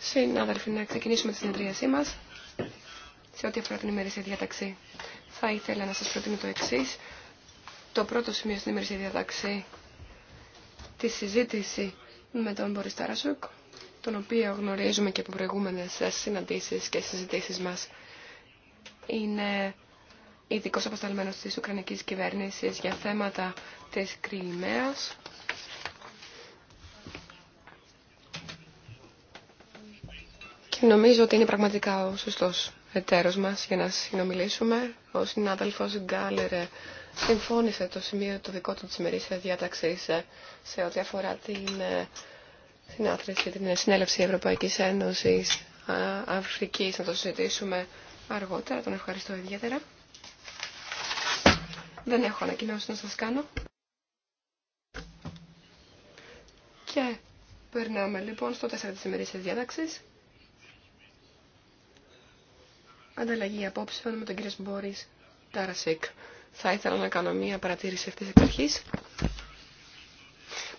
Συνάδελφοι, να ξεκινήσουμε τη συνεδρίασή μα. Σε ό,τι αφορά την ημερήσια διάταξη, θα ήθελα να σα προτείνω το εξή. Το πρώτο σημείο στην ημερήσια διάταξη, τη συζήτηση με τον Μπορί Τάρασουκ, τον οποίο γνωρίζουμε και από προηγούμενε συναντήσει και συζητήσει μα. Είναι ειδικό απασταλμένο τη Ουκρανική κυβέρνηση για θέματα τη Κρυμαία Νομίζω ότι είναι πραγματικά ο σωστός εταίρος μας για να συνομιλήσουμε. Ο συνάδελφος Γκάλερ συμφώνησε το σημείο το δικό του της ημερήσιας διάταξης ε, σε ό,τι αφορά την ε, συνάθρηση, την συνέλευση Ευρωπαϊκής Ένωσης Αφρικής. Να το συζητήσουμε αργότερα. Τον ευχαριστώ ιδιαίτερα. Δεν έχω ανακοινώσει να σας κάνω. Και περνάμε λοιπόν στο 4 της ημερήσιας διάταξης ανταλλαγή απόψεων με τον κύριο Μπόρις Τάρασεκ. Θα ήθελα να κάνω μία παρατήρηση αυτή εξ αρχή.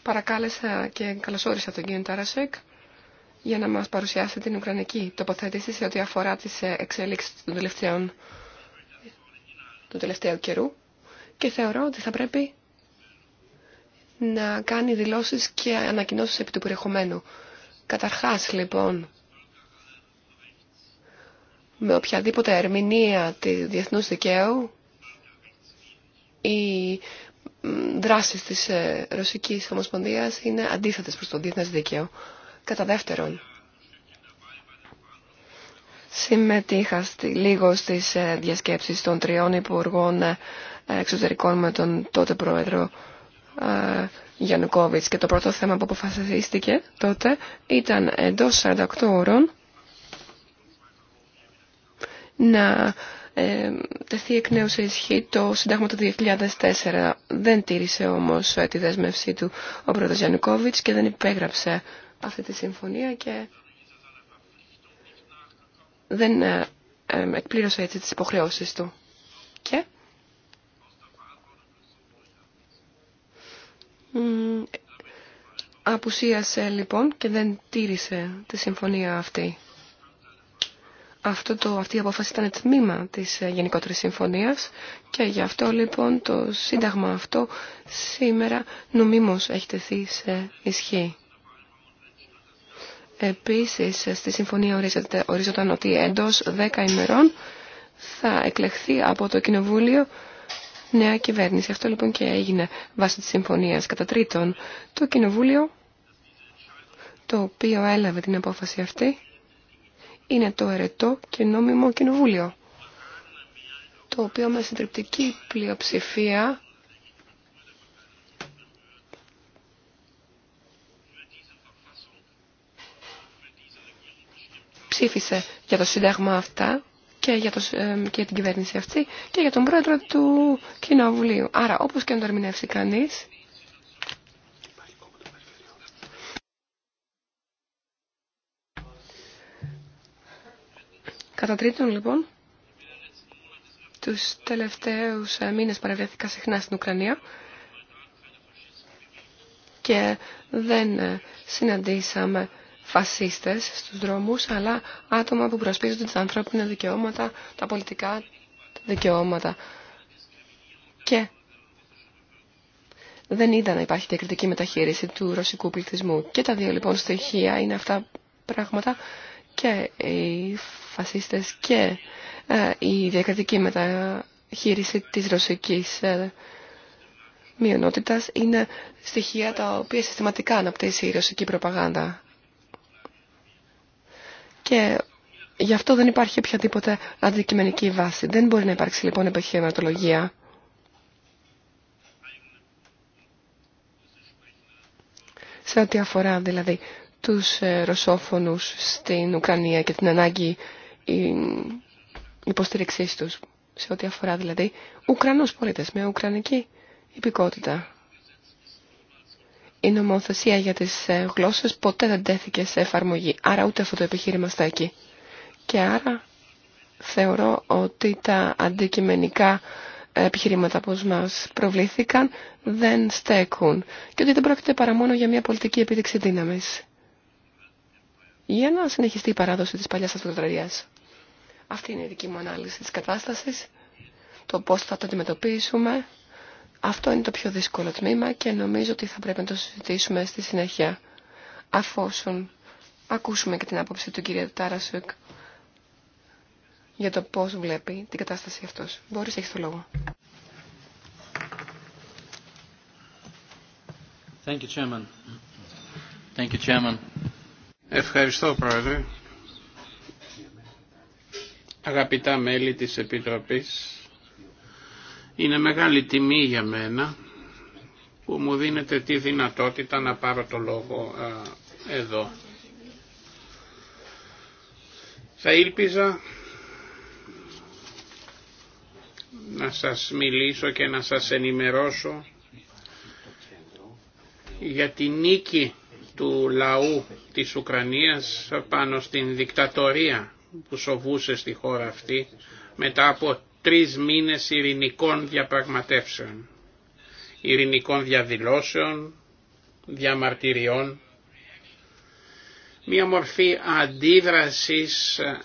Παρακάλεσα και καλωσόρισα τον κύριο Τάρασεκ για να μα παρουσιάσει την Ουκρανική τοποθέτηση σε ό,τι αφορά τι ε, εξέλιξει των τελευταίων του τελευταίου καιρού και θεωρώ ότι θα πρέπει να κάνει δηλώσεις και ανακοινώσεις επί του περιεχομένου. Καταρχάς λοιπόν με οποιαδήποτε ερμηνεία του διεθνούς δικαίου οι δράσεις της ε, Ρωσικής Ομοσπονδίας είναι αντίθετες προς το διεθνές δίκαιο. Κατά δεύτερον, συμμετείχα στη, λίγο στις ε, διασκέψεις των τριών υπουργών ε, εξωτερικών με τον τότε πρόεδρο Γιαννουκόβιτς και το πρώτο θέμα που αποφασίστηκε τότε ήταν εντός 48 ώρων να ε, τεθεί εκ νέου σε ισχύ το Συντάγμα του 2004. Δεν τήρησε όμως ε, τη δέσμευσή του ο πρόεδρος Γιαννικόβιτς και δεν υπέγραψε αυτή τη συμφωνία και δεν ε, ε εκπλήρωσε έτσι τις υποχρεώσεις του. Και απουσίασε λοιπόν και δεν τήρησε τη συμφωνία αυτή αυτό το, αυτή η απόφαση ήταν τμήμα της ε, Γενικότερης Συμφωνίας και γι' αυτό λοιπόν το Σύνταγμα αυτό σήμερα νομίμως έχει τεθεί σε ισχύ. Επίσης ε, στη Συμφωνία ορίζεται, ορίζονταν ότι εντός 10 ημερών θα εκλεχθεί από το Κοινοβούλιο νέα κυβέρνηση. Αυτό λοιπόν και έγινε βάσει της Συμφωνίας. Κατά τρίτον, το Κοινοβούλιο το οποίο έλαβε την απόφαση αυτή είναι το ερετό και νόμιμο κοινοβούλιο, το οποίο με συντριπτική πλειοψηφία ψήφισε για το Σύνταγμα αυτά και για, το, και την κυβέρνηση αυτή και για τον πρόεδρο του Κοινοβουλίου. Άρα, όπως και να το ερμηνεύσει κανείς, Κατά τρίτον, λοιπόν, τους τελευταίους ε, μήνες παρευρέθηκα συχνά στην Ουκρανία και δεν ε, συναντήσαμε φασίστες στους δρόμους, αλλά άτομα που προσπίζονται τα ανθρώπινα δικαιώματα, τα πολιτικά δικαιώματα. Και δεν είδα να υπάρχει διακριτική μεταχείριση του ρωσικού πληθυσμού. Και τα δύο λοιπόν στοιχεία είναι αυτά πράγματα και οι φασίστες και ε, η διακρατική μεταχείριση της ρωσικής ε, μειονότητας είναι στοιχεία τα οποία συστηματικά αναπτύσσει η ρωσική προπαγάνδα. Και γι' αυτό δεν υπάρχει οποιαδήποτε αντικειμενική βάση. Δεν μπορεί να υπάρξει λοιπόν επιχειρηματολογία. Σε ό,τι αφορά δηλαδή τους ε, ρωσόφωνους στην Ουκρανία και την ανάγκη υποστήριξής τους σε ό,τι αφορά δηλαδή Ουκρανούς πολίτες με ουκρανική υπηκότητα. Η νομοθεσία για τις ε, γλώσσες ποτέ δεν τέθηκε σε εφαρμογή, άρα ούτε αυτό το επιχείρημα στα Και άρα θεωρώ ότι τα αντικειμενικά ε, επιχειρήματα που μας προβλήθηκαν δεν στέκουν και ότι δεν πρόκειται παρά μόνο για μια πολιτική επίδειξη δύναμης για να συνεχιστεί η παράδοση της παλιάς αυτοκρατορίας. Αυτή είναι η δική μου ανάλυση της κατάστασης, το πώς θα το αντιμετωπίσουμε. Αυτό είναι το πιο δύσκολο τμήμα και νομίζω ότι θα πρέπει να το συζητήσουμε στη συνέχεια, αφόσον ακούσουμε και την άποψη του κυρίου Τάρασουκ για το πώς βλέπει την κατάσταση αυτός. Μπορείς, έχεις το λόγο. Thank you, Chairman. Thank you, Chairman. Ευχαριστώ Πρόεδρε. Αγαπητά μέλη της Επιτροπής, είναι μεγάλη τιμή για μένα που μου δίνετε τη δυνατότητα να πάρω το λόγο εδώ. Θα ήλπιζα να σας μιλήσω και να σας ενημερώσω για την νίκη του λαού της Ουκρανίας πάνω στην δικτατορία που σοβούσε στη χώρα αυτή μετά από τρεις μήνες ειρηνικών διαπραγματεύσεων, ειρηνικών διαδηλώσεων, διαμαρτυριών μια μορφή αντίδρασης ε,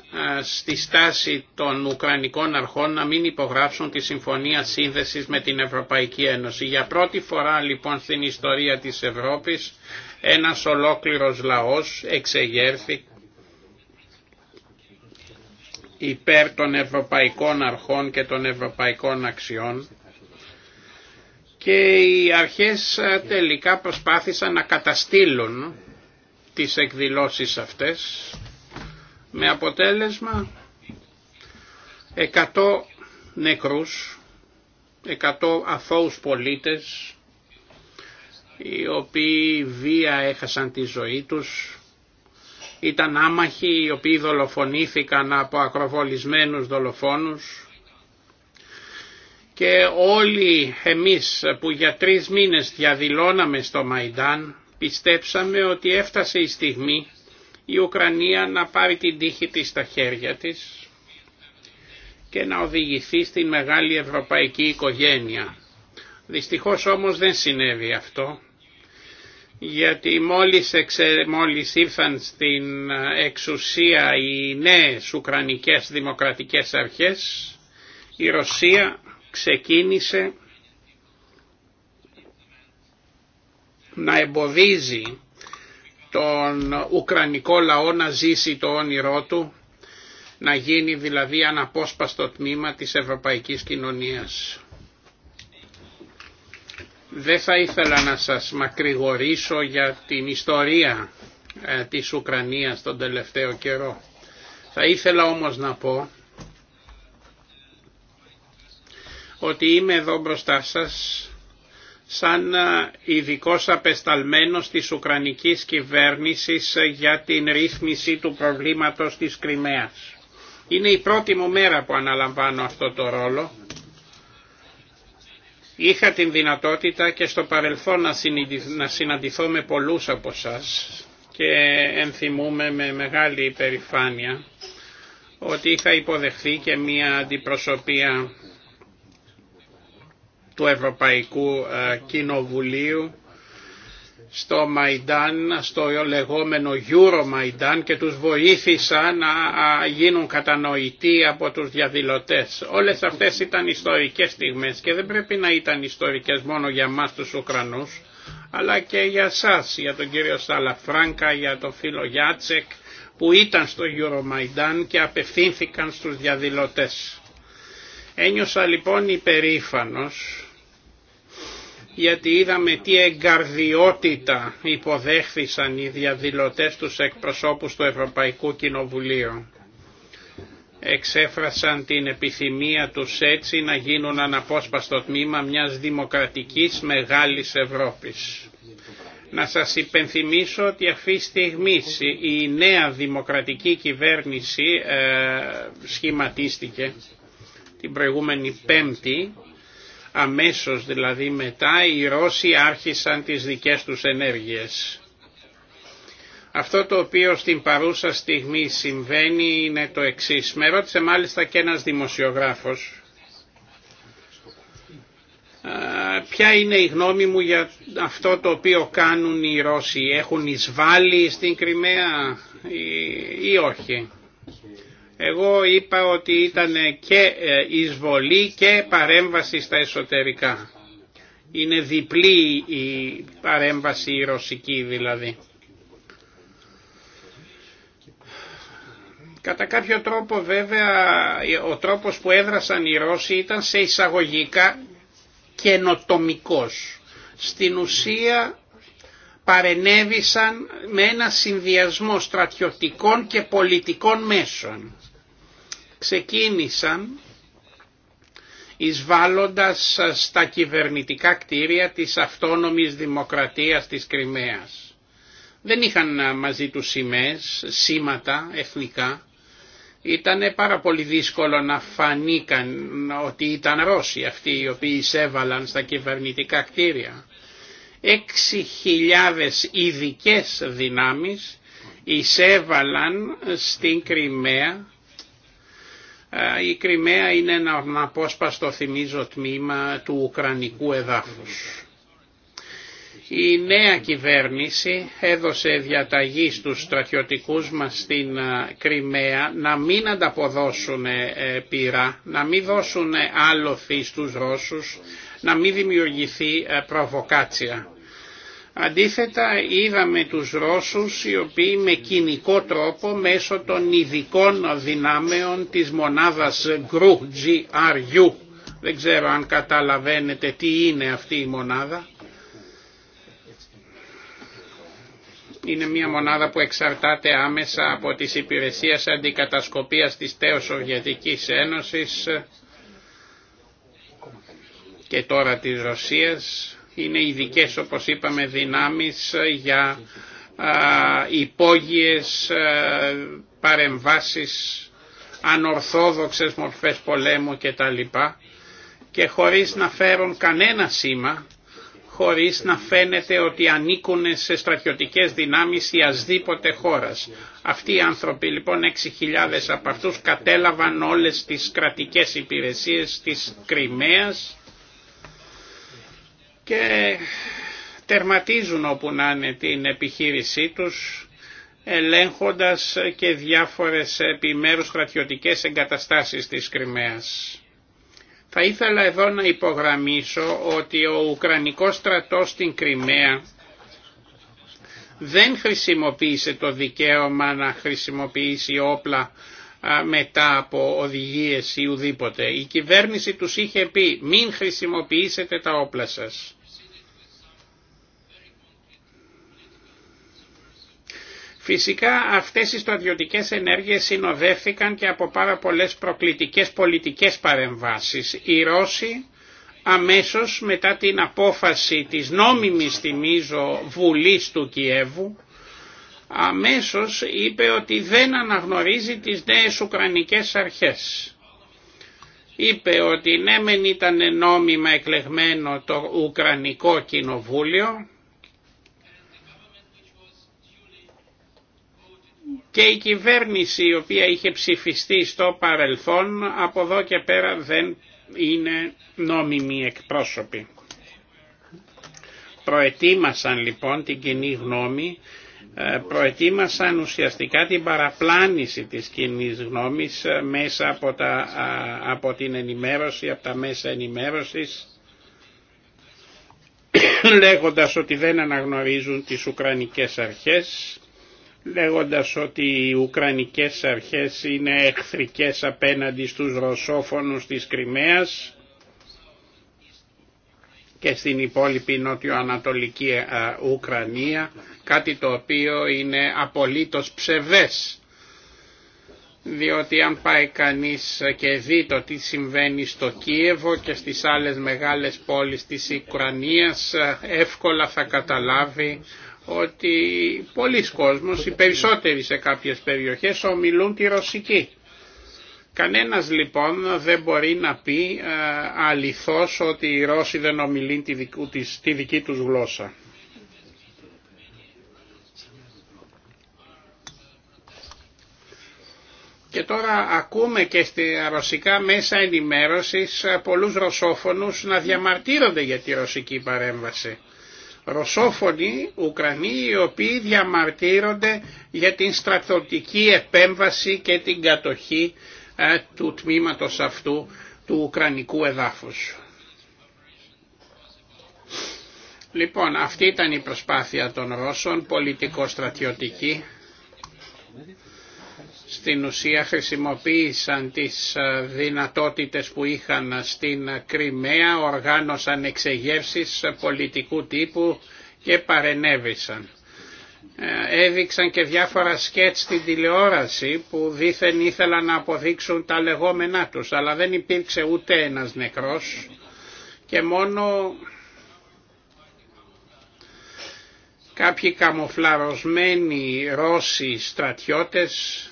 στη στάση των Ουκρανικών αρχών να μην υπογράψουν τη Συμφωνία Σύνδεσης με την Ευρωπαϊκή Ένωση. Για πρώτη φορά λοιπόν στην ιστορία της Ευρώπης ένας ολόκληρος λαός εξεγέρθη υπέρ των ευρωπαϊκών αρχών και των ευρωπαϊκών αξιών και οι αρχές ε, τελικά προσπάθησαν να καταστήλουν τις εκδηλώσεις αυτές με αποτέλεσμα 100 νεκρούς, 100 αθώους πολίτες οι οποίοι βία έχασαν τη ζωή τους, ήταν άμαχοι οι οποίοι δολοφονήθηκαν από ακροβολισμένους δολοφόνους και όλοι εμείς που για τρεις μήνες διαδηλώναμε στο Μαϊντάν Πιστέψαμε ότι έφτασε η στιγμή η Ουκρανία να πάρει την τύχη της στα χέρια της και να οδηγηθεί στην μεγάλη ευρωπαϊκή οικογένεια. Δυστυχώς όμως δεν συνέβη αυτό, γιατί μόλις, εξε, μόλις ήρθαν στην εξουσία οι νέες Ουκρανικές δημοκρατικές αρχές, η Ρωσία ξεκίνησε να εμποδίζει τον Ουκρανικό λαό να ζήσει το όνειρό του, να γίνει δηλαδή αναπόσπαστο τμήμα της ευρωπαϊκής κοινωνίας. Δεν θα ήθελα να σας μακρηγορήσω για την ιστορία ε, της Ουκρανίας τον τελευταίο καιρό. Θα ήθελα όμως να πω ότι είμαι εδώ μπροστά σας σαν ειδικό απεσταλμένος της Ουκρανικής κυβέρνησης για την ρύθμιση του προβλήματος της Κρυμαίας. Είναι η πρώτη μου μέρα που αναλαμβάνω αυτό το ρόλο. Είχα την δυνατότητα και στο παρελθόν να συναντηθώ με πολλούς από σας και ενθυμούμε με μεγάλη υπερηφάνεια ότι είχα υποδεχθεί και μία αντιπροσωπεία του Ευρωπαϊκού ε, Κοινοβουλίου στο Μαϊντάν, στο λεγόμενο Euro Μαϊντάν και τους βοήθησαν να γίνουν κατανοητοί από τους διαδηλωτές. Όλες αυτές ήταν ιστορικές στιγμές και δεν πρέπει να ήταν ιστορικές μόνο για μας τους Ουκρανούς, αλλά και για σας, για τον κύριο Σαλαφράνκα, για τον φίλο Γιάτσεκ που ήταν στο Μαϊντάν και απευθύνθηκαν στους διαδηλωτές. Ένιωσα λοιπόν υπερήφανος γιατί είδαμε τι εγκαρδιότητα υποδέχθησαν οι διαδηλωτές τους εκπροσώπους του Ευρωπαϊκού Κοινοβουλίου. Εξέφρασαν την επιθυμία τους έτσι να γίνουν αναπόσπαστο τμήμα μιας δημοκρατικής μεγάλης Ευρώπης. Να σας υπενθυμίσω ότι αυτή στιγμή η νέα δημοκρατική κυβέρνηση ε, σχηματίστηκε την προηγούμενη Πέμπτη αμέσως δηλαδή μετά οι Ρώσοι άρχισαν τις δικές τους ενέργειες. Αυτό το οποίο στην παρούσα στιγμή συμβαίνει είναι το εξής. Με ρώτησε μάλιστα και ένας δημοσιογράφος ποια είναι η γνώμη μου για αυτό το οποίο κάνουν οι Ρώσοι. Έχουν εισβάλλει στην Κρυμαία ή όχι. Εγώ είπα ότι ήταν και ε, εισβολή και παρέμβαση στα εσωτερικά. Είναι διπλή η παρέμβαση η ρωσική δηλαδή. Κατά κάποιο τρόπο βέβαια ο τρόπος που έδρασαν οι Ρώσοι ήταν σε εισαγωγικά καινοτομικός. Στην ουσία παρενέβησαν με ένα συνδυασμό στρατιωτικών και πολιτικών μέσων ξεκίνησαν εισβάλλοντας στα κυβερνητικά κτίρια της αυτόνομης δημοκρατίας της Κρυμαίας. Δεν είχαν μαζί τους σημαίες, σήματα εθνικά. Ήταν πάρα πολύ δύσκολο να φανήκαν ότι ήταν Ρώσοι αυτοί οι οποίοι εισέβαλαν στα κυβερνητικά κτίρια. 6.000 ειδικέ δυνάμεις εισέβαλαν στην Κρυμαία ε, η Κρυμαία είναι ένα απόσπαστο θυμίζω τμήμα του Ουκρανικού εδάφους. Η νέα κυβέρνηση έδωσε διαταγή στους στρατιωτικούς μας στην ε, Κρυμαία να μην ανταποδώσουν ε, πειρά, να μην δώσουν άλοθη στους Ρώσους, να μην δημιουργηθεί προβοκάτσια. Αντίθετα είδαμε τους Ρώσους οι οποίοι με κοινικό τρόπο μέσω των ειδικών δυνάμεων της μονάδας GRU, δεν ξέρω αν καταλαβαίνετε τι είναι αυτή η μονάδα. Είναι μια μονάδα που εξαρτάται άμεσα από τις υπηρεσίες αντικατασκοπίας της τέος Σοβιετικής Ένωσης και τώρα της Ρωσίας είναι ειδικέ όπως είπαμε δυνάμεις για υπόγειες παρεμβάσεις, ανορθόδοξες μορφές πολέμου κτλ. Και χωρίς να φέρουν κανένα σήμα, χωρίς να φαίνεται ότι ανήκουν σε στρατιωτικές δυνάμεις ή ασδήποτε χώρας. Αυτοί οι άνθρωποι λοιπόν 6.000 από αυτούς κατέλαβαν όλες τις κρατικές υπηρεσίες της Κρυμαίας και τερματίζουν όπου να είναι την επιχείρησή τους ελέγχοντας και διάφορες επιμέρους στρατιωτικές εγκαταστάσεις της Κρυμαίας. Θα ήθελα εδώ να υπογραμμίσω ότι ο Ουκρανικός στρατός στην Κρυμαία δεν χρησιμοποίησε το δικαίωμα να χρησιμοποιήσει όπλα μετά από οδηγίες ή ουδήποτε. Η κυβέρνηση τους είχε πει μην χρησιμοποιήσετε τα όπλα σας. Φυσικά αυτές οι στρατιωτικές ενέργειες συνοδεύθηκαν και από πάρα πολλές προκλητικές πολιτικές παρεμβάσεις. Οι Ρώσοι αμέσως μετά την απόφαση της νόμιμης θυμίζω Βουλής του Κιέβου αμέσως είπε ότι δεν αναγνωρίζει τις νέες Ουκρανικές αρχές. Είπε ότι ναι μεν ήταν νόμιμα εκλεγμένο το Ουκρανικό Κοινοβούλιο και η κυβέρνηση η οποία είχε ψηφιστεί στο παρελθόν από εδώ και πέρα δεν είναι νόμιμη εκπρόσωπη. Προετοίμασαν λοιπόν την κοινή γνώμη, ε, προετοίμασαν ουσιαστικά την παραπλάνηση της κοινή γνώμης ε, μέσα από, τα, από την ενημέρωση, από τα μέσα ενημέρωσης, λέγοντας ότι δεν αναγνωρίζουν τις Ουκρανικές αρχές, λέγοντας ότι οι Ουκρανικές αρχές είναι εχθρικές απέναντι στους ρωσόφωνους της Κρυμαίας και στην υπόλοιπη νότιο-ανατολική ε, Ουκρανία, κάτι το οποίο είναι απολύτως ψευδές. Διότι αν πάει κανείς και δει το τι συμβαίνει στο Κίεβο και στις άλλες μεγάλες πόλεις της Ουκρανίας, εύκολα θα καταλάβει ότι πολλοί κόσμος, οι περισσότεροι σε κάποιες περιοχές ομιλούν τη ρωσική. Κανένας λοιπόν δεν μπορεί να πει ε, αληθώς ότι οι Ρώσοι δεν ομιλούν τη δική τους γλώσσα. Και τώρα ακούμε και στη ε, ρωσικά μέσα ενημέρωσης ε, πολλούς ρωσόφωνους να διαμαρτύρονται για τη ρωσική παρέμβαση. Ρωσόφωνοι Ουκρανοί οι οποίοι διαμαρτύρονται για την στρατιωτική επέμβαση και την κατοχή ε, του τμήματος αυτού του Ουκρανικού εδάφους. Λοιπόν, αυτή ήταν η προσπάθεια των Ρώσων, πολιτικο-στρατιωτική στην ουσία χρησιμοποίησαν τις ε, δυνατότητες που είχαν στην Κρυμαία, οργάνωσαν εξεγεύσεις πολιτικού τύπου και παρενέβησαν. Ε, έδειξαν και διάφορα σκέτ στην τηλεόραση που δήθεν ήθελαν να αποδείξουν τα λεγόμενά τους, αλλά δεν υπήρξε ούτε ένας νεκρός και μόνο κάποιοι καμοφλαρωσμένοι Ρώσοι στρατιώτες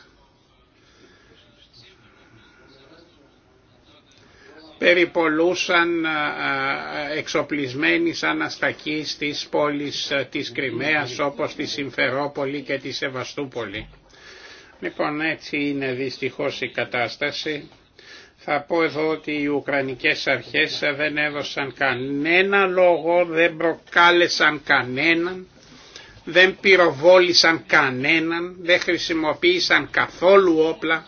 περιπολούσαν εξοπλισμένοι σαν αστακοί στις πόλεις της Κρυμαίας όπως τη Συμφερόπολη και τη Σεβαστούπολη. Λοιπόν έτσι είναι δυστυχώς η κατάσταση. Θα πω εδώ ότι οι Ουκρανικές αρχές δεν έδωσαν κανένα λόγο, δεν προκάλεσαν κανέναν, δεν πυροβόλησαν κανέναν, δεν χρησιμοποίησαν καθόλου όπλα.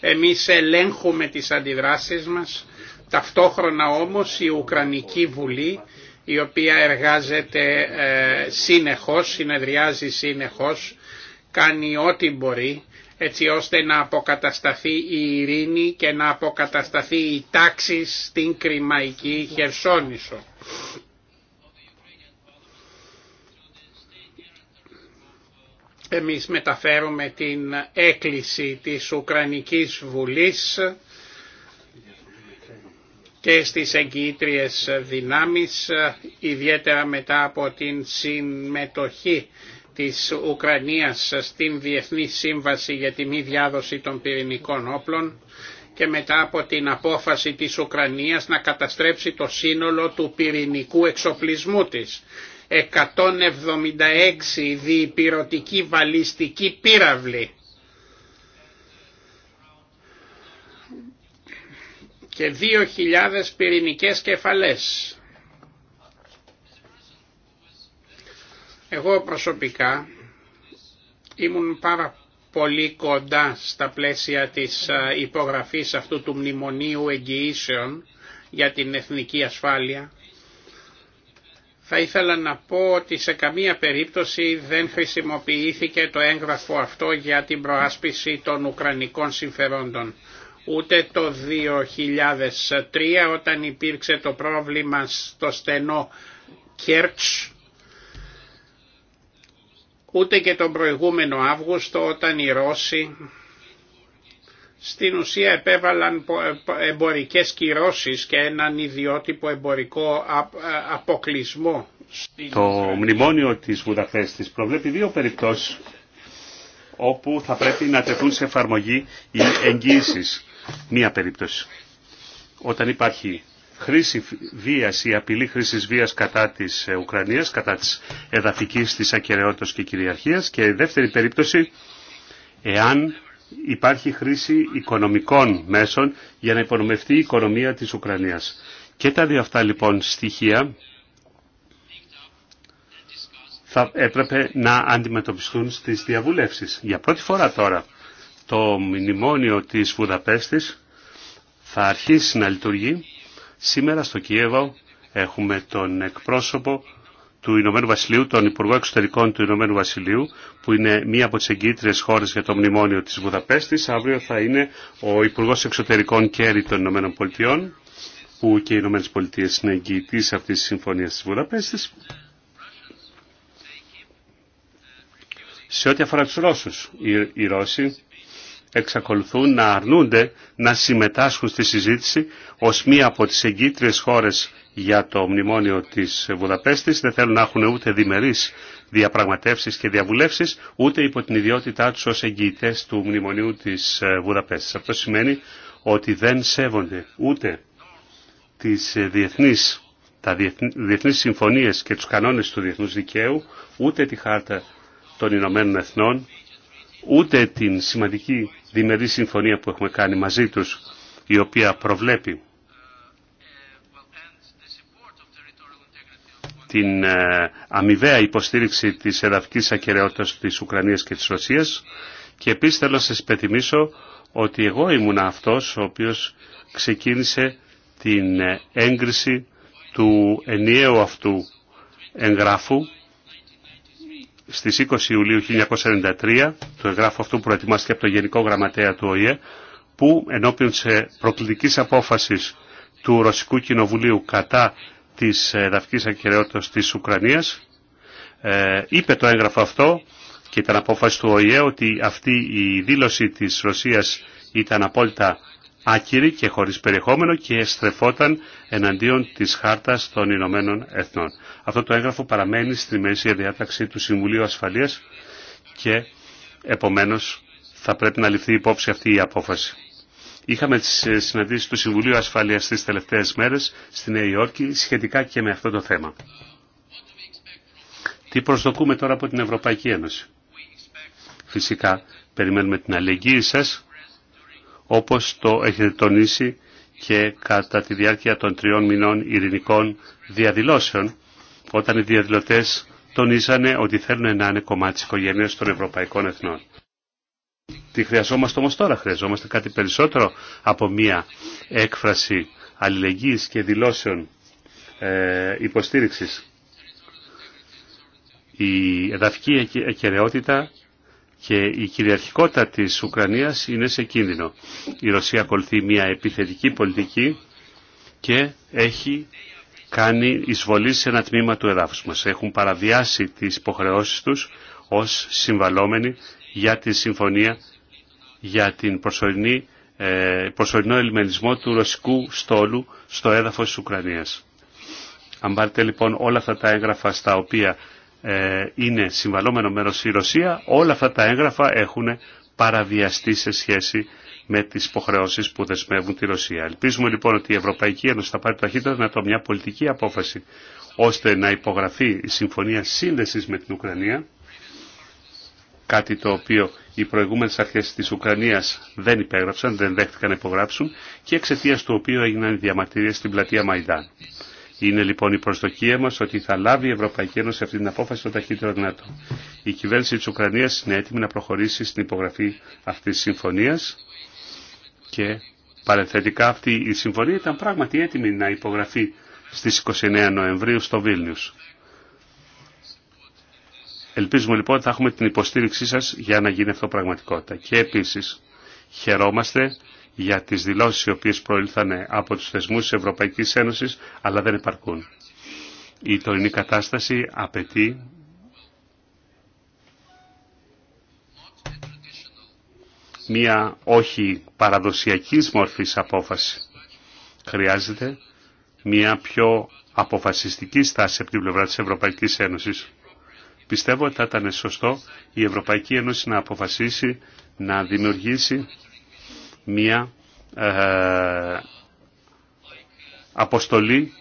Εμείς ελέγχουμε τις αντιδράσεις μας Ταυτόχρονα όμως η Ουκρανική Βουλή η οποία εργάζεται ε, συνεχώς, συνεδριάζει συνεχώς, κάνει ό,τι μπορεί έτσι ώστε να αποκατασταθεί η ειρήνη και να αποκατασταθεί η τάξη στην Κρημαϊκή Χερσόνησο. Εμείς μεταφέρουμε την έκκληση της Ουκρανικής Βουλής και στις εγκύτριες δυνάμεις, ιδιαίτερα μετά από την συμμετοχή της Ουκρανίας στην Διεθνή Σύμβαση για τη μη διάδοση των πυρηνικών όπλων και μετά από την απόφαση της Ουκρανίας να καταστρέψει το σύνολο του πυρηνικού εξοπλισμού της. 176 διπυρωτικοί βαλιστικοί πύραυλοι και 2.000 πυρηνικές κεφαλές. Εγώ προσωπικά ήμουν πάρα πολύ κοντά στα πλαίσια της ε, υπογραφής αυτού του μνημονίου εγγυήσεων για την εθνική ασφάλεια. Θα ήθελα να πω ότι σε καμία περίπτωση δεν χρησιμοποιήθηκε το έγγραφο αυτό για την προάσπιση των Ουκρανικών συμφερόντων ούτε το 2003 όταν υπήρξε το πρόβλημα στο στενό Κέρτς, ούτε και τον προηγούμενο Αύγουστο όταν οι Ρώσοι στην ουσία επέβαλαν ε, εμπορικές κυρώσεις και έναν ιδιότυπο εμπορικό ε, αποκλεισμό. Το μνημόνιο της Βουδαχέστης προβλέπει δύο περιπτώσεις όπου θα πρέπει να τεθούν σε εφαρμογή οι εγγύησεις Μία περίπτωση. Όταν υπάρχει χρήση βίας ή απειλή χρήση βίας κατά της ε, Ουκρανίας, κατά της εδαφικής της ακεραιότητας και κυριαρχίας και δεύτερη περίπτωση εάν υπάρχει χρήση οικονομικών μέσων για να υπονομευτεί η οικονομία της Ουκρανίας. Και τα δύο αυτά λοιπόν στοιχεία θα έπρεπε να αντιμετωπιστούν στις διαβουλεύσεις. Για πρώτη φορά τώρα το μνημόνιο της Βουδαπέστης θα αρχίσει να λειτουργεί. Σήμερα στο Κιέβο έχουμε τον εκπρόσωπο του Ηνωμένου Βασιλείου, τον Υπουργό Εξωτερικών του Ηνωμένου Βασιλείου, που είναι μία από τις εγκύτριες χώρες για το μνημόνιο της Βουδαπέστης. Αύριο θα είναι ο Υπουργός Εξωτερικών Κέρι των Ηνωμένων Πολιτειών, που και οι Ηνωμένες Πολιτείες είναι εγγυητής αυτής της συμφωνίας της Βουδαπέστης. Σε ό,τι αφορά τους Ρώσους, οι Ρώσοι εξακολουθούν να αρνούνται να συμμετάσχουν στη συζήτηση ως μία από τις εγκύτριες χώρες για το μνημόνιο της Βουδαπέστης. Δεν θέλουν να έχουν ούτε διμερείς διαπραγματεύσεις και διαβουλεύσεις, ούτε υπό την ιδιότητά τους ως εγγυητές του μνημονίου της ε, Βουδαπέστης. Αυτό σημαίνει ότι δεν σέβονται ούτε τις ε, διεθνείς, τα διεθνείς συμφωνίες και τους κανόνες του διεθνούς δικαίου, ούτε τη χάρτα των Ηνωμένων Εθνών, ούτε την σημαντική διμερή συμφωνία που έχουμε κάνει μαζί τους, η οποία προβλέπει την ε, αμοιβαία υποστήριξη της εδαφικής ακεραιότητας της Ουκρανίας και της Ρωσίας και επίσης θέλω να σας υπενθυμίσω ότι εγώ ήμουν αυτός ο οποίος ξεκίνησε την ε, έγκριση του ενιαίου αυτού εγγράφου στις 20 Ιουλίου 1993, το εγγράφο αυτό που προετοιμάστηκε από το Γενικό Γραμματέα του ΟΗΕ, που ενώπιον σε προκλητικής απόφασης του Ρωσικού Κοινοβουλίου κατά της εδαφικής ακυρεότητας της Ουκρανίας, ε, είπε το έγγραφο αυτό και ήταν απόφαση του ΟΗΕ ότι αυτή η δήλωση της Ρωσίας ήταν απόλυτα άκυρη και χωρίς περιεχόμενο και στρεφόταν εναντίον της χάρτας των Ηνωμένων Εθνών. Αυτό το έγγραφο παραμένει στη μέση διάταξη του Συμβουλίου Ασφαλείας και επομένως θα πρέπει να ληφθεί υπόψη αυτή η απόφαση. Είχαμε τις ε, συναντήσεις του Συμβουλίου Ασφαλείας τις τελευταίες μέρες στη Νέα Υόρκη σχετικά και με αυτό το θέμα. Τι προσδοκούμε τώρα από την Ευρωπαϊκή Ένωση. Φυσικά περιμένουμε την αλληλεγγύη σας όπως το έχετε τονίσει και κατά τη διάρκεια των τριών μηνών ειρηνικών διαδηλώσεων όταν οι διαδηλωτέ τονίζανε ότι θέλουν να είναι κομμάτι τη οικογένεια των Ευρωπαϊκών Εθνών. Τι χρειαζόμαστε όμω τώρα, χρειαζόμαστε κάτι περισσότερο από μία έκφραση αλληλεγγύης και δηλώσεων ε, υποστήριξης. Η εδαφική εκαιρεότητα και η κυριαρχικότητα της Ουκρανίας είναι σε κίνδυνο. Η Ρωσία ακολουθεί μια επιθετική πολιτική και έχει κάνει εισβολή σε ένα τμήμα του εδάφους μας. Έχουν παραβιάσει τις υποχρεώσεις τους ως συμβαλόμενοι για τη συμφωνία για την προσωρινή, ε, προσωρινό ελιμενισμό του ρωσικού στόλου στο έδαφος της Ουκρανίας. Αν πάρετε λοιπόν όλα αυτά τα έγγραφα στα οποία ε, είναι συμβαλόμενο μέρος η Ρωσία, όλα αυτά τα έγγραφα έχουν παραβιαστεί σε σχέση με τι υποχρεώσει που δεσμεύουν τη Ρωσία. Ελπίζουμε λοιπόν ότι η Ευρωπαϊκή Ένωση θα πάρει ταχύτερα να το μια πολιτική απόφαση ώστε να υπογραφεί η Συμφωνία σύνδεση με την Ουκρανία, κάτι το οποίο οι προηγούμενε αρχέ τη Ουκρανία δεν υπέγραψαν, δεν δέχτηκαν να υπογράψουν και εξαιτία του οποίου έγιναν οι στην πλατεία Μαϊδάν. Είναι λοιπόν η προσδοκία μα ότι θα λάβει η Ευρωπαϊκή Ένωση αυτή την απόφαση το ταχύτερο δυνατό. Η κυβέρνηση τη Ουκρανία είναι έτοιμη να προχωρήσει στην υπογραφή αυτή τη συμφωνία. Και παρενθετικά αυτή η συμφωνία ήταν πράγματι έτοιμη να υπογραφεί στις 29 Νοεμβρίου στο Βίλνιους. Ελπίζουμε λοιπόν ότι θα έχουμε την υποστήριξή σας για να γίνει αυτό πραγματικότητα. Και επίσης χαιρόμαστε για τις δηλώσεις οι οποίες προήλθαν από τους θεσμούς της Ευρωπαϊκής Ένωσης αλλά δεν υπαρκούν. Η τωρινή κατάσταση απαιτεί μία όχι παραδοσιακής μορφής απόφαση. Χρειάζεται μία πιο αποφασιστική στάση από την πλευρά της Ευρωπαϊκής Ένωσης. Πιστεύω ότι θα ήταν σωστό η Ευρωπαϊκή Ένωση να αποφασίσει να δημιουργήσει μία ε, αποστολή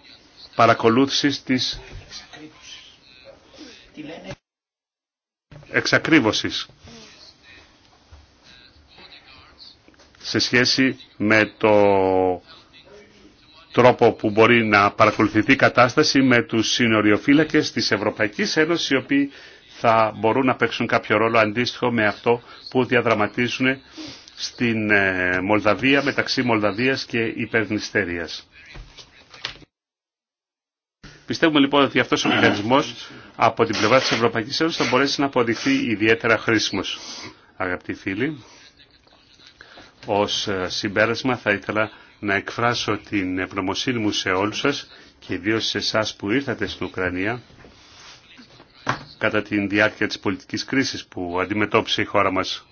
παρακολούθησης της εξακρίβωσης σε σχέση με το τρόπο που μπορεί να παρακολουθηθεί η κατάσταση με τους συνοριοφύλακες της Ευρωπαϊκής Ένωσης οι οποίοι θα μπορούν να παίξουν κάποιο ρόλο αντίστοιχο με αυτό που διαδραματίζουν στην ε, Μολδαβία μεταξύ Μολδαβίας και Υπερνηστερίας. Πιστεύουμε λοιπόν ότι αυτός ο μηχανισμός από την πλευρά της Ευρωπαϊκής Ένωσης θα μπορέσει να αποδειχθεί ιδιαίτερα χρήσιμος. Αγαπητοί φίλοι, ως ε, συμπέρασμα θα ήθελα να εκφράσω την ευγνωμοσύνη μου σε όλους σας και ιδίω σε εσά που ήρθατε στην Ουκρανία κατά τη διάρκεια της πολιτικής κρίσης που αντιμετώπισε η χώρα μας.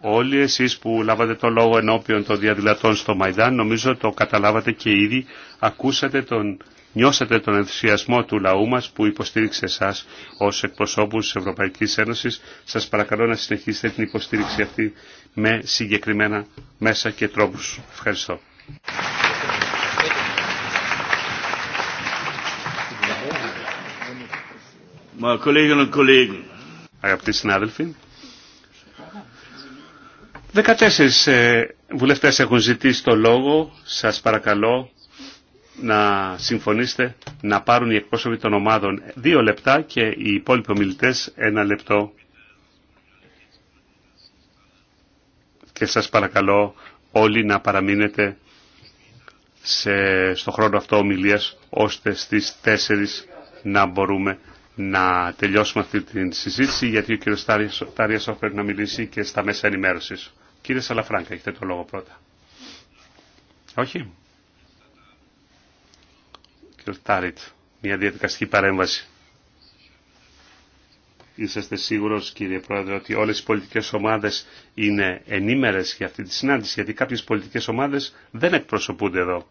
Όλοι εσείς που λάβατε το λόγο ενώπιον των διαδηλατών στο Μαϊδάν, νομίζω το καταλάβατε και ήδη, ακούσατε τον νιώσατε τον ενθουσιασμό του λαού μας που υποστήριξε εσά ως εκπροσώπους της Ευρωπαϊκής Ένωσης. Σας παρακαλώ να συνεχίσετε την υποστήριξη αυτή με συγκεκριμένα μέσα και τρόπους. Ευχαριστώ. Αγαπητοί συνάδελφοι, 14 ε, βουλευτές έχουν ζητήσει το λόγο. Σας παρακαλώ να συμφωνήσετε να πάρουν οι εκπρόσωποι των ομάδων δύο λεπτά και οι υπόλοιποι ομιλητέ ένα λεπτό. Και σας παρακαλώ όλοι να παραμείνετε σε, στο χρόνο αυτό ομιλίας ώστε στις 4 να μπορούμε να τελειώσουμε αυτή τη συζήτηση γιατί ο κύριος Τάριας πρέπει να μιλήσει και στα μέσα ενημέρωσης. Κύριε Σαλαφράγκα, έχετε το λόγο πρώτα. Όχι. Κύριε Τάριτ, μια διαδικαστική παρέμβαση. Είσαστε σίγουρος κύριε Πρόεδρε ότι όλες οι πολιτικές ομάδες είναι ενήμερες για αυτή τη συνάντηση γιατί κάποιες πολιτικές ομάδες δεν εκπροσωπούνται εδώ.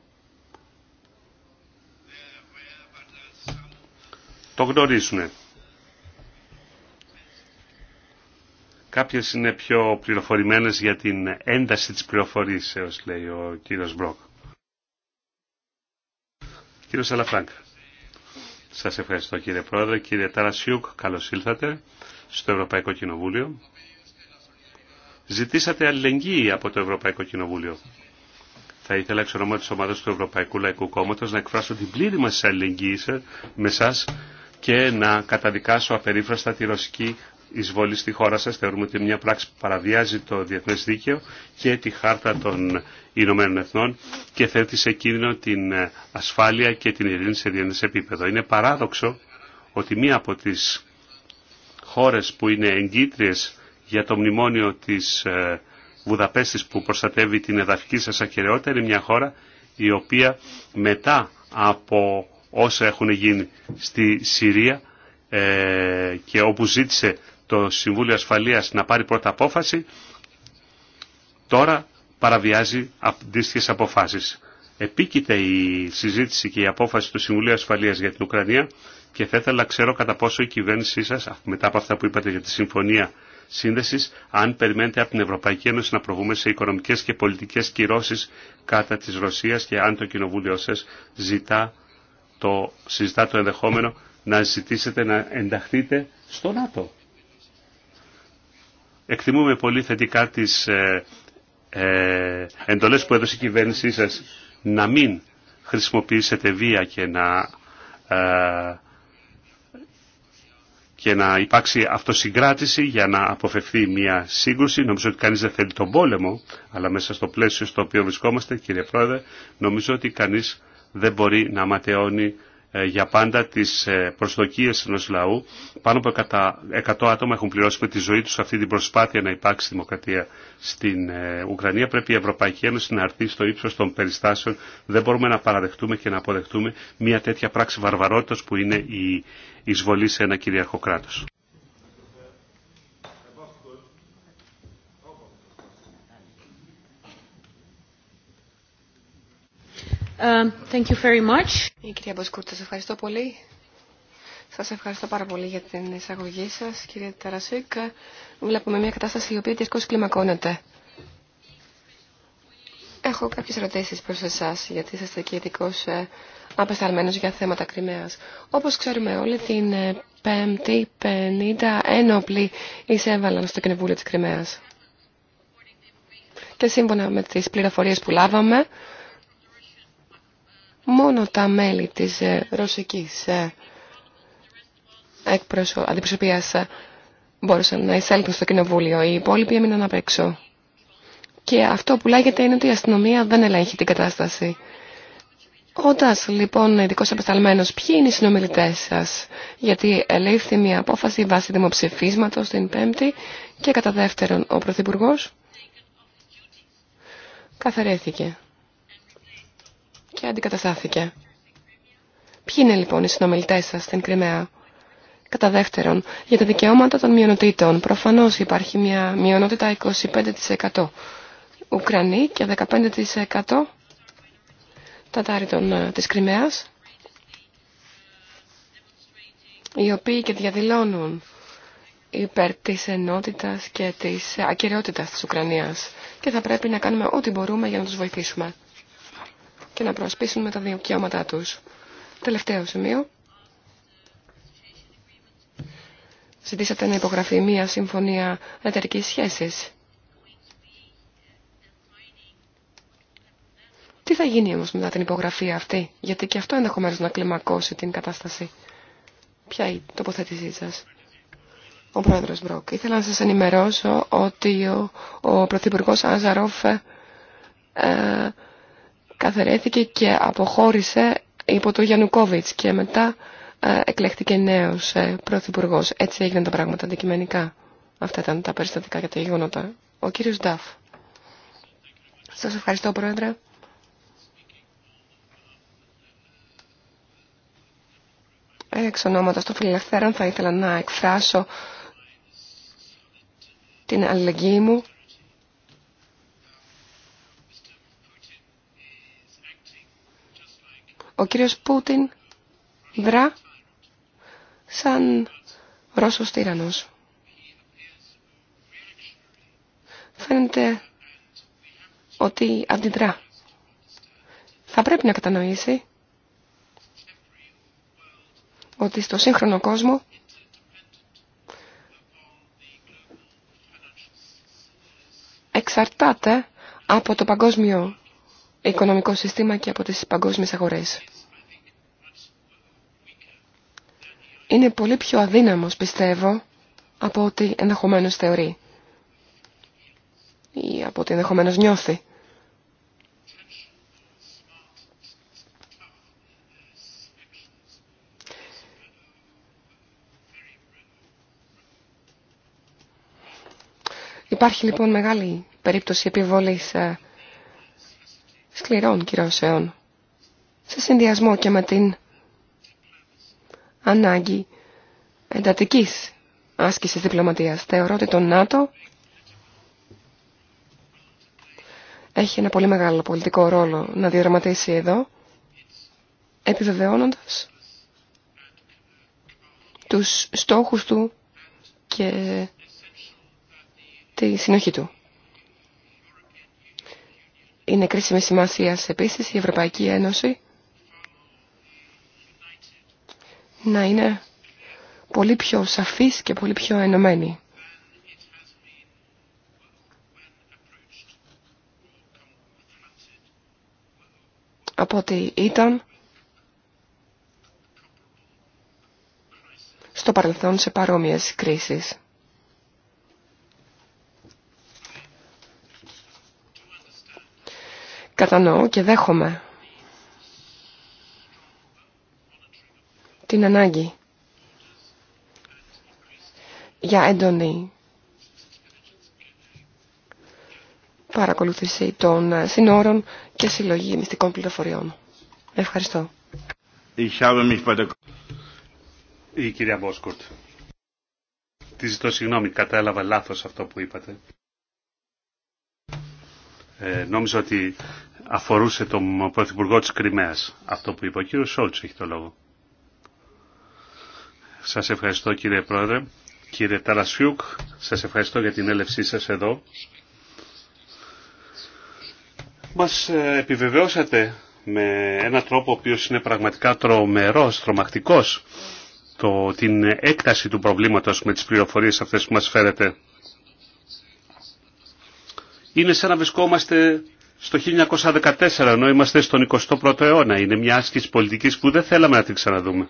Το γνωρίζουν. Κάποιες είναι πιο πληροφορημένες για την ένταση της πληροφορήσεως, λέει ο κύριος Μπρόκ. Κύριε Σαλαφράγκα. Σας ευχαριστώ κύριε Πρόεδρε. Κύριε Ταρασιούκ, καλώς ήλθατε στο Ευρωπαϊκό Κοινοβούλιο. Ζητήσατε αλληλεγγύη από το Ευρωπαϊκό Κοινοβούλιο. Θα ήθελα εξ ονόμα της ομάδας του Ευρωπαϊκού Λαϊκού Κόμματος να εκφράσω την πλήρη μας αλληλεγγύη με σας και να καταδικάσω απερίφραστα τη ρωσική εισβολή στη χώρα σας. Θεωρούμε ότι μια πράξη που παραβιάζει το διεθνές δίκαιο και τη χάρτα των Ηνωμένων Εθνών και θέτει σε κίνδυνο την ε, ασφάλεια και την ειρήνη σε διεθνές επίπεδο. Είναι παράδοξο ότι μία από τις χώρες που είναι εγκύτριες για το μνημόνιο της ε, Βουδαπέστης που προστατεύει την εδαφική σας ακαιρεότητα είναι μια χώρα η οποία μετά από όσα έχουν γίνει στη Συρία ε, και όπου ζήτησε το Συμβούλιο Ασφαλείας να πάρει πρώτα απόφαση, τώρα παραβιάζει αντίστοιχε αποφάσεις. Επίκειται η συζήτηση και η απόφαση του Συμβουλίου Ασφαλείας για την Ουκρανία και θα ήθελα να ξέρω κατά πόσο η κυβέρνησή σας, μετά από αυτά που είπατε για τη Συμφωνία Σύνδεσης, αν περιμένετε από την Ευρωπαϊκή Ένωση να προβούμε σε οικονομικές και πολιτικές κυρώσεις κατά της Ρωσίας και αν το Κοινοβούλιο σας ζητά το, συζητά το ενδεχόμενο να ζητήσετε να ενταχθείτε στο ΝΑΤΟ. Εκτιμούμε πολύ θετικά τις ε, ε, εντολές που έδωσε η κυβέρνησή σας να μην χρησιμοποιήσετε βία και να, ε, και να υπάρξει αυτοσυγκράτηση για να αποφευθεί μια σύγκρουση. Νομίζω ότι κανείς δεν θέλει τον πόλεμο, αλλά μέσα στο πλαίσιο στο οποίο βρισκόμαστε, κύριε Πρόεδρε, νομίζω ότι κανείς δεν μπορεί να ματαιώνει ε, για πάντα τις ε, προσδοκίες ενός λαού. Πάνω από 100 άτομα έχουν πληρώσει με τη ζωή τους αυτή την προσπάθεια να υπάρξει δημοκρατία στην ε, Ουκρανία. Πρέπει η Ευρωπαϊκή Ένωση να αρθεί στο ύψος των περιστάσεων. Δεν μπορούμε να παραδεχτούμε και να αποδεχτούμε μια τέτοια πράξη βαρβαρότητας που είναι η εισβολή σε ένα κυριαρχό κράτος. Um, thank you very much. Η κυρία Μποσκούρτ, σας ευχαριστώ πολύ. Σας ευχαριστώ πάρα πολύ για την εισαγωγή σας, κύριε Ταρασίκ. Βλέπουμε μια κατάσταση η οποία διαρκώς κλιμακώνεται. Έχω κάποιες ερωτήσεις προς εσάς, γιατί είστε και ειδικός ε, απεσταλμένος για θέματα Κρυμαίας. Όπως ξέρουμε όλοι, την ε, Πέμπτη 50 ένοπλοι εισέβαλαν στο Κοινοβούλιο της Κρυμαίας. Και σύμφωνα με τις πληροφορίες που λάβαμε, μόνο τα μέλη της ε, ρωσικής ε, αντιπροσωπείας ε, μπορούσαν να εισέλθουν στο κοινοβούλιο. Οι υπόλοιποι έμειναν απ' έξω. Και αυτό που λέγεται είναι ότι η αστυνομία δεν ελέγχει την κατάσταση. Όταν λοιπόν ειδικό απεσταλμένο, ποιοι είναι οι συνομιλητέ σα, γιατί ελήφθη μια απόφαση βάσει δημοψηφίσματο την Πέμπτη και κατά δεύτερον ο Πρωθυπουργό καθαρέθηκε και αντικαταστάθηκε. Ποιοι είναι λοιπόν οι συνομιλητέ σα στην Κρυμαία. Κατά δεύτερον, για τα δικαιώματα των μειονοτήτων. Προφανώ υπάρχει μια μειονότητα 25%. Ουκρανοί και 15% Τατάρι των, ε, της Κρυμαίας οι οποίοι και διαδηλώνουν υπέρ της ενότητας και της ε, ακυρεότητα της Ουκρανίας και θα πρέπει να κάνουμε ό,τι μπορούμε για να τους βοηθήσουμε και να προασπίσουν με τα δικαιώματά τους. Τελευταίο σημείο. Ζητήσατε να υπογραφεί μία συμφωνία εταιρική σχέσης. Τι θα γίνει όμως μετά την υπογραφή αυτή, γιατί και αυτό ενδεχομένως να κλιμακώσει την κατάσταση. Ποια είναι η τοποθέτησή σας. Ο πρόεδρος Μπροκ, ήθελα να σας ενημερώσω ότι ο, ο πρωθυπουργός Άζαροφ ε, καθαρέθηκε και αποχώρησε υπό το Γιαννουκόβιτς και μετά ε, εκλέχτηκε νέος ε, πρωθυπουργός. Έτσι έγιναν τα πράγματα αντικειμενικά. Αυτά ήταν τα περιστατικά και τα γεγονότα. Ο κύριος Νταφ. Σας ευχαριστώ πρόεδρε. Εξ ονόματος των φιλελευθέρων θα ήθελα να εκφράσω την αλληλεγγύη μου Ο κύριος Πούτιν δρά σαν Ρώσος τύρανος. Φαίνεται ότι αντιδρά. Θα πρέπει να κατανοήσει ότι στο σύγχρονο κόσμο εξαρτάται από το παγκόσμιο οικονομικό σύστημα και από τις παγκόσμιες αγορές. Είναι πολύ πιο αδύναμος, πιστεύω, από ό,τι ενδεχομένως θεωρεί ή από ό,τι ενδεχομένως νιώθει. Υπάρχει λοιπόν μεγάλη περίπτωση επιβολής ε, σκληρών κυρώσεων, σε συνδυασμό και με την ανάγκη εντατικής άσκησης διπλωματίας. Θεωρώ ότι το ΝΑΤΟ έχει ένα πολύ μεγάλο πολιτικό ρόλο να διαδραματίσει εδώ, επιβεβαιώνοντας τους στόχους του και τη συνοχή του. Είναι κρίσιμη σημασία επίσης η Ευρωπαϊκή Ένωση να είναι πολύ πιο σαφής και πολύ πιο ενωμένη. από ό,τι ήταν στο παρελθόν σε παρόμοιες κρίσεις. κατανοώ και δέχομαι την ανάγκη για έντονη παρακολούθηση των συνόρων και συλλογή μυστικών πληροφοριών. Ευχαριστώ. Η κυρία Μπόσκορτ. Τη ζητώ συγγνώμη, κατάλαβα λάθος αυτό που είπατε. Ε, νόμιζα ότι αφορούσε τον Πρωθυπουργό της Κρυμαίας. Αυτό που είπε ο κύριος Σόλτς έχει το λόγο. Σας ευχαριστώ κύριε Πρόεδρε. Κύριε Ταρασφιούκ, σας ευχαριστώ για την έλευσή σας εδώ. Μας ε, επιβεβαιώσατε με ένα τρόπο ο οποίος είναι πραγματικά τρομερός, τρομακτικός, το, την έκταση του προβλήματος με τις πληροφορίες αυτές που μας φέρετε. Είναι σαν να βρισκόμαστε στο 1914, ενώ είμαστε στον 21ο αιώνα. Είναι μια άσκηση πολιτικής που δεν θέλαμε να την ξαναδούμε.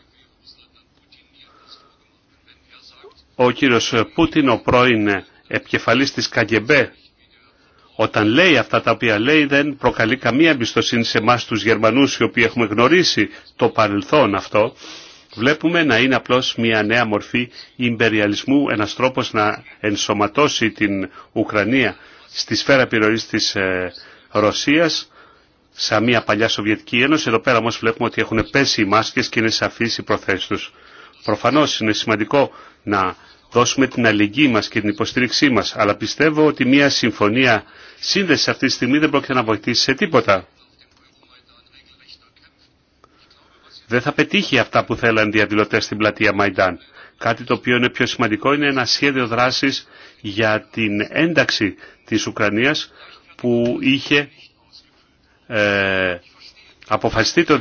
Ο κύριος Πούτιν, ο πρώην επικεφαλής της ΚΑΓΕΜΠΕ, όταν λέει αυτά τα οποία λέει δεν προκαλεί καμία εμπιστοσύνη σε εμά τους Γερμανούς οι οποίοι έχουμε γνωρίσει το παρελθόν αυτό. Βλέπουμε να είναι απλώς μια νέα μορφή υπεριαλισμού. ένας τρόπος να ενσωματώσει την Ουκρανία στη σφαίρα επιρροής της ε, Ρωσίας σαν μια παλιά Σοβιετική Ένωση. Εδώ πέρα όμω βλέπουμε ότι έχουν πέσει οι μάσκες και είναι σαφείς οι προθέσει του. Προφανώς είναι σημαντικό να δώσουμε την αλληλεγγύη μας και την υποστήριξή μας, αλλά πιστεύω ότι μια συμφωνία σύνδεση αυτή τη στιγμή δεν πρόκειται να βοηθήσει σε τίποτα. Δεν θα πετύχει αυτά που θέλαν οι διαδηλωτέ στην πλατεία Μαϊντάν. Κάτι το οποίο είναι πιο σημαντικό είναι ένα σχέδιο δράσης για την ένταξη της Ουκρανίας που είχε ε, αποφασιστεί το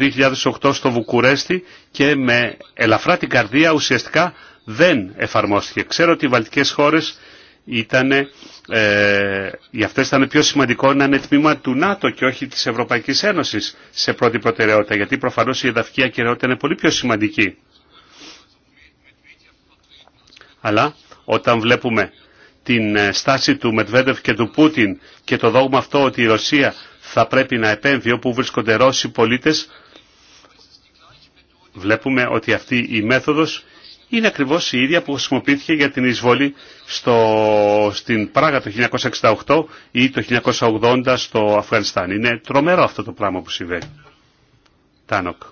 2008 στο Βουκουρέστι και με ελαφρά την καρδία ουσιαστικά δεν εφαρμόστηκε. Ξέρω ότι οι βαλτικές χώρες ήταν, ε, για αυτές ήταν πιο σημαντικό να είναι τμήμα του ΝΑΤΟ και όχι της Ευρωπαϊκής Ένωσης σε πρώτη προτεραιότητα, γιατί προφανώς η εδαφική ακαιρεότητα είναι πολύ πιο σημαντική. Αλλά όταν βλέπουμε την ε, στάση του Μετβέντεφ και του Πούτιν και το δόγμα αυτό ότι η Ρωσία θα πρέπει να επέμβει όπου βρίσκονται Ρώσοι πολίτες, βλέπουμε ότι αυτή η μέθοδος είναι ακριβώς η ίδια που χρησιμοποιήθηκε για την εισβολή στο, στην Πράγα το 1968 ή το 1980 στο Αφγανιστάν. Είναι τρομερό αυτό το πράγμα που συμβαίνει. Τάνοκ.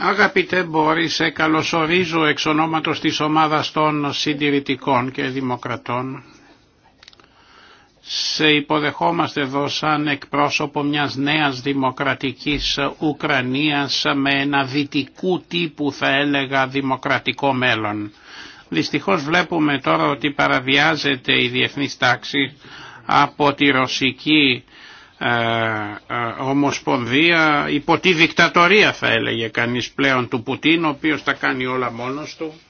Αγαπητέ Μπόρι, σε καλωσορίζω εξ ονόματος της ομάδας των συντηρητικών και δημοκρατών. Σε υποδεχόμαστε εδώ σαν εκπρόσωπο μιας νέας δημοκρατικής Ουκρανίας με ένα δυτικού τύπου θα έλεγα δημοκρατικό μέλλον. Δυστυχώς βλέπουμε τώρα ότι παραβιάζεται η διεθνής τάξη από τη ρωσική ε, ε, ομοσπονδία υπό τη δικτατορία θα έλεγε κανείς πλέον του Πουτίν ο οποίος τα κάνει όλα μόνος του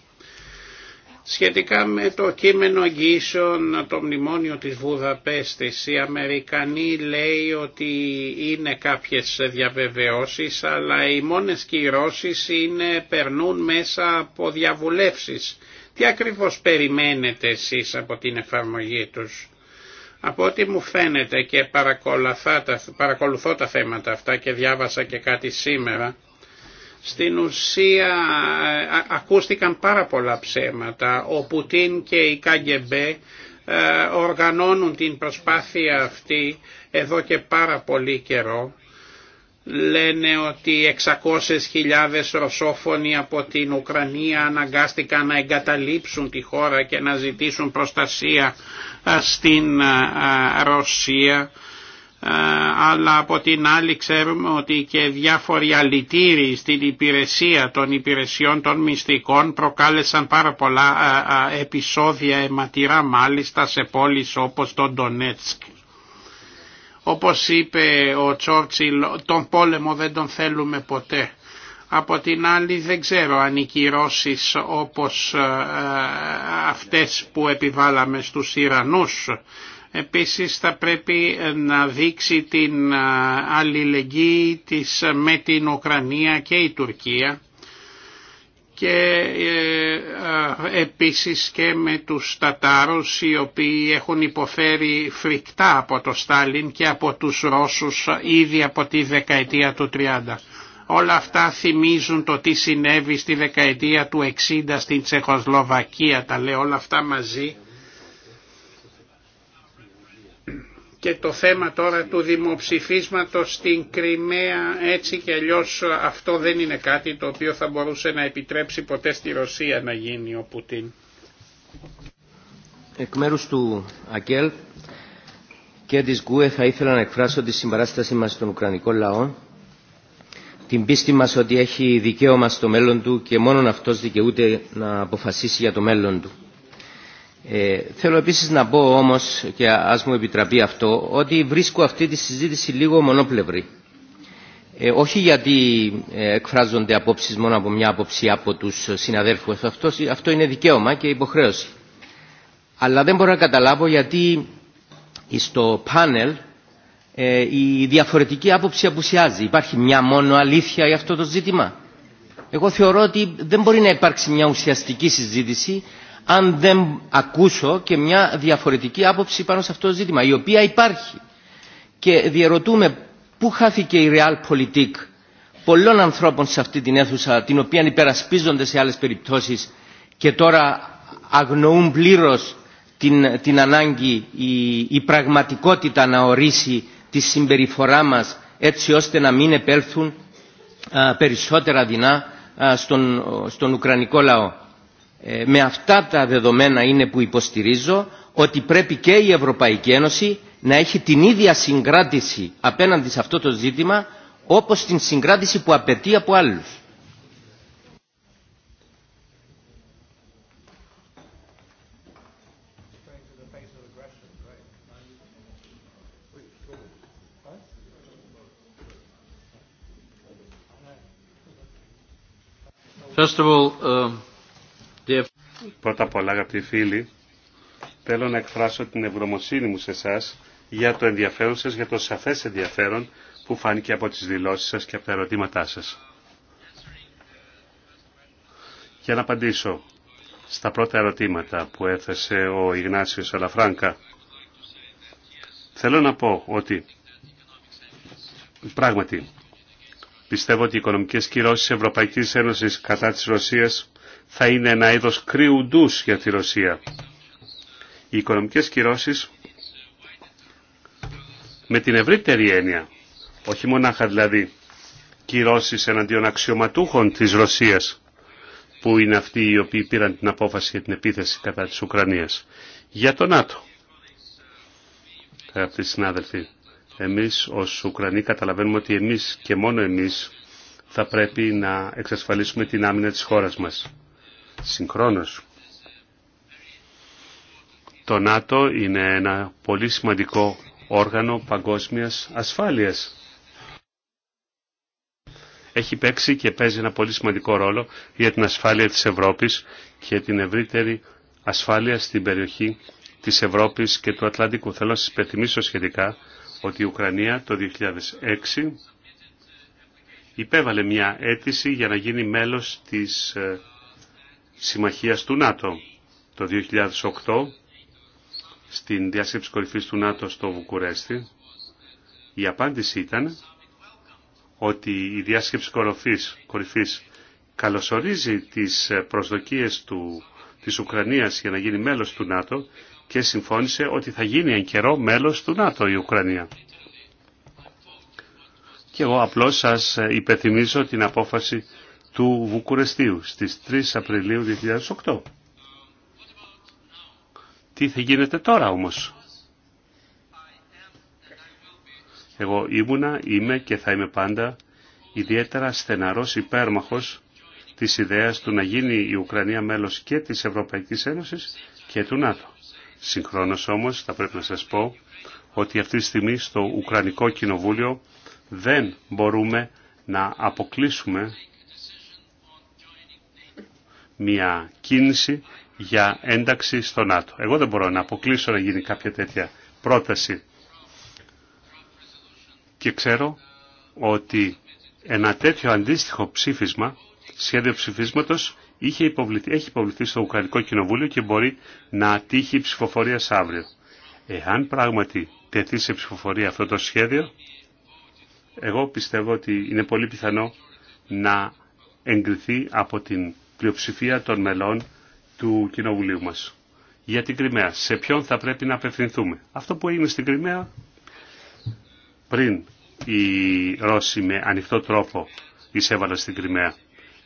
σχετικά με το κείμενο εγγύσεων το μνημόνιο της Βουδαπέστης οι Αμερικανοί λέει ότι είναι κάποιες διαβεβαιώσεις αλλά οι μόνες κυρώσεις είναι περνούν μέσα από διαβουλεύσεις τι ακριβώς περιμένετε εσείς από την εφαρμογή τους από ό,τι μου φαίνεται και παρακολουθώ τα θέματα αυτά και διάβασα και κάτι σήμερα, στην ουσία ε, ακούστηκαν πάρα πολλά ψέματα. Ο Πουτίν και η Κάγκεμπέ ε, οργανώνουν την προσπάθεια αυτή εδώ και πάρα πολύ καιρό λένε ότι 600.000 ρωσόφωνοι από την Ουκρανία αναγκάστηκαν να εγκαταλείψουν τη χώρα και να ζητήσουν προστασία στην Ρωσία αλλά από την άλλη ξέρουμε ότι και διάφοροι αλητήριοι στην υπηρεσία των υπηρεσιών των μυστικών προκάλεσαν πάρα πολλά επεισόδια αιματηρά μάλιστα σε πόλεις όπως το Ντονέτσκ. Όπως είπε ο Τσόρτσιλ, τον πόλεμο δεν τον θέλουμε ποτέ. Από την άλλη δεν ξέρω αν οι κυρώσεις όπως ε, αυτές που επιβάλαμε στους Ιρανούς Επίσης θα πρέπει να δείξει την ε, αλληλεγγύη της με την Ουκρανία και η Τουρκία και ε, ε, επίσης και με τους Τατάρους οι οποίοι έχουν υποφέρει φρικτά από το Στάλιν και από τους Ρώσους ήδη από τη δεκαετία του 30. Όλα αυτά θυμίζουν το τι συνέβη στη δεκαετία του 60 στην Τσεχοσλοβακία, τα λέω όλα αυτά μαζί και το θέμα τώρα του δημοψηφίσματος στην Κρυμαία έτσι και αλλιώ αυτό δεν είναι κάτι το οποίο θα μπορούσε να επιτρέψει ποτέ στη Ρωσία να γίνει ο Πουτίν. Εκ μέρους του ΑΚΕΛ και της Γκουε θα ήθελα να εκφράσω τη συμπαράστασή μας στον Ουκρανικό λαό την πίστη μας ότι έχει δικαίωμα στο μέλλον του και μόνον αυτός δικαιούται να αποφασίσει για το μέλλον του. Ε, θέλω επίσης να πω όμως, και ας μου επιτραπεί αυτό, ότι βρίσκω αυτή τη συζήτηση λίγο μονοπλευρή. Ε, όχι γιατί ε, εκφράζονται απόψεις μόνο από μια απόψη από τους συναδέλφους. Αυτό, αυτό είναι δικαίωμα και υποχρέωση. Αλλά δεν μπορώ να καταλάβω γιατί στο πάνελ ε, η διαφορετική άποψη απουσιάζει. Υπάρχει μια μόνο αλήθεια για αυτό το ζήτημα. Εγώ θεωρώ ότι δεν μπορεί να υπάρξει μια ουσιαστική συζήτηση αν δεν ακούσω και μια διαφορετική άποψη πάνω σε αυτό το ζήτημα, η οποία υπάρχει. Και διαρωτούμε πού χάθηκε η realpolitik πολλών ανθρώπων σε αυτή την αίθουσα, την οποία υπερασπίζονται σε άλλες περιπτώσεις και τώρα αγνοούν πλήρως την, την ανάγκη η, η πραγματικότητα να ορίσει τη συμπεριφορά μας έτσι ώστε να μην επέλθουν περισσότερα δεινά στον Ουκρανικό λαό. Ε, με αυτά τα δεδομένα είναι που υποστηρίζω ότι πρέπει και η Ευρωπαϊκή Ένωση να έχει την ίδια συγκράτηση απέναντι σε αυτό το ζήτημα όπως την συγκράτηση που απαιτεί από άλλους. Uh, Πρώτα απ' όλα, αγαπητοί φίλοι, θέλω να εκφράσω την ευγνωμοσύνη μου σε εσά για το ενδιαφέρον σας, για το σαφές ενδιαφέρον που φάνηκε από τις δηλώσεις σας και από τα ερωτήματά σας. Για να απαντήσω στα πρώτα ερωτήματα που έθεσε ο Ιγνάσιος Αλαφράνκα, θέλω να πω ότι πράγματι πιστεύω ότι οι οικονομικές κυρώσεις Ευρωπαϊκής Ένωσης κατά της Ρωσίας θα είναι ένα είδος κρύου ντους για τη Ρωσία. Οι οικονομικές κυρώσεις με την ευρύτερη έννοια, όχι μονάχα δηλαδή κυρώσεις εναντίον αξιωματούχων της Ρωσίας, που είναι αυτοί οι οποίοι πήραν την απόφαση για την επίθεση κατά της Ουκρανίας. Για το ΝΑΤΟ, αγαπητοί συνάδελφοι, εμείς ως Ουκρανοί καταλαβαίνουμε ότι εμείς και μόνο εμείς θα πρέπει να εξασφαλίσουμε την άμυνα της χώρας μας. Συγχρόνως, το ΝΑΤΟ είναι ένα πολύ σημαντικό όργανο παγκόσμιας ασφάλειας. Έχει παίξει και παίζει ένα πολύ σημαντικό ρόλο για την ασφάλεια της Ευρώπης και την ευρύτερη ασφάλεια στην περιοχή της Ευρώπης και του Ατλαντικού. Θέλω να σας υπενθυμίσω σχετικά ότι η Ουκρανία το 2006 υπέβαλε μια αίτηση για να γίνει μέλος της ε, συμμαχίας του ΝΑΤΟ. Το 2008, στην διάσκεψη κορυφής του ΝΑΤΟ στο Βουκουρέστι, η απάντηση ήταν ότι η διάσκεψη κορυφής, κορυφής καλωσορίζει τις προσδοκίες του, της Ουκρανίας για να γίνει μέλος του ΝΑΤΟ και συμφώνησε ότι θα γίνει εν καιρό μέλος του ΝΑΤΟ η Ουκρανία. Και εγώ απλώς σας υπενθυμίζω την απόφαση του Βουκουρεστίου στις 3 Απριλίου 2008. Τι θα γίνεται τώρα όμως. Εγώ ήμουνα, είμαι και θα είμαι πάντα ιδιαίτερα στεναρός υπέρμαχος της ιδέας του να γίνει η Ουκρανία μέλος και της Ευρωπαϊκής Ένωσης και του ΝΑΤΟ. Συγχρόνως όμως θα πρέπει να σας πω ότι αυτή τη στιγμή στο Ουκρανικό Κοινοβούλιο δεν μπορούμε να αποκλείσουμε μια κίνηση για ένταξη στο ΝΑΤΟ. Εγώ δεν μπορώ να αποκλείσω να γίνει κάποια τέτοια πρόταση. Και ξέρω ότι ένα τέτοιο αντίστοιχο ψήφισμα, σχέδιο ψηφίσματος, είχε υποβληθεί, έχει υποβληθεί στο Ουκρανικό Κοινοβούλιο και μπορεί να τύχει ψηφοφορία αύριο. Εάν πράγματι τεθεί σε ψηφοφορία αυτό το σχέδιο, εγώ πιστεύω ότι είναι πολύ πιθανό να εγκριθεί από την πλειοψηφία των μελών του Κοινοβουλίου μας. Για την Κρυμαία, σε ποιον θα πρέπει να απευθυνθούμε. Αυτό που έγινε στην Κρυμαία πριν οι Ρώσοι με ανοιχτό τρόπο εισέβαλαν στην Κρυμαία.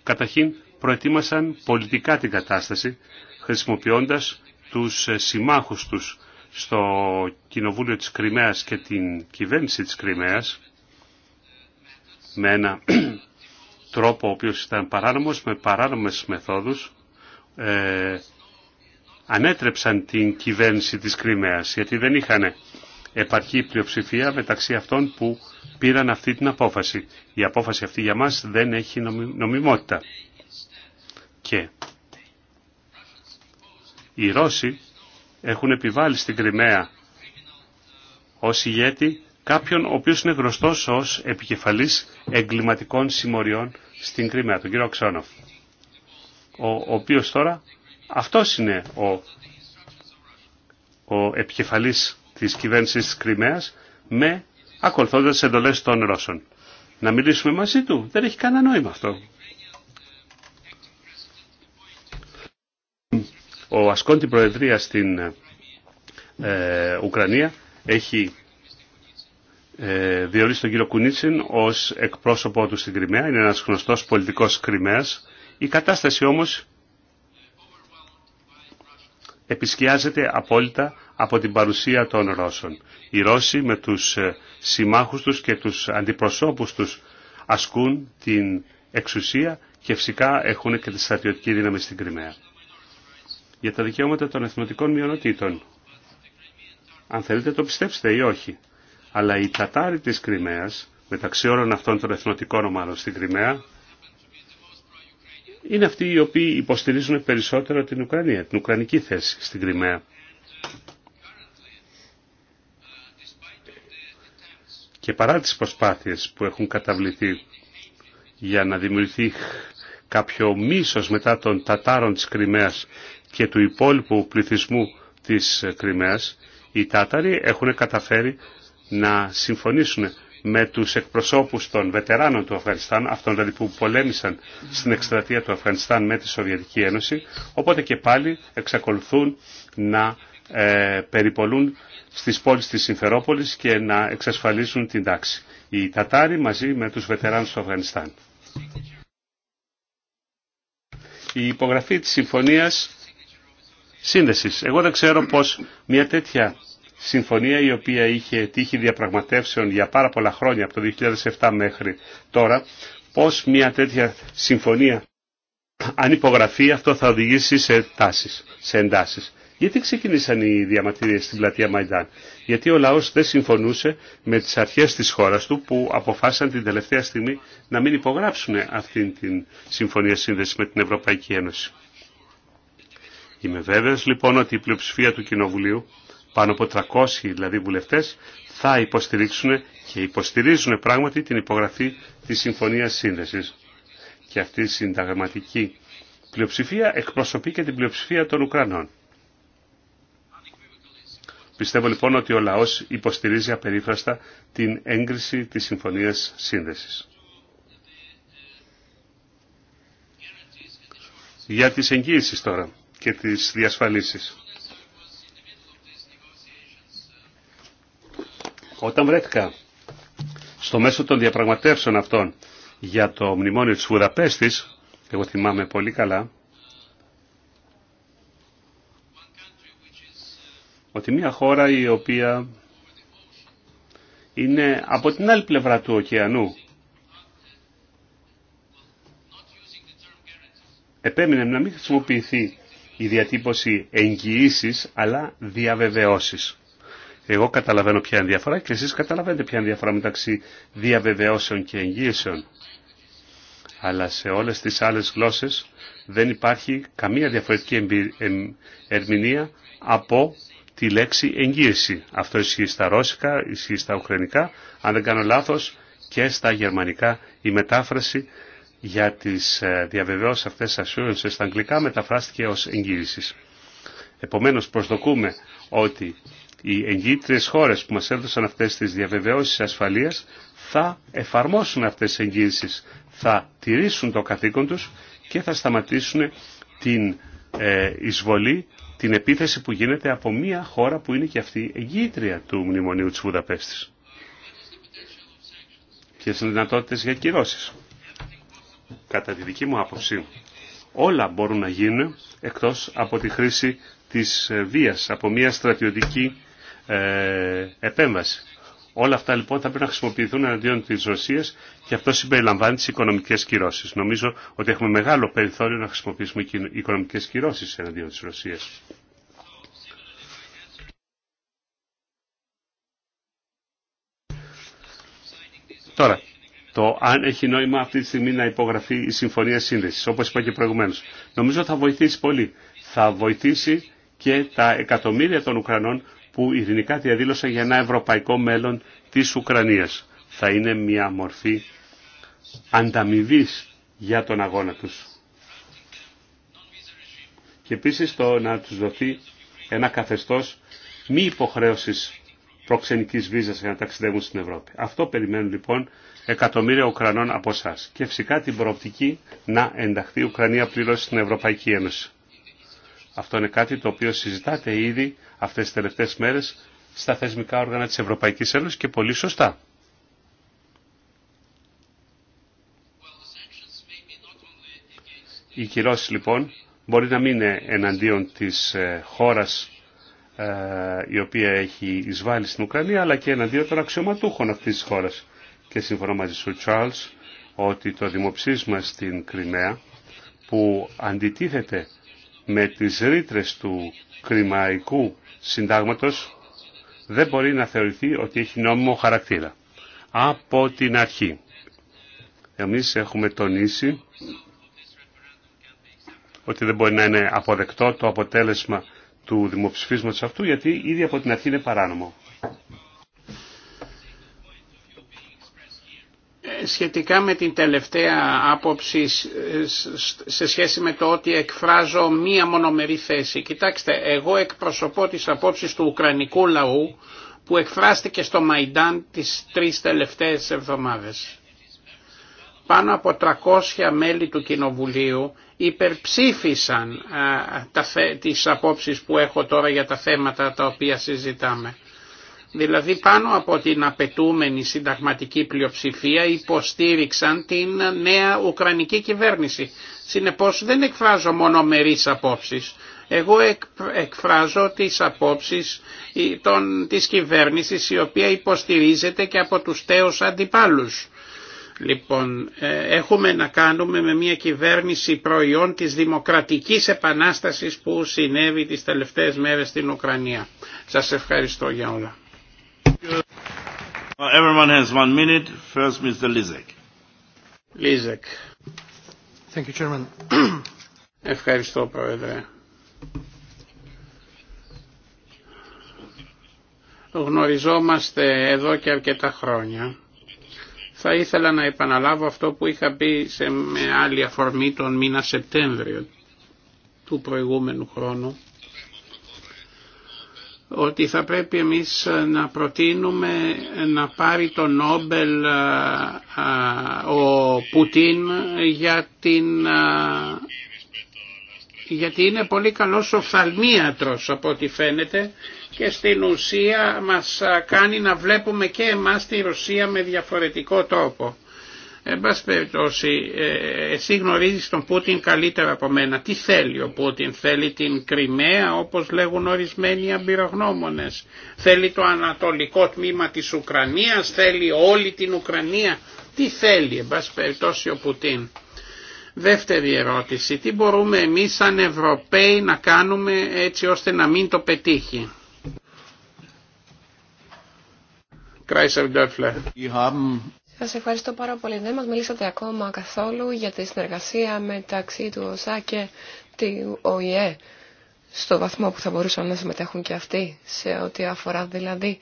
Καταρχήν προετοίμασαν πολιτικά την κατάσταση χρησιμοποιώντας τους συμμάχους τους στο Κοινοβούλιο της Κρυμαίας και την κυβέρνηση της Κρυμαίας με ένα τρόπο ο οποίος ήταν παράνομος, με παράνομες μεθόδους, ε, ανέτρεψαν την κυβέρνηση της Κρυμαίας, γιατί δεν είχαν επαρκή πλειοψηφία μεταξύ αυτών που πήραν αυτή την απόφαση. Η απόφαση αυτή για μας δεν έχει νομιμότητα. Και οι Ρώσοι έχουν επιβάλει στην Κρυμαία ως ηγέτη κάποιον ο οποίος είναι γνωστός ως επικεφαλής εγκληματικών συμμοριών στην Κρυμαία, τον κύριο Αξόνοφ, ο, ο οποίος τώρα αυτός είναι ο, ο επικεφαλής της κυβέρνησης της Κρυμαίας με ακολουθώντας τις εντολές των Ρώσων. Να μιλήσουμε μαζί του. Δεν έχει κανένα νόημα αυτό. Ο ασκόντη προεδρία στην ε, Ουκρανία έχει ε, διορίσει τον κύριο Κουνίτσιν ως εκπρόσωπό του στην Κρυμαία. Είναι ένας γνωστός πολιτικός Κρυμαίας. Η κατάσταση όμως επισκιάζεται απόλυτα από την παρουσία των Ρώσων. Οι Ρώσοι με τους ε, συμμάχους τους και τους αντιπροσώπους τους ασκούν την εξουσία και φυσικά έχουν και τη στρατιωτική δύναμη στην Κρυμαία. Για τα δικαιώματα των εθνοτικών μειονοτήτων. Αν θέλετε το πιστέψετε ή όχι. Αλλά οι Τατάροι της Κρυμαίας, μεταξύ όλων αυτών των εθνοτικών ομάδων στην Κρυμαία, είναι αυτοί οι οποίοι υποστηρίζουν περισσότερο την Ουκρανία, την Ουκρανική θέση στην Κρυμαία. Και παρά τις προσπάθειες που έχουν καταβληθεί για να δημιουργηθεί κάποιο μίσος μετά των Τατάρων της Κρυμαίας και του υπόλοιπου πληθυσμού της Κρυμαίας, οι Τάταροι έχουν καταφέρει να συμφωνήσουν με τους εκπροσώπους των βετεράνων του Αφγανιστάν, αυτών δηλαδή που πολέμησαν στην εκστρατεία του Αφγανιστάν με τη Σοβιετική Ένωση, οπότε και πάλι εξακολουθούν να ε, περιπολούν στις πόλεις της Συμφερόπολης και να εξασφαλίσουν την τάξη. Οι Τατάροι μαζί με τους βετεράνους του Αφγανιστάν. Η υπογραφή της συμφωνίας σύνδεσης. Εγώ δεν ξέρω πώς μια τέτοια συμφωνία η οποία είχε τύχει διαπραγματεύσεων για πάρα πολλά χρόνια, από το 2007 μέχρι τώρα, πώς μια τέτοια συμφωνία αν υπογραφεί αυτό θα οδηγήσει σε τάσεις, σε εντάσεις. Γιατί ξεκινήσαν οι διαμαρτυρίες στην πλατεία Μαϊντάν. Γιατί ο λαός δεν συμφωνούσε με τις αρχές της χώρας του που αποφάσισαν την τελευταία στιγμή να μην υπογράψουν αυτήν την συμφωνία σύνδεση με την Ευρωπαϊκή Ένωση. Είμαι βέβαιος λοιπόν ότι η πλειοψηφία του Κοινοβουλίου πάνω από 300 δηλαδή βουλευτές, θα υποστηρίξουν και υποστηρίζουν πράγματι την υπογραφή της Συμφωνίας Σύνδεσης. Και αυτή η συνταγματική πλειοψηφία εκπροσωπεί και την πλειοψηφία των Ουκρανών. Πιστεύω λοιπόν ότι ο λαός υποστηρίζει απερίφραστα την έγκριση της Συμφωνίας Σύνδεσης. Για τις εγγύησεις τώρα και τις διασφαλίσεις. Όταν βρέθηκα στο μέσο των διαπραγματεύσεων αυτών για το μνημόνιο της Βουδαπέστης, εγώ θυμάμαι πολύ καλά, ότι μια χώρα η οποία είναι από την άλλη πλευρά του ωκεανού επέμεινε να μην χρησιμοποιηθεί η διατύπωση εγγυήσεις αλλά διαβεβαιώσεις. Εγώ καταλαβαίνω ποια είναι διαφορά και εσείς καταλαβαίνετε ποια είναι διαφορά μεταξύ διαβεβαιώσεων και εγγύησεων. Αλλά σε όλες τις άλλες γλώσσες δεν υπάρχει καμία διαφορετική ερμηνεία από τη λέξη εγγύηση. Αυτό ισχύει στα ρώσικα, ισχύει στα ουκρανικά, αν δεν κάνω λάθος και στα γερμανικά η μετάφραση για τις ε, διαβεβαιώσεις αυτές σε στα αγγλικά μεταφράστηκε ως εγγύησης. Επομένως προσδοκούμε ότι οι εγγύητρες χώρες που μας έδωσαν αυτές τις διαβεβαιώσεις ασφαλείας θα εφαρμόσουν αυτές τις εγγύησεις, θα τηρήσουν το καθήκον τους και θα σταματήσουν την ε, εισβολή, την επίθεση που γίνεται από μια χώρα που είναι και αυτή εγγύητρια του Μνημονίου της Βουδαπέστης. Ποιες είναι δυνατότητες για κυρώσεις. Κατά τη δική μου άποψη, όλα μπορούν να γίνουν εκτός από τη χρήση της ε, βίας, από μια στρατιωτική ε, επέμβαση. Όλα αυτά λοιπόν θα πρέπει να χρησιμοποιηθούν εναντίον τη Ρωσία και αυτό συμπεριλαμβάνει τι οικονομικέ κυρώσει. Νομίζω ότι έχουμε μεγάλο περιθώριο να χρησιμοποιήσουμε οικονομικέ κυρώσει εναντίον τη Ρωσία. Τώρα, το αν έχει νόημα αυτή τη στιγμή να υπογραφεί η Συμφωνία Σύνδεση, όπω είπα και προηγουμένω, νομίζω θα βοηθήσει πολύ. Θα βοηθήσει και τα εκατομμύρια των Ουκρανών που ειρηνικά διαδήλωσαν για ένα ευρωπαϊκό μέλλον της Ουκρανίας. Θα είναι μια μορφή ανταμοιβή για τον αγώνα τους. Και επίσης το να τους δοθεί ένα καθεστώς μη υποχρέωσης προξενικής βίζας για να ταξιδεύουν στην Ευρώπη. Αυτό περιμένουν λοιπόν εκατομμύρια Ουκρανών από εσά. Και φυσικά την προοπτική να ενταχθεί η Ουκρανία πλήρως στην Ευρωπαϊκή Ένωση. Αυτό είναι κάτι το οποίο συζητάτε ήδη αυτές τις τελευταίες μέρες στα θεσμικά όργανα της Ευρωπαϊκής Ένωσης και πολύ σωστά. Οι κυρώσει λοιπόν μπορεί να μην είναι εναντίον της ε, χώρας ε, η οποία έχει εισβάλει στην Ουκρανία αλλά και εναντίον των αξιωματούχων αυτής της χώρας. Και συμφωνώ μαζί σου Τσάρλς ότι το δημοψήφισμα στην Κρυμαία που αντιτίθεται με τις ρήτρες του κρημαϊκού συντάγματος δεν μπορεί να θεωρηθεί ότι έχει νόμιμο χαρακτήρα. Από την αρχή. Εμείς έχουμε τονίσει ότι δεν μπορεί να είναι αποδεκτό το αποτέλεσμα του δημοψηφίσματος αυτού γιατί ήδη από την αρχή είναι παράνομο. σχετικά με την τελευταία άποψη σε σχέση με το ότι εκφράζω μία μονομερή θέση. Κοιτάξτε, εγώ εκπροσωπώ τις απόψεις του Ουκρανικού λαού που εκφράστηκε στο Μαϊντάν τις τρεις τελευταίες εβδομάδες. Πάνω από 300 μέλη του Κοινοβουλίου υπερψήφισαν α, τα, τις απόψεις που έχω τώρα για τα θέματα τα οποία συζητάμε δηλαδή πάνω από την απαιτούμενη συνταγματική πλειοψηφία υποστήριξαν την νέα Ουκρανική κυβέρνηση. Συνεπώς δεν εκφράζω μόνο μερίς απόψεις. Εγώ εκφράζω τις απόψεις των, της κυβέρνησης η οποία υποστηρίζεται και από τους τέους αντιπάλους. Λοιπόν, ε, έχουμε να κάνουμε με μια κυβέρνηση προϊόν της δημοκρατικής επανάστασης που συνέβη τις τελευταίες μέρες στην Ουκρανία. Σας ευχαριστώ για όλα. Everyone has one minute. First, Mr. Thank you, Chairman. Ευχαριστώ, Πρόεδρε. Γνωριζόμαστε εδώ και αρκετά χρόνια. Θα ήθελα να επαναλάβω αυτό που είχα πει σε με άλλη αφορμή τον μήνα Σεπτέμβριο του προηγούμενου χρόνου ότι θα πρέπει εμείς να προτείνουμε να πάρει το Νόμπελ ο Πουτίν για την γιατί είναι πολύ καλός οφθαλμίατρος από ό,τι φαίνεται και στην ουσία μας κάνει να βλέπουμε και εμάς τη Ρωσία με διαφορετικό τρόπο. Εν πάση περιπτώσει, ε, εσύ γνωρίζεις τον Πούτιν καλύτερα από μένα. Τι θέλει ο Πούτιν, θέλει την Κρυμαία όπως λέγουν ορισμένοι αμπειρογνώμονες. Θέλει το ανατολικό τμήμα της Ουκρανίας, θέλει όλη την Ουκρανία. Τι θέλει, εν πάση περιπτώσει, ο Πουτίν. Δεύτερη ερώτηση, τι μπορούμε εμείς σαν Ευρωπαίοι να κάνουμε έτσι ώστε να μην το πετύχει. Σας ευχαριστώ πάρα πολύ. Δεν μας μιλήσατε ακόμα καθόλου για τη συνεργασία μεταξύ του ΟΣΑ και του ΟΗΕ στο βαθμό που θα μπορούσαν να συμμετέχουν και αυτοί σε ό,τι αφορά δηλαδή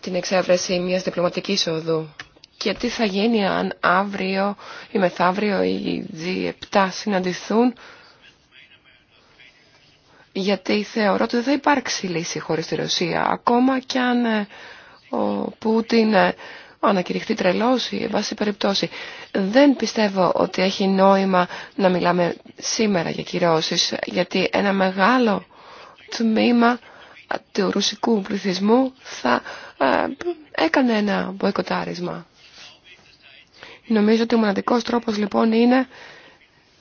την εξέβρεση μιας διπλωματικής οδού. Και τι θα γίνει αν αύριο ή μεθαύριο οι G7 συναντηθούν γιατί θεωρώ ότι δεν θα υπάρξει λύση χωρίς τη Ρωσία ακόμα και αν ε, ο Πούτιν ε, Ανακηρυχτεί τρελός ή βάση περιπτώσει. Δεν πιστεύω ότι έχει νόημα να μιλάμε σήμερα για κυρώσεις, γιατί ένα μεγάλο τμήμα του ρουσικού πληθυσμού θα ε, έκανε ένα μποϊκοτάρισμα. Νομίζω ότι ο μοναδικός τρόπος λοιπόν είναι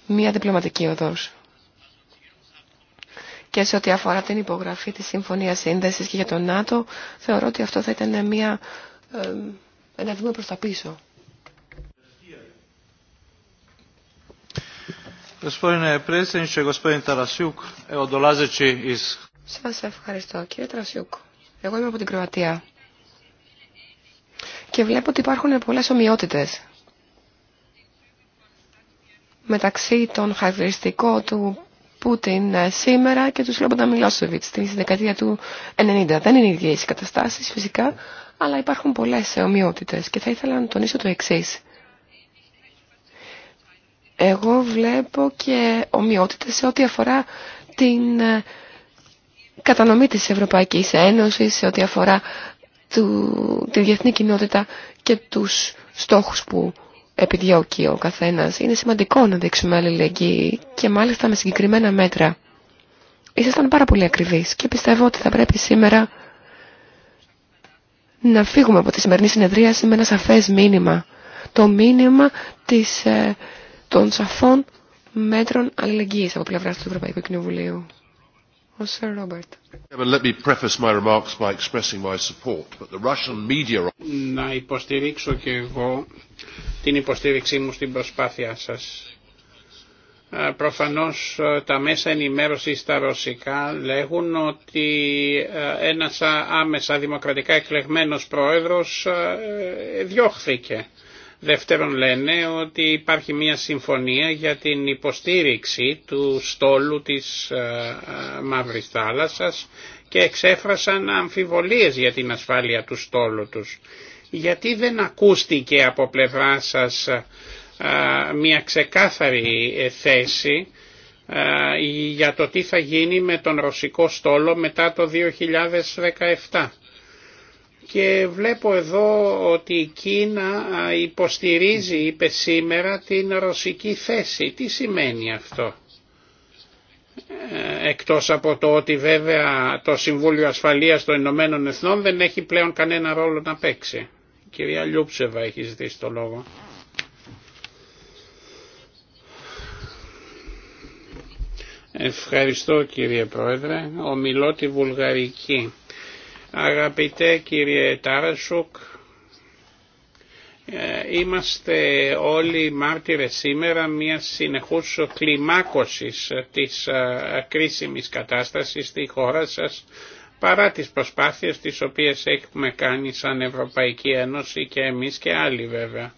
μια διπλωματική οδός. Και σε ό,τι αφορά την υπογραφή της Συμφωνίας Σύνδεσης και για τον ΝΑΤΟ, θεωρώ ότι αυτό θα ήταν μια ε, ένα δούμε προς τα πίσω. Σας ευχαριστώ κύριε Τρασιούκ. Εγώ είμαι από την Κροατία και βλέπω ότι υπάρχουν πολλές ομοιότητες μεταξύ των χαρακτηριστικών του Πούτιν ε, σήμερα και του Σλόμποντα Μιλόσεβιτ στην δεκαετία του 90. Δεν είναι οι ίδιε οι καταστάσει φυσικά, αλλά υπάρχουν πολλές ομοιότητες και θα ήθελα να τονίσω το εξής. Εγώ βλέπω και ομοιότητες σε ό,τι αφορά την ε, κατανομή της Ευρωπαϊκής Ένωσης, σε ό,τι αφορά του, τη διεθνή κοινότητα και τους στόχους που επιδιώκει ο καθένας. Είναι σημαντικό να δείξουμε αλληλεγγύη και μάλιστα με συγκεκριμένα μέτρα. Ήσασταν πάρα πολύ ακριβείς και πιστεύω ότι θα πρέπει σήμερα να φύγουμε από τη σημερινή συνεδρίαση με ένα σαφές μήνυμα. Το μήνυμα της, ε, των σαφών μέτρων αλληλεγγύης από πλευρά του Ευρωπαϊκού Κοινοβουλίου. Ο Σερ Ρόμπερτ. Να υποστηρίξω και εγώ την υποστήριξή μου στην προσπάθειά σας. Προφανώς ε, τα μέσα ενημέρωση στα ρωσικά λέγουν ότι ε, ένας άμεσα δημοκρατικά εκλεγμένος πρόεδρος ε, διώχθηκε. Δεύτερον λένε ότι υπάρχει μια συμφωνία για την υποστήριξη του στόλου της Μαύρης Θάλασσας και εξέφρασαν αμφιβολίες για την ασφάλεια του στόλου τους. Γιατί δεν ακούστηκε από πλευρά σας μια ξεκάθαρη ε, θέση για το τι θα γίνει με τον ρωσικό στόλο μετά το 2017. Και βλέπω εδώ ότι η Κίνα υποστηρίζει, είπε σήμερα, την ρωσική θέση. Τι σημαίνει αυτό. Ε, εκτός από το ότι βέβαια το Συμβούλιο Ασφαλείας των Ηνωμένων Εθνών δεν έχει πλέον κανένα ρόλο να παίξει. Η κυρία Λιούψεβα έχει ζητήσει το λόγο. Ευχαριστώ κύριε Πρόεδρε. Ομιλώ τη Βουλγαρική. Αγαπητέ κύριε Τάρασουκ, ε, είμαστε όλοι μάρτυρες σήμερα μιας συνεχούς κλιμάκωσης της ε, κρίσιμης κατάστασης στη χώρα σας παρά τις προσπάθειες τις οποίες έχουμε κάνει σαν Ευρωπαϊκή Ένωση και εμείς και άλλοι βέβαια.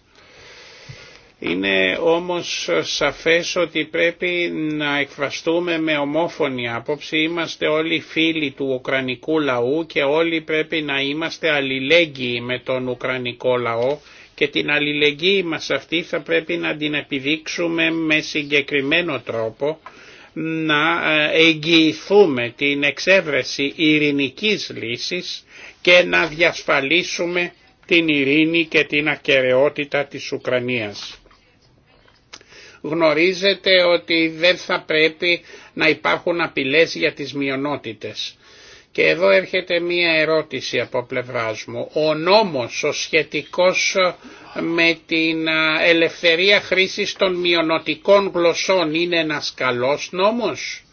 Είναι όμως σαφές ότι πρέπει να εκφραστούμε με ομόφωνη άποψη. Είμαστε όλοι φίλοι του Ουκρανικού λαού και όλοι πρέπει να είμαστε αλληλέγγυοι με τον Ουκρανικό λαό και την αλληλεγγύη μας αυτή θα πρέπει να την επιδείξουμε με συγκεκριμένο τρόπο να εγγυηθούμε την εξέβρεση ειρηνικής λύσης και να διασφαλίσουμε την ειρήνη και την ακαιρεότητα της Ουκρανίας γνωρίζετε ότι δεν θα πρέπει να υπάρχουν απειλές για τις μειονότητες. Και εδώ έρχεται μία ερώτηση από πλευράς μου. Ο νόμος, ο σχετικός ε, με την ε, ελευθερία χρήσης των μειονοτικών γλωσσών είναι ένας καλός νόμος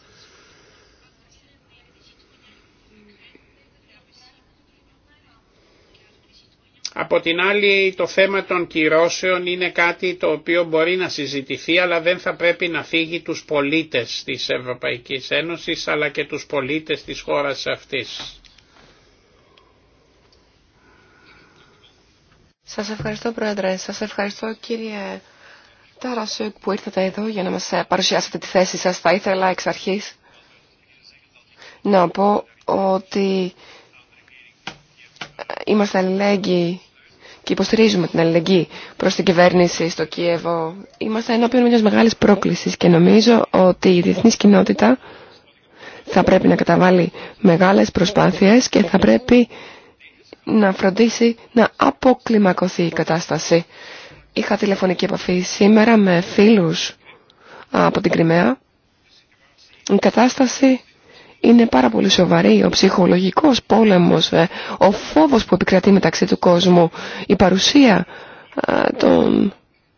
Από την άλλη το θέμα των κυρώσεων είναι κάτι το οποίο μπορεί να συζητηθεί αλλά δεν θα πρέπει να φύγει τους πολίτες της Ευρωπαϊκής Ένωσης αλλά και τους πολίτες της χώρας αυτής. Σας ευχαριστώ Πρόεδρε, σας ευχαριστώ κύριε Ταρασούκ που ήρθατε εδώ για να μας ε, παρουσιάσετε τη θέση σας. Θα ήθελα εξ αρχής να πω ότι είμαστε αλληλέγγυοι και υποστηρίζουμε την αλληλεγγύη προς την κυβέρνηση στο Κίεβο. Είμαστε ενώπιον μιας μεγάλης πρόκλησης και νομίζω ότι η διεθνής κοινότητα θα πρέπει να καταβάλει μεγάλες προσπάθειες και θα πρέπει να φροντίσει να αποκλιμακωθεί η κατάσταση. Είχα τηλεφωνική επαφή σήμερα με φίλους από την Κρυμαία. Η κατάσταση είναι πάρα πολύ σοβαρή. Ο ψυχολογικός πόλεμος, ε, ο φόβος που επικρατεί μεταξύ του κόσμου, η παρουσία ε, των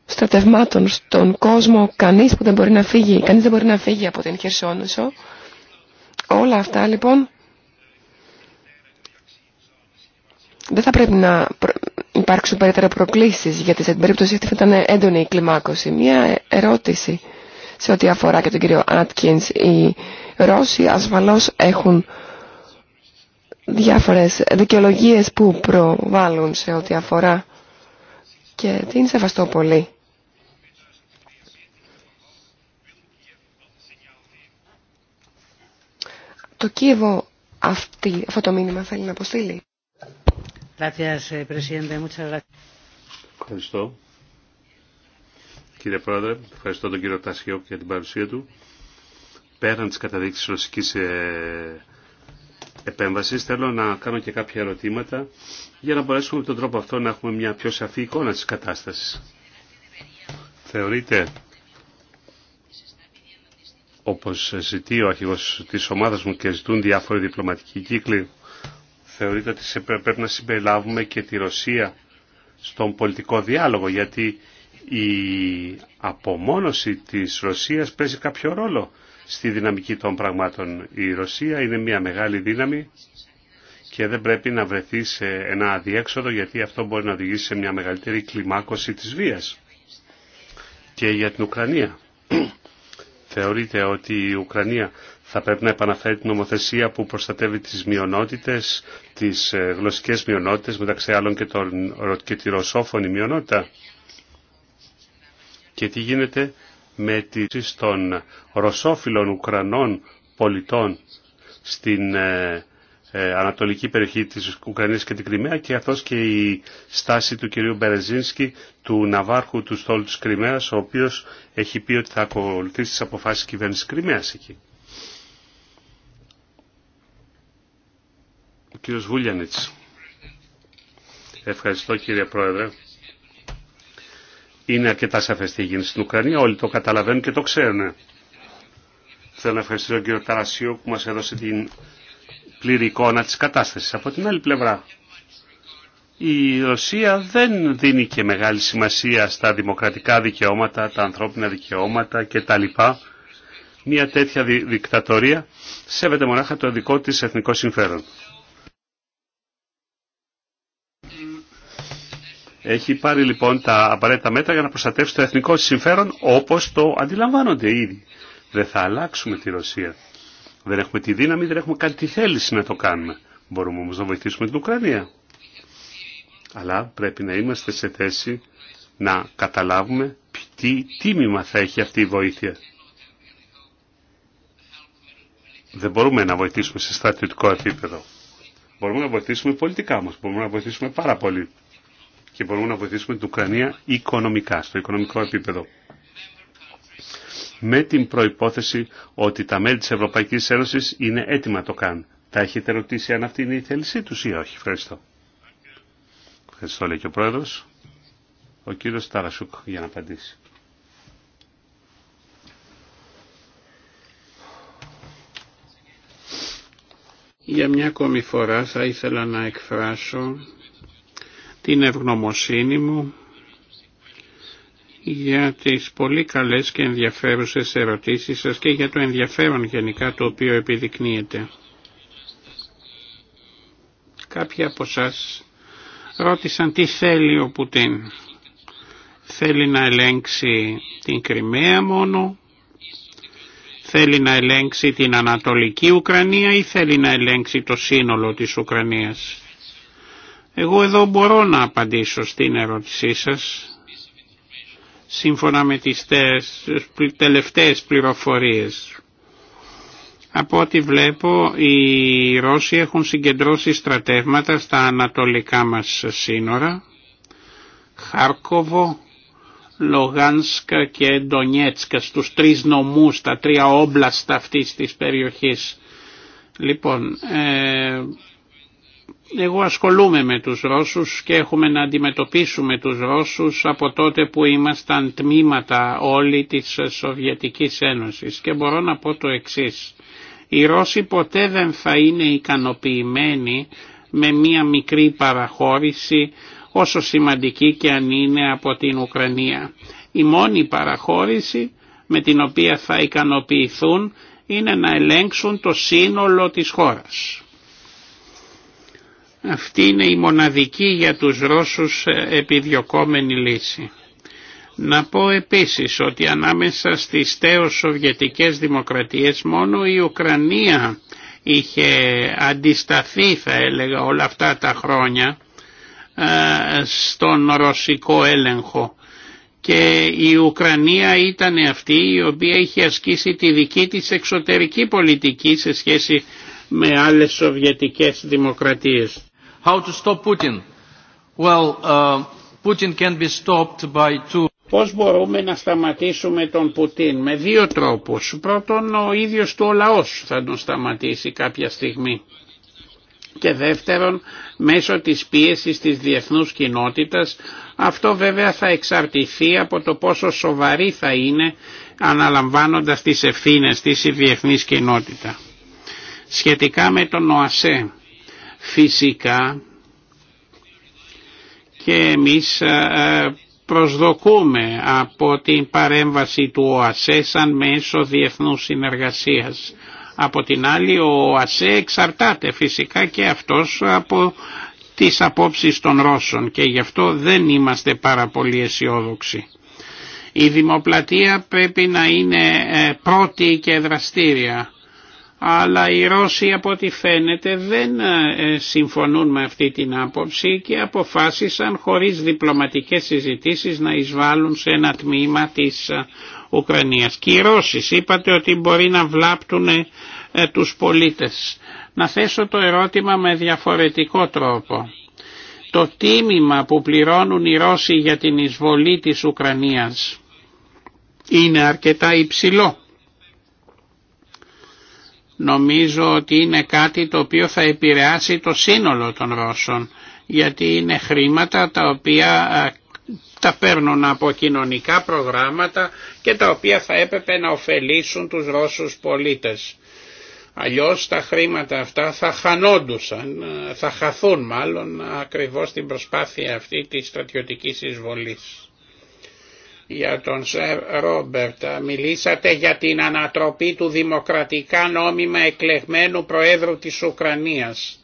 στρατευμάτων στον κόσμο, κανείς που δεν μπορεί να φύγει, κανείς δεν μπορεί να φύγει από την Χερσόνησο. Όλα αυτά λοιπόν δεν θα πρέπει να υπάρξουν περαιτέρω προκλήσεις γιατί σε την περίπτωση αυτή θα ήταν έντονη η κλιμάκωση. Μία ερώτηση σε ό,τι αφορά και τον κύριο Άτκινς η Ρώσοι ασφαλώς έχουν διάφορες δικαιολογίε που προβάλλουν σε ό,τι αφορά και την σεβαστό πολύ. Το Κίεβο αυτή, αυτό το μήνυμα θέλει να αποστείλει. Eh, ευχαριστώ. Κύριε Πρόεδρε, ευχαριστώ τον κύριο Τασιόπ για την παρουσία του πέραν της καταδίκης ρωσικής ε, επέμβασης θέλω να κάνω και κάποια ερωτήματα για να μπορέσουμε με τον τρόπο αυτό να έχουμε μια πιο σαφή εικόνα της κατάστασης. Θεωρείτε όπως ζητεί ο αρχηγός της ομάδας μου και ζητούν διάφοροι διπλωματικοί κύκλοι θεωρείτε ότι πρέπει να συμπεριλάβουμε και τη Ρωσία στον πολιτικό διάλογο γιατί η απομόνωση της Ρωσίας παίζει κάποιο ρόλο στη δυναμική των πραγμάτων. Η Ρωσία είναι μια μεγάλη δύναμη και δεν πρέπει να βρεθεί σε ένα αδιέξοδο γιατί αυτό μπορεί να οδηγήσει σε μια μεγαλύτερη κλιμάκωση της βίας. Και για την Ουκρανία. Θεωρείται ότι η Ουκρανία θα πρέπει να επαναφέρει την νομοθεσία που προστατεύει τις μειονότητες, τις ε, γλωσσικές μειονότητες, μεταξύ άλλων και, τον, και τη ρωσόφωνη μειονότητα. Και τι γίνεται με τις των ρωσόφιλων Ουκρανών πολιτών στην ε, ε, ανατολική περιοχή της Ουκρανίας και την Κρυμαία και αυτός και η στάση του κυρίου Μπερεζίνσκι του Ναβάρχου του στόλου της Κρυμαίας ο οποίος έχει πει ότι θα ακολουθήσει τις αποφάσεις της κυβέρνησης Κρυμαίας εκεί. Ο κύριος Βούλιανιτς. Ευχαριστώ κύριε Πρόεδρε είναι αρκετά σαφέ τι έγινε στην Ουκρανία. Όλοι το καταλαβαίνουν και το ξέρουν. Θέλω να ευχαριστήσω τον κύριο Ταρασίου που μας έδωσε την πλήρη εικόνα της κατάστασης. Από την άλλη πλευρά, η Ρωσία δεν δίνει και μεγάλη σημασία στα δημοκρατικά δικαιώματα, τα ανθρώπινα δικαιώματα κτλ. Μια τέτοια δικτατορία σέβεται μονάχα το δικό της εθνικό συμφέρον. Έχει πάρει λοιπόν τα απαραίτητα μέτρα για να προστατεύσει το εθνικό συμφέρον όπως το αντιλαμβάνονται ήδη. Δεν θα αλλάξουμε τη Ρωσία. Δεν έχουμε τη δύναμη, δεν έχουμε καν τη θέληση να το κάνουμε. Μπορούμε όμως να βοηθήσουμε την Ουκρανία. Αλλά πρέπει να είμαστε σε θέση να καταλάβουμε τι τίμημα θα έχει αυτή η βοήθεια. Δεν μπορούμε να βοηθήσουμε σε στρατιωτικό επίπεδο. Μπορούμε να βοηθήσουμε πολιτικά μας, μπορούμε να βοηθήσουμε πάρα πολύ και μπορούμε να βοηθήσουμε την Ουκρανία οικονομικά, στο οικονομικό επίπεδο. Με την προϋπόθεση ότι τα μέλη της Ευρωπαϊκής Ένωσης είναι έτοιμα να το κάνουν. Τα έχετε ρωτήσει αν αυτή είναι η θέλησή τους ή όχι. Ευχαριστώ. Ευχαριστώ λέει και ο Πρόεδρος. Ο κύριος Ταρασούκ για να απαντήσει. Για μια ακόμη φορά θα ήθελα να εκφράσω την ευγνωμοσύνη μου για τις πολύ καλές και ενδιαφέρουσες ερωτήσεις σας και για το ενδιαφέρον γενικά το οποίο επιδεικνύεται. Κάποιοι από εσά ρώτησαν τι θέλει ο Πουτίν. Θέλει να ελέγξει την Κρυμαία μόνο, θέλει να ελέγξει την Ανατολική Ουκρανία ή θέλει να ελέγξει το σύνολο της Ουκρανίας. Εγώ εδώ μπορώ να απαντήσω στην ερώτησή σας σύμφωνα με τις τελευταίες πληροφορίες. Από ό,τι βλέπω οι Ρώσοι έχουν συγκεντρώσει στρατεύματα στα ανατολικά μας σύνορα, Χάρκοβο, Λογάνσκα και Ντονιέτσκα, στους τρεις νομούς, τα τρία όμπλαστα αυτής της περιοχής. Λοιπόν, ε, εγώ ασχολούμαι με τους Ρώσους και έχουμε να αντιμετωπίσουμε τους Ρώσους από τότε που ήμασταν τμήματα όλοι της Σοβιετικής Ένωσης και μπορώ να πω το εξής. Οι Ρώσοι ποτέ δεν θα είναι ικανοποιημένοι με μία μικρή παραχώρηση όσο σημαντική και αν είναι από την Ουκρανία. Η μόνη παραχώρηση με την οποία θα ικανοποιηθούν είναι να ελέγξουν το σύνολο της χώρας. Αυτή είναι η μοναδική για τους Ρώσους ε, επιδιωκόμενη λύση. Να πω επίσης ότι ανάμεσα στις τέως Σοβιετικές Δημοκρατίες μόνο η Ουκρανία είχε αντισταθεί θα έλεγα όλα αυτά τα χρόνια ε, στον ρωσικό έλεγχο και η Ουκρανία ήταν αυτή η οποία είχε ασκήσει τη δική της εξωτερική πολιτική σε σχέση με άλλες Σοβιετικές Δημοκρατίες. How Πώς μπορούμε να σταματήσουμε τον Πουτίν με δύο τρόπους. Πρώτον ο ίδιος του ο λαός θα τον σταματήσει κάποια στιγμή. Και δεύτερον μέσω της πίεσης της διεθνούς κοινότητας αυτό βέβαια θα εξαρτηθεί από το πόσο σοβαρή θα είναι αναλαμβάνοντας τις ευθύνες της η διεθνής κοινότητα. Σχετικά με τον ΟΑΣΕ Φυσικά και εμείς ε, ε, προσδοκούμε από την παρέμβαση του ΟΑΣΕ σαν μέσο διεθνού συνεργασίας. Από την άλλη ο ΟΑΣΕ εξαρτάται φυσικά και αυτός από τις απόψεις των Ρώσων και γι' αυτό δεν είμαστε πάρα πολύ αισιόδοξοι. Η δημοπλατεία πρέπει να είναι ε, πρώτη και δραστήρια αλλά οι Ρώσοι από ό,τι φαίνεται δεν ε, ε, συμφωνούν με αυτή την άποψη και αποφάσισαν χωρίς διπλωματικές συζητήσεις να εισβάλλουν σε ένα τμήμα της ε, Ουκρανίας. Και οι Ρώσοι είπατε ότι μπορεί να βλάπτουν τους πολίτες. Να θέσω το ερώτημα με διαφορετικό τρόπο. Το τίμημα που πληρώνουν οι Ρώσοι για την εισβολή της Ουκρανίας είναι αρκετά υψηλό νομίζω ότι είναι κάτι το οποίο θα επηρεάσει το σύνολο των Ρώσων γιατί είναι χρήματα τα οποία τα παίρνουν από κοινωνικά προγράμματα και τα οποία θα έπρεπε να ωφελήσουν τους Ρώσους πολίτες. Αλλιώς τα χρήματα αυτά θα χανόντουσαν, θα χαθούν μάλλον ακριβώς την προσπάθεια αυτή της στρατιωτικής εισβολής για τον Σερ Ρόμπερτ. Μιλήσατε για την ανατροπή του δημοκρατικά νόμιμα εκλεγμένου Προέδρου της Ουκρανίας.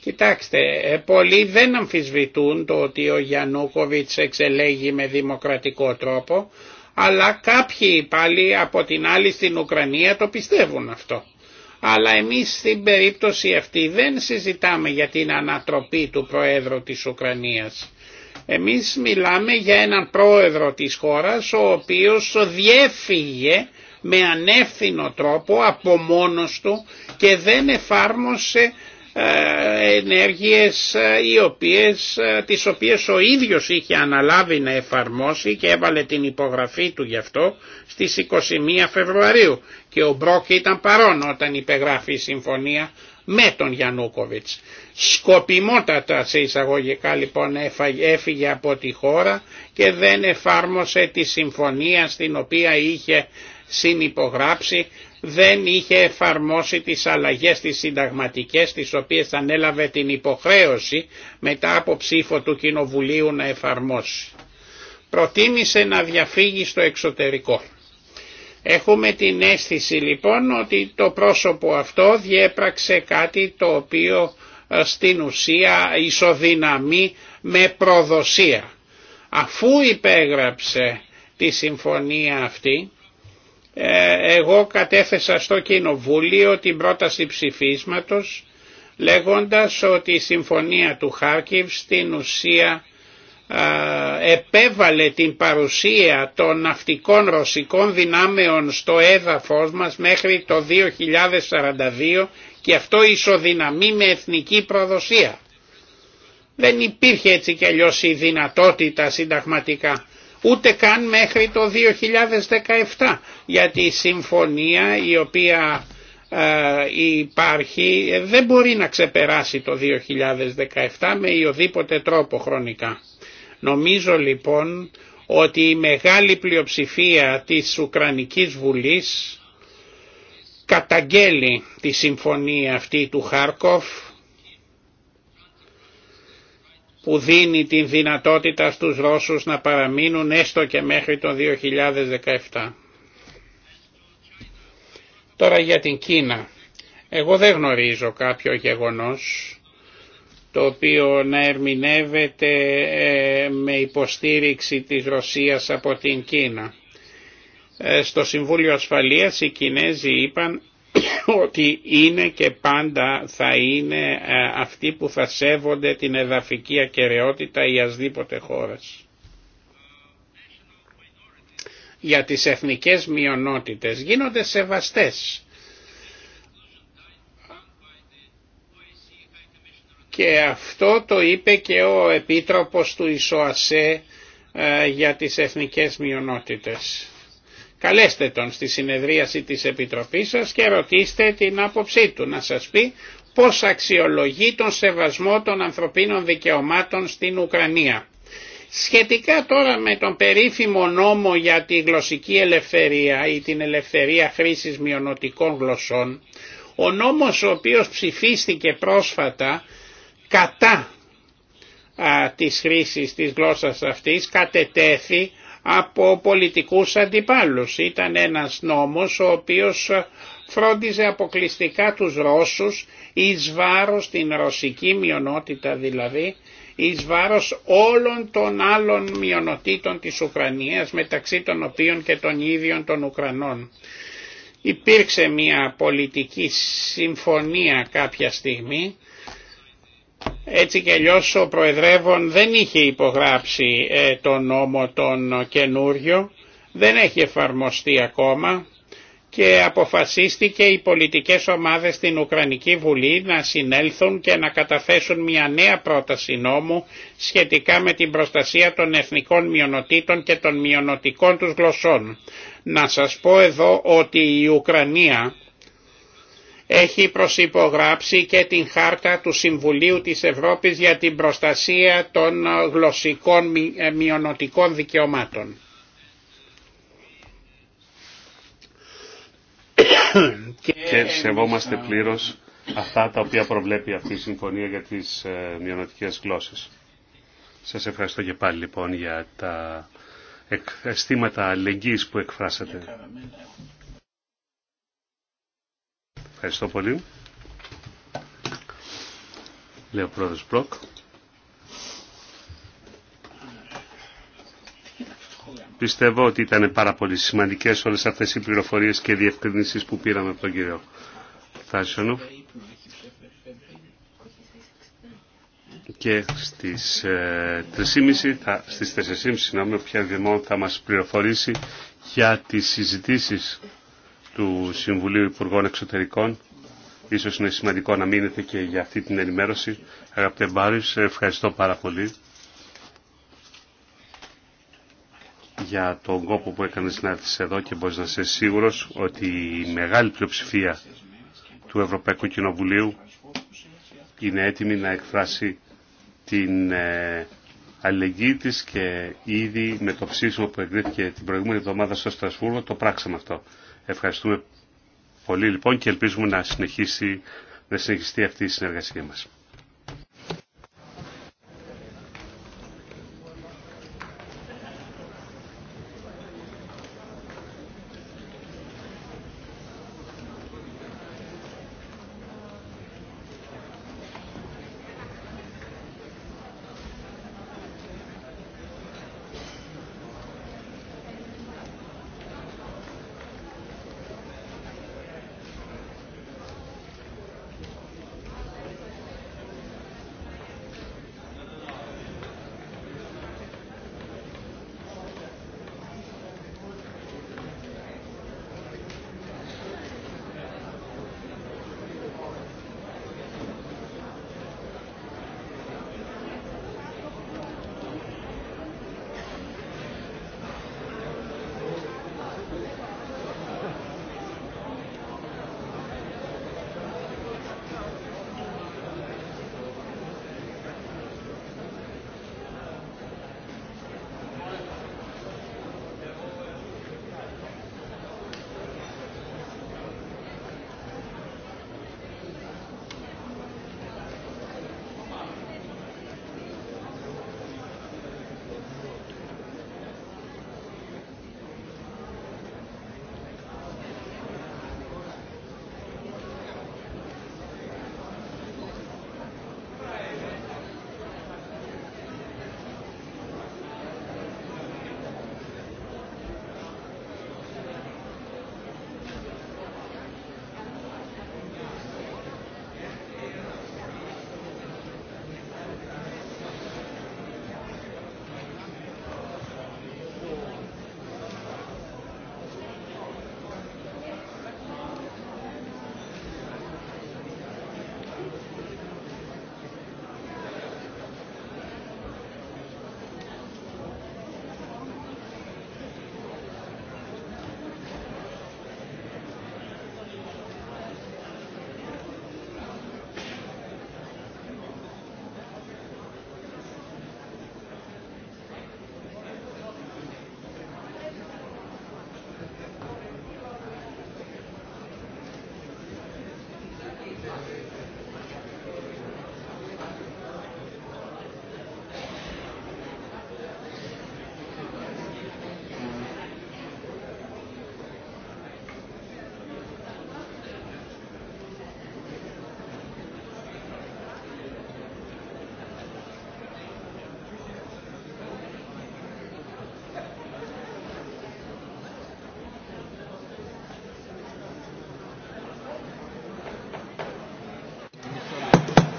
Κοιτάξτε, ε, πολλοί δεν αμφισβητούν το ότι ο Γιαννούκοβιτς εξελέγει με δημοκρατικό τρόπο, αλλά κάποιοι πάλι από την άλλη στην Ουκρανία το πιστεύουν αυτό. Αλλά εμείς στην περίπτωση αυτή δεν συζητάμε για την ανατροπή του Προέδρου της Ουκρανίας εμείς μιλάμε για έναν πρόεδρο της χώρας ο οποίος διέφυγε με ανεύθυνο τρόπο από μόνος του και δεν εφάρμοσε ε, ενέργειες ε, οι οποίες, ε, τις οποίες ο ίδιος είχε αναλάβει να εφαρμόσει και έβαλε την υπογραφή του γι' αυτό στις 21 Φεβρουαρίου και ο Μπρόκ ήταν παρόν όταν υπεγράφει η συμφωνία με τον Γιαννούκοβιτς σκοπιμότατα σε εισαγωγικά λοιπόν έφυγε από τη χώρα και δεν εφάρμοσε τη συμφωνία στην οποία είχε συνυπογράψει, δεν είχε εφαρμόσει τις αλλαγές τις συνταγματικές τις οποίες ανέλαβε την υποχρέωση μετά από ψήφο του Κοινοβουλίου να εφαρμόσει. Προτίμησε να διαφύγει στο εξωτερικό. Έχουμε την αίσθηση λοιπόν ότι το πρόσωπο αυτό διέπραξε κάτι το οποίο ε, στην ουσία ισοδυναμεί με προδοσία. Αφού υπέγραψε τη συμφωνία αυτή, ε, εγώ κατέθεσα στο Κοινοβούλιο την πρόταση ψηφίσματος λέγοντας ότι η συμφωνία του Χάρκιβ στην ουσία ε, επέβαλε την παρουσία των ναυτικών ρωσικών δυνάμεων στο έδαφος μας μέχρι το 2042 και αυτό ισοδυναμεί με εθνική προδοσία. Δεν υπήρχε έτσι κι αλλιώς η δυνατότητα συνταγματικά ούτε καν μέχρι το 2017 γιατί η συμφωνία η οποία ε, υπάρχει δεν μπορεί να ξεπεράσει το 2017 με οδήποτε τρόπο χρονικά. Νομίζω λοιπόν ότι η μεγάλη πλειοψηφία της Ουκρανικής Βουλής καταγγέλει τη συμφωνία αυτή του Χάρκοφ που δίνει την δυνατότητα στους Ρώσους να παραμείνουν έστω και μέχρι το 2017. Τώρα για την Κίνα. Εγώ δεν γνωρίζω κάποιο γεγονός το οποίο να ερμηνεύεται ε, με υποστήριξη της Ρωσίας από την Κίνα. Ε, στο Συμβούλιο Ασφαλείας οι Κινέζοι είπαν ότι είναι και πάντα θα είναι ε, αυτοί που θα σέβονται την εδαφική ακαιρεότητα ασδήποτε χώρας. Για τις εθνικές μειονότητες γίνονται σεβαστές. Και αυτό το είπε και ο Επίτροπος του Ισοασέ ε, για τις εθνικές μειονότητες. Καλέστε τον στη συνεδρίαση της Επιτροπής σας και ρωτήστε την άποψή του να σας πει πώς αξιολογεί τον σεβασμό των ανθρωπίνων δικαιωμάτων στην Ουκρανία. Σχετικά τώρα με τον περίφημο νόμο για τη γλωσσική ελευθερία ή την ελευθερία χρήσης μειονοτικών γλωσσών, ο νόμος ο οποίος ψηφίστηκε πρόσφατα κατά της χρήσης της γλώσσας αυτής κατετέθη από πολιτικούς αντιπάλους. Ήταν ένας νόμος ο οποίος φρόντιζε αποκλειστικά τους Ρώσους εις βάρος την ρωσική μειονότητα δηλαδή, εις βάρος όλων των άλλων μειονοτήτων της Ουκρανίας μεταξύ των οποίων και των ίδιων των Ουκρανών. Υπήρξε μια πολιτική συμφωνία κάποια στιγμή έτσι και αλλιώ ο Προεδρεύων δεν είχε υπογράψει ε, τον νόμο τον καινούριο, δεν έχει εφαρμοστεί ακόμα και αποφασίστηκε οι πολιτικές ομάδες στην Ουκρανική Βουλή να συνέλθουν και να καταθέσουν μια νέα πρόταση νόμου σχετικά με την προστασία των εθνικών μειονοτήτων και των μειονοτικών τους γλωσσών. Να σας πω εδώ ότι η Ουκρανία έχει προσυπογράψει και την χάρτα του Συμβουλίου της Ευρώπης για την προστασία των γλωσσικών ε, μειονοτικών δικαιωμάτων. Και σεβόμαστε πλήρως αυτά τα οποία προβλέπει αυτή η συμφωνία για τις ε, μειονοτικές γλώσσες. Σας ευχαριστώ και πάλι λοιπόν για τα αισθήματα αλληλεγγύης που εκφράσατε. Ευχαριστώ πολύ. Λέω πρόεδρος Μπροκ. Πιστεύω ότι ήταν πάρα πολύ σημαντικές όλες αυτές οι πληροφορίες και διευκρινήσεις που πήραμε από τον κύριο Θάσιονου. Και στις, ε, 3.30, θα, στις 4.30 συγγνώμη, ο θα μας πληροφορήσει για τις συζητήσεις του Συμβουλίου Υπουργών Εξωτερικών. Ίσως είναι σημαντικό να μείνετε και για αυτή την ενημέρωση. Αγαπητέ Μπάρις, ευχαριστώ πάρα πολύ για τον κόπο που έκανες να έρθεις εδώ και μπορείς να είσαι σίγουρος ότι η μεγάλη πλειοψηφία του Ευρωπαϊκού Κοινοβουλίου είναι έτοιμη να εκφράσει την ε, αλληλεγγύη της και ήδη με το ψήφισμα που εγκρίθηκε την προηγούμενη εβδομάδα στο Στρασβούργο το πράξαμε αυτό. Ευχαριστούμε πολύ λοιπόν και ελπίζουμε να συνεχίσει να συνεχιστεί αυτή η συνεργασία μας.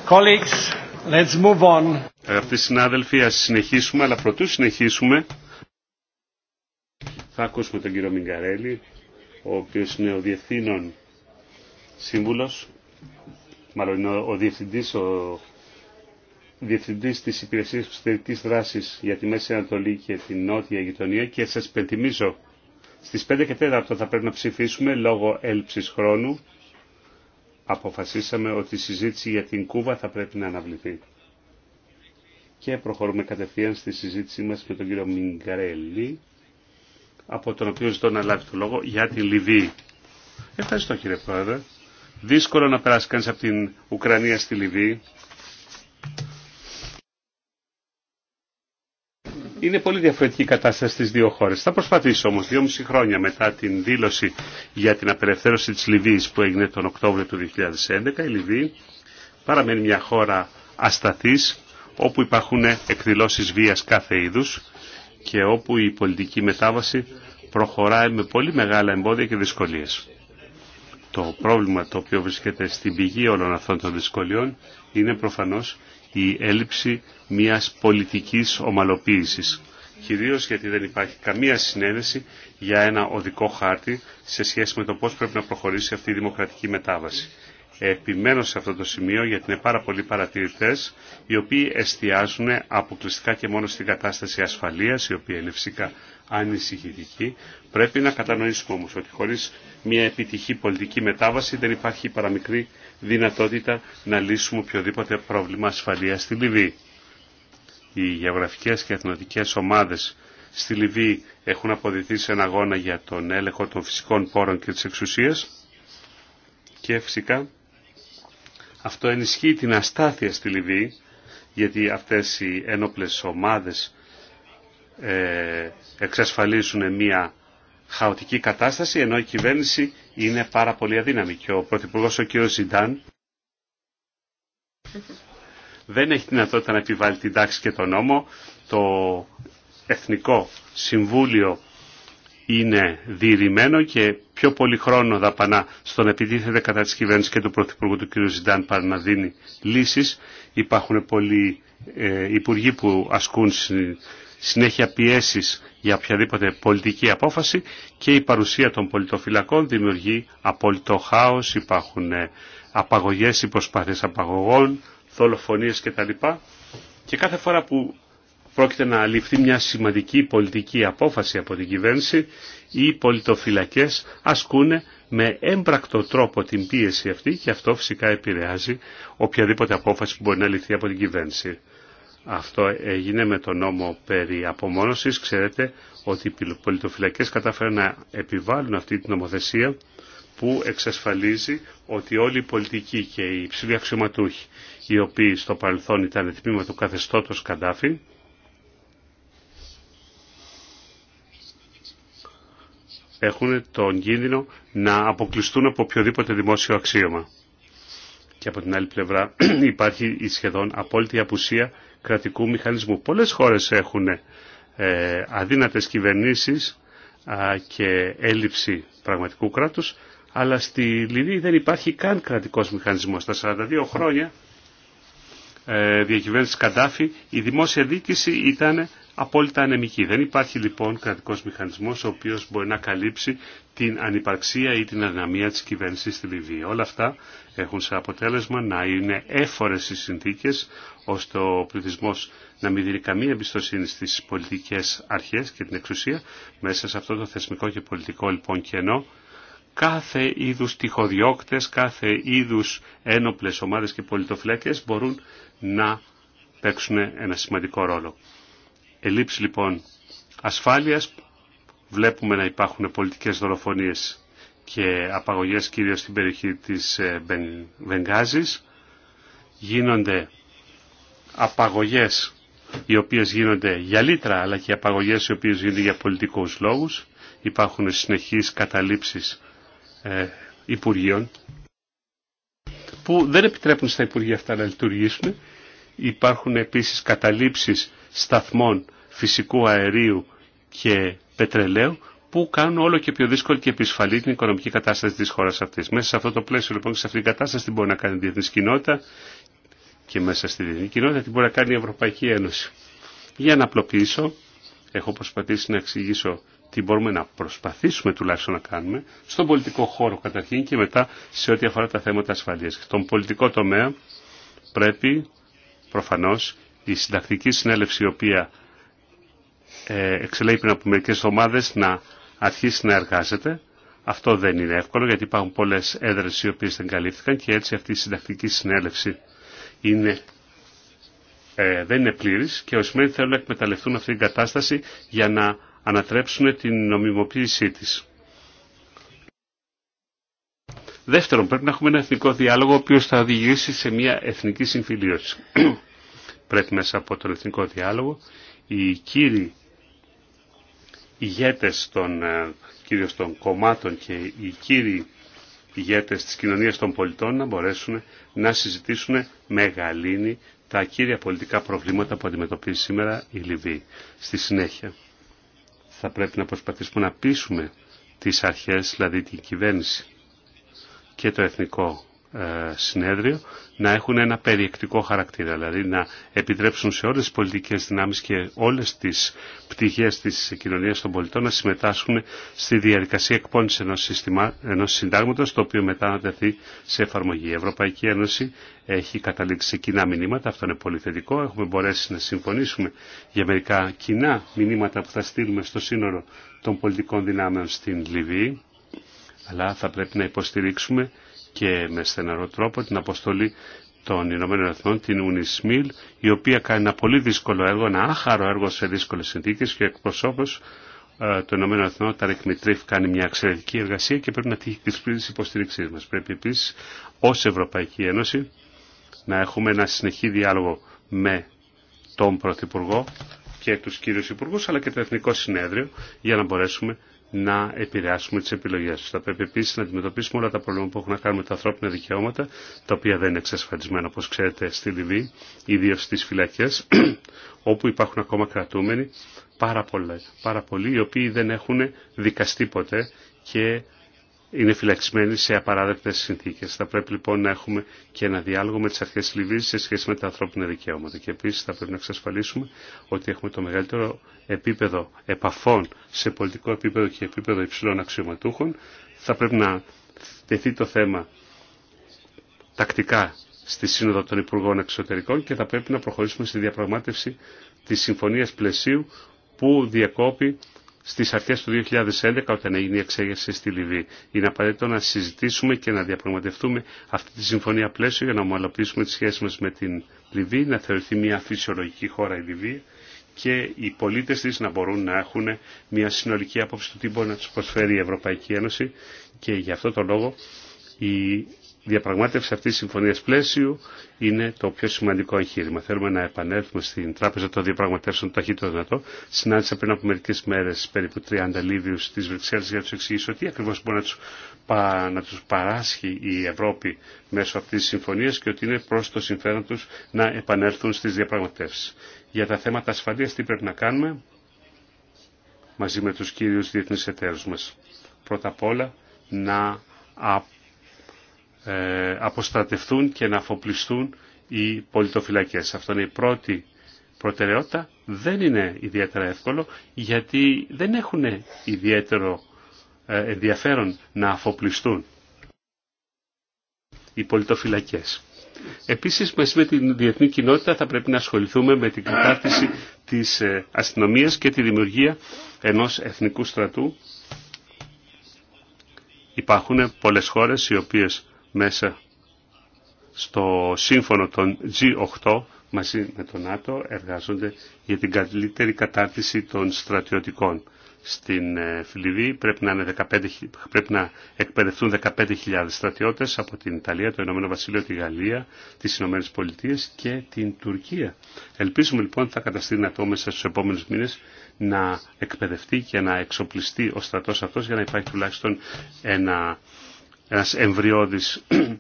Colleagues, let's move on. Αγαπητοί συνάδελφοι, ας συνεχίσουμε, αλλά πρωτού συνεχίσουμε θα ακούσουμε τον κύριο Μιγκαρέλη, ο οποίος είναι ο διευθύνων σύμβουλος, μάλλον είναι ο διευθυντής, ο διευθυντής της Υπηρεσίας Εξωτερικής Δράσης για τη Μέση Ανατολή και τη Νότια Γειτονία και σας υπενθυμίζω στις 5 και 4 θα πρέπει να ψηφίσουμε λόγω έλψης χρόνου αποφασίσαμε ότι η συζήτηση για την Κούβα θα πρέπει να αναβληθεί. Και προχωρούμε κατευθείαν στη συζήτησή μας με τον κύριο Μιγκαρέλη, από τον οποίο ζητώ να λάβει το λόγο για την Λιβύη. Ευχαριστώ κύριε Πρόεδρε. Δύσκολο να περάσει κανείς από την Ουκρανία στη Λιβύη. Είναι πολύ διαφορετική η κατάσταση στις δύο χώρες. Θα προσπαθήσω όμως δύο μισή χρόνια μετά την δήλωση για την απελευθέρωση της Λιβύης που έγινε τον Οκτώβριο του 2011. Η Λιβύη παραμένει μια χώρα ασταθής όπου υπάρχουν εκδηλώσεις βίας κάθε είδους και όπου η πολιτική μετάβαση προχωράει με πολύ μεγάλα εμπόδια και δυσκολίες. Το πρόβλημα το οποίο βρίσκεται στην πηγή όλων αυτών των δυσκολιών είναι προφανώς η έλλειψη μιας πολιτικής ομαλοποίησης. Κυρίως γιατί δεν υπάρχει καμία συνένεση για ένα οδικό χάρτη σε σχέση με το πώς πρέπει να προχωρήσει αυτή η δημοκρατική μετάβαση. Επιμένω σε αυτό το σημείο γιατί είναι πάρα πολλοί παρατηρητές οι οποίοι εστιάζουν αποκλειστικά και μόνο στην κατάσταση ασφαλείας η οποία είναι φυσικά ανησυχητική. Πρέπει να κατανοήσουμε όμως ότι χωρίς μια επιτυχή πολιτική μετάβαση δεν υπάρχει παραμικρή δυνατότητα να λύσουμε οποιοδήποτε πρόβλημα ασφαλείας στη Λιβύη. Οι γεωγραφικές και εθνοτικές ομάδες στη Λιβύη έχουν αποδηθεί σε ένα αγώνα για τον έλεγχο των φυσικών πόρων και της εξουσίας και φυσικά αυτό ενισχύει την αστάθεια στη Λιβύη γιατί αυτές οι ένοπλες ομάδες ε, εξασφαλίσουν μια χαοτική κατάσταση, ενώ η κυβέρνηση είναι πάρα πολύ αδύναμη. Και ο Πρωθυπουργός ο κ. Ζιντάν δεν έχει δυνατότητα να επιβάλλει την τάξη και τον νόμο. Το Εθνικό Συμβούλιο είναι διηρημένο και πιο πολύ χρόνο δαπανά στον επιτίθεται κατά της κυβέρνησης και του Πρωθυπουργού του κ. Ζιντάν παρά να δίνει λύσεις. Υπάρχουν πολλοί ε, υπουργοί που ασκούν συνέχεια πιέσεις για οποιαδήποτε πολιτική απόφαση και η παρουσία των πολιτοφυλακών δημιουργεί απόλυτο χάος, υπάρχουν ε, απαγωγές, υποσπάθειε απαγωγών, δολοφονίες κτλ. Και κάθε φορά που πρόκειται να ληφθεί μια σημαντική πολιτική απόφαση από την κυβέρνηση, οι πολιτοφυλακές ασκούν με έμπρακτο τρόπο την πίεση αυτή και αυτό φυσικά επηρεάζει οποιαδήποτε απόφαση που μπορεί να ληφθεί από την κυβέρνηση. Αυτό έγινε με τον νόμο περί απομόνωσης. Ξέρετε ότι οι πολιτοφυλακές κατάφεραν να επιβάλλουν αυτή την νομοθεσία που εξασφαλίζει ότι όλοι οι πολιτικοί και οι υψηλοί αξιωματούχοι οι οποίοι στο παρελθόν ήταν τμήμα του καθεστώτος Καντάφη έχουν τον κίνδυνο να αποκλειστούν από οποιοδήποτε δημόσιο αξίωμα. Και από την άλλη πλευρά υπάρχει η σχεδόν απόλυτη απουσία κρατικού μηχανισμού. Πολλές χώρες έχουν ε, αδύνατες κυβερνήσεις και έλλειψη πραγματικού κράτους, αλλά στη Λιβύη δεν υπάρχει καν κρατικός μηχανισμός. Στα 42 χρόνια ε, διακυβέρνηση Καντάφη η δημόσια διοίκηση ήταν απόλυτα ανεμική. Δεν υπάρχει λοιπόν κρατικός μηχανισμός ο οποίος μπορεί να καλύψει την ανυπαρξία ή την αδυναμία της κυβέρνησης στη Λιβύη. Όλα αυτά έχουν σε αποτέλεσμα να είναι έφορες οι συνθήκες ώστε ο πληθυσμό να μην δίνει καμία εμπιστοσύνη στις πολιτικές αρχές και την εξουσία μέσα σε αυτό το θεσμικό και πολιτικό λοιπόν κενό κάθε είδους τυχοδιώκτες, κάθε είδους ένοπλες ομάδες και πολιτοφλέκες μπορούν να παίξουν ένα σημαντικό ρόλο. Ελλείψη λοιπόν ασφάλειας, βλέπουμε να υπάρχουν πολιτικές δολοφονίες και απαγωγές κυρίως στην περιοχή της ε, Βενγάζης. Γίνονται απαγωγές οι οποίες γίνονται για λίτρα αλλά και απαγωγές οι οποίες γίνονται για πολιτικούς λόγους. Υπάρχουν συνεχείς καταλήψεις ε, υπουργείων που δεν επιτρέπουν στα υπουργεία αυτά να λειτουργήσουν. Υπάρχουν επίσης καταλήψεις σταθμών φυσικού αερίου και πετρελαίου που κάνουν όλο και πιο δύσκολη και επισφαλή την οικονομική κατάσταση της χώρας αυτής. Μέσα σε αυτό το πλαίσιο λοιπόν και σε αυτήν την κατάσταση τι μπορεί να κάνει η διεθνή κοινότητα και μέσα στη διεθνή κοινότητα τι μπορεί να κάνει η Ευρωπαϊκή Ένωση. Για να απλοποιήσω, έχω προσπαθήσει να εξηγήσω τι μπορούμε να προσπαθήσουμε τουλάχιστον να κάνουμε στον πολιτικό χώρο καταρχήν και μετά σε ό,τι αφορά τα θέματα ασφαλείας. Στον πολιτικό τομέα πρέπει προφανώς η συντακτική συνέλευση η οποία ε, εξελέγει πριν από μερικέ εβδομάδε να αρχίσει να εργάζεται. Αυτό δεν είναι εύκολο γιατί υπάρχουν πολλέ έδρε οι οποίε δεν καλύφθηκαν και έτσι αυτή η συντακτική συνέλευση είναι, ε, δεν είναι πλήρη και ορισμένοι θέλουν να εκμεταλλευτούν αυτή την κατάσταση για να ανατρέψουν την νομιμοποίησή τη. Δεύτερον, πρέπει να έχουμε ένα εθνικό διάλογο ο οποίος θα οδηγήσει σε μια εθνική συμφιλίωση πρέπει μέσα από τον εθνικό διάλογο οι κύριοι ηγέτες των, ε, κυρίως των κομμάτων και οι κύριοι ηγέτες της κοινωνίας των πολιτών να μπορέσουν να συζητήσουν με τα κύρια πολιτικά προβλήματα που αντιμετωπίζει σήμερα η Λιβύη. Στη συνέχεια θα πρέπει να προσπαθήσουμε να πείσουμε τις αρχές, δηλαδή την κυβέρνηση και το εθνικό ε, συνέδριο να έχουν ένα περιεκτικό χαρακτήρα, δηλαδή να επιτρέψουν σε όλες τις πολιτικές δυνάμεις και όλες τις πτυχές της κοινωνίας των πολιτών να συμμετάσχουν στη διαδικασία εκπόνησης ενός, συστημα, ενός συντάγματος το οποίο μετά να τεθεί σε εφαρμογή. Η Ευρωπαϊκή Ένωση έχει καταλήξει σε κοινά μηνύματα, αυτό είναι πολύ θετικό. Έχουμε μπορέσει να συμφωνήσουμε για μερικά κοινά μηνύματα που θα στείλουμε στο σύνορο των πολιτικών δυνάμεων στην Λιβύη αλλά θα πρέπει να υποστηρίξουμε και με στεναρό τρόπο την αποστολή των Ηνωμένων Εθνών, την UNISMIL, η οποία κάνει ένα πολύ δύσκολο έργο, ένα άχαρο έργο σε δύσκολε συνθήκε και εκπροσώπω ε, των Ηνωμένων Εθνών, τα Ρεκμητρίφ, κάνει μια εξαιρετική εργασία και πρέπει να τύχει τη πλήρη υποστήριξή μα. Πρέπει επίση ω Ευρωπαϊκή Ένωση να έχουμε ένα συνεχή διάλογο με τον Πρωθυπουργό και τους κύριους Υπουργούς αλλά και το Εθνικό Συνέδριο για να μπορέσουμε να επηρεάσουμε τι επιλογές του. Θα πρέπει επίση να αντιμετωπίσουμε όλα τα προβλήματα που έχουν να κάνουν με τα ανθρώπινα δικαιώματα, τα οποία δεν είναι εξασφαλισμένα, όπως ξέρετε, στη Λιβύη, ιδίω στις φυλακές, όπου υπάρχουν ακόμα κρατούμενοι πάρα πολλοί, πάρα πολλοί, οι οποίοι δεν έχουν δικαστεί ποτέ και είναι φυλαξισμένοι σε απαράδεκτε συνθήκε. Θα πρέπει λοιπόν να έχουμε και ένα διάλογο με τι αρχέ τη σε σχέση με τα ανθρώπινα δικαιώματα. Και επίση θα πρέπει να εξασφαλίσουμε ότι έχουμε το μεγαλύτερο επίπεδο επαφών σε πολιτικό επίπεδο και επίπεδο υψηλών αξιωματούχων. Θα πρέπει να τεθεί το θέμα τακτικά στη Σύνοδο των Υπουργών Εξωτερικών και θα πρέπει να προχωρήσουμε στη διαπραγμάτευση της Συμφωνίας Πλαισίου που διακόπει στις αρχές του 2011 όταν έγινε η εξέγερση στη Λιβύη. Είναι απαραίτητο να συζητήσουμε και να διαπραγματευτούμε αυτή τη συμφωνία πλαίσιο για να ομαλοποιήσουμε τις σχέσεις μας με την Λιβύη, να θεωρηθεί μια φυσιολογική χώρα η Λιβύη και οι πολίτες της να μπορούν να έχουν μια συνολική άποψη του τι μπορεί να τους προσφέρει η Ευρωπαϊκή Ένωση και γι' αυτό το λόγο η διαπραγμάτευση αυτής της συμφωνίας πλαίσιου είναι το πιο σημαντικό εγχείρημα. Θέλουμε να επανέλθουμε στην Τράπεζα των Διαπραγματεύσεων το ταχύτερο δυνατό. Συνάντησα πριν από μερικές μέρες περίπου 30 Λίβιου της Βρυξέλλης για να τους εξηγήσω τι ακριβώς μπορεί να τους, πα, παράσχει η Ευρώπη μέσω αυτής της συμφωνίας και ότι είναι προς το συμφέρον τους να επανέλθουν στις διαπραγματεύσεις. Για τα θέματα ασφαλείας τι πρέπει να κάνουμε μαζί με τους κύριους διεθνεί εταίρους μας. Πρώτα απ' όλα να ε, αποστρατευτούν και να αφοπλιστούν οι πολιτοφυλακές. Αυτό είναι η πρώτη προτεραιότητα. Δεν είναι ιδιαίτερα εύκολο γιατί δεν έχουν ιδιαίτερο ε, ενδιαφέρον να αφοπλιστούν οι πολιτοφυλακές. Επίσης, μέσα με την διεθνή κοινότητα θα πρέπει να ασχοληθούμε με την κατάρτιση της ε, αστυνομίας και τη δημιουργία ενός εθνικού στρατού. Υπάρχουν πολλές χώρες οι οποίες μέσα στο σύμφωνο των G8 μαζί με τον ΝΑΤΟ εργάζονται για την καλύτερη κατάρτιση των στρατιωτικών. Στην ε, Φιλιβή πρέπει να, να εκπαιδευτούν 15.000 στρατιώτες από την Ιταλία, το Ηνωμένο Βασίλειο, τη Γαλλία, τις Ηνωμένες Πολιτείες και την Τουρκία. Ελπίζουμε λοιπόν ότι θα καταστεί δυνατό μέσα στους επόμενους μήνες να εκπαιδευτεί και να εξοπλιστεί ο στρατός αυτός για να υπάρχει τουλάχιστον ένα ένας εμβριώδης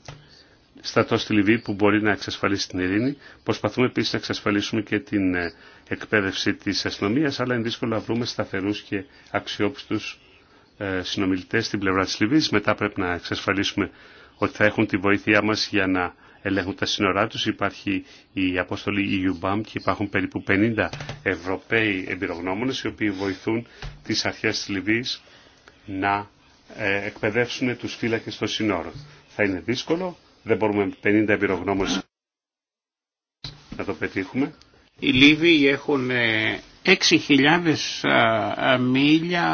στρατό στη Λιβύη που μπορεί να εξασφαλίσει την ειρήνη. Προσπαθούμε επίσης να εξασφαλίσουμε και την ε, εκπαίδευση της αστυνομία, αλλά είναι δύσκολο να βρούμε σταθερούς και αξιόπιστους ε, συνομιλητές στην πλευρά της Λιβύης. Μετά πρέπει να εξασφαλίσουμε ότι θα έχουν τη βοήθειά μας για να ελέγχουν τα σύνορά τους. Υπάρχει η αποστολή EUBAM και υπάρχουν περίπου 50 Ευρωπαίοι εμπειρογνώμονες οι οποίοι βοηθούν τις αρχές της Λιβύης να ε, εκπαιδεύσουν τους φύλακες στο σύνορο. Θα είναι δύσκολο, δεν μπορούμε 50 εμπειρογνώμες να το πετύχουμε. Οι Λίβοι έχουν 6.000 ε, ε, μίλια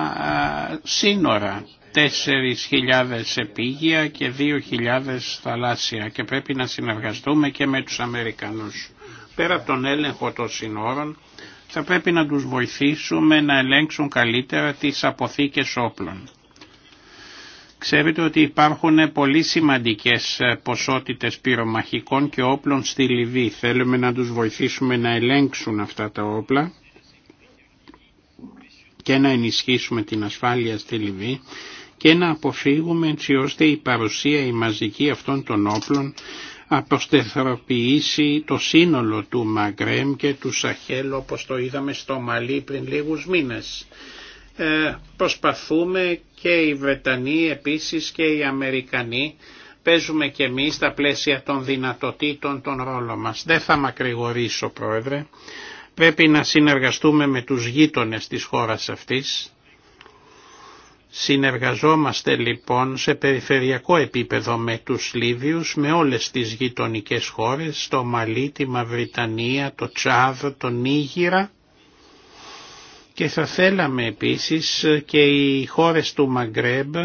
σύνορα, 4.000 επίγεια και 2.000 θαλάσσια και πρέπει να συνεργαστούμε και με τους Αμερικανούς. Πέρα από τον έλεγχο των σύνορων θα πρέπει να τους βοηθήσουμε να ελέγξουν καλύτερα τις αποθήκες όπλων. Ξέρετε ότι υπάρχουν πολύ σημαντικές ε, ποσότητες πυρομαχικών και όπλων στη Λιβύη. Θέλουμε να τους βοηθήσουμε να ελέγξουν αυτά τα όπλα και να ενισχύσουμε την ασφάλεια στη Λιβύη και να αποφύγουμε έτσι ώστε η παρουσία η μαζική αυτών των όπλων αποστεθροποιήσει το σύνολο του Μαγκρέμ και του Σαχέλ όπως το είδαμε στο Μαλί πριν λίγους μήνες. Ε, προσπαθούμε και οι Βρετανοί επίσης και οι Αμερικανοί παίζουμε και εμείς στα πλαίσια των δυνατοτήτων των ρόλων μας. Δεν θα μακρηγορήσω πρόεδρε. Πρέπει να συνεργαστούμε με τους γείτονες της χώρας αυτής. Συνεργαζόμαστε λοιπόν σε περιφερειακό επίπεδο με τους Λίβιους, με όλες τις γειτονικές χώρες, το Μαλί, τη Μαυριτανία, το Τσάδ, το Νίγηρα και θα θέλαμε επίσης και οι χώρες του Μαγκρέμπ,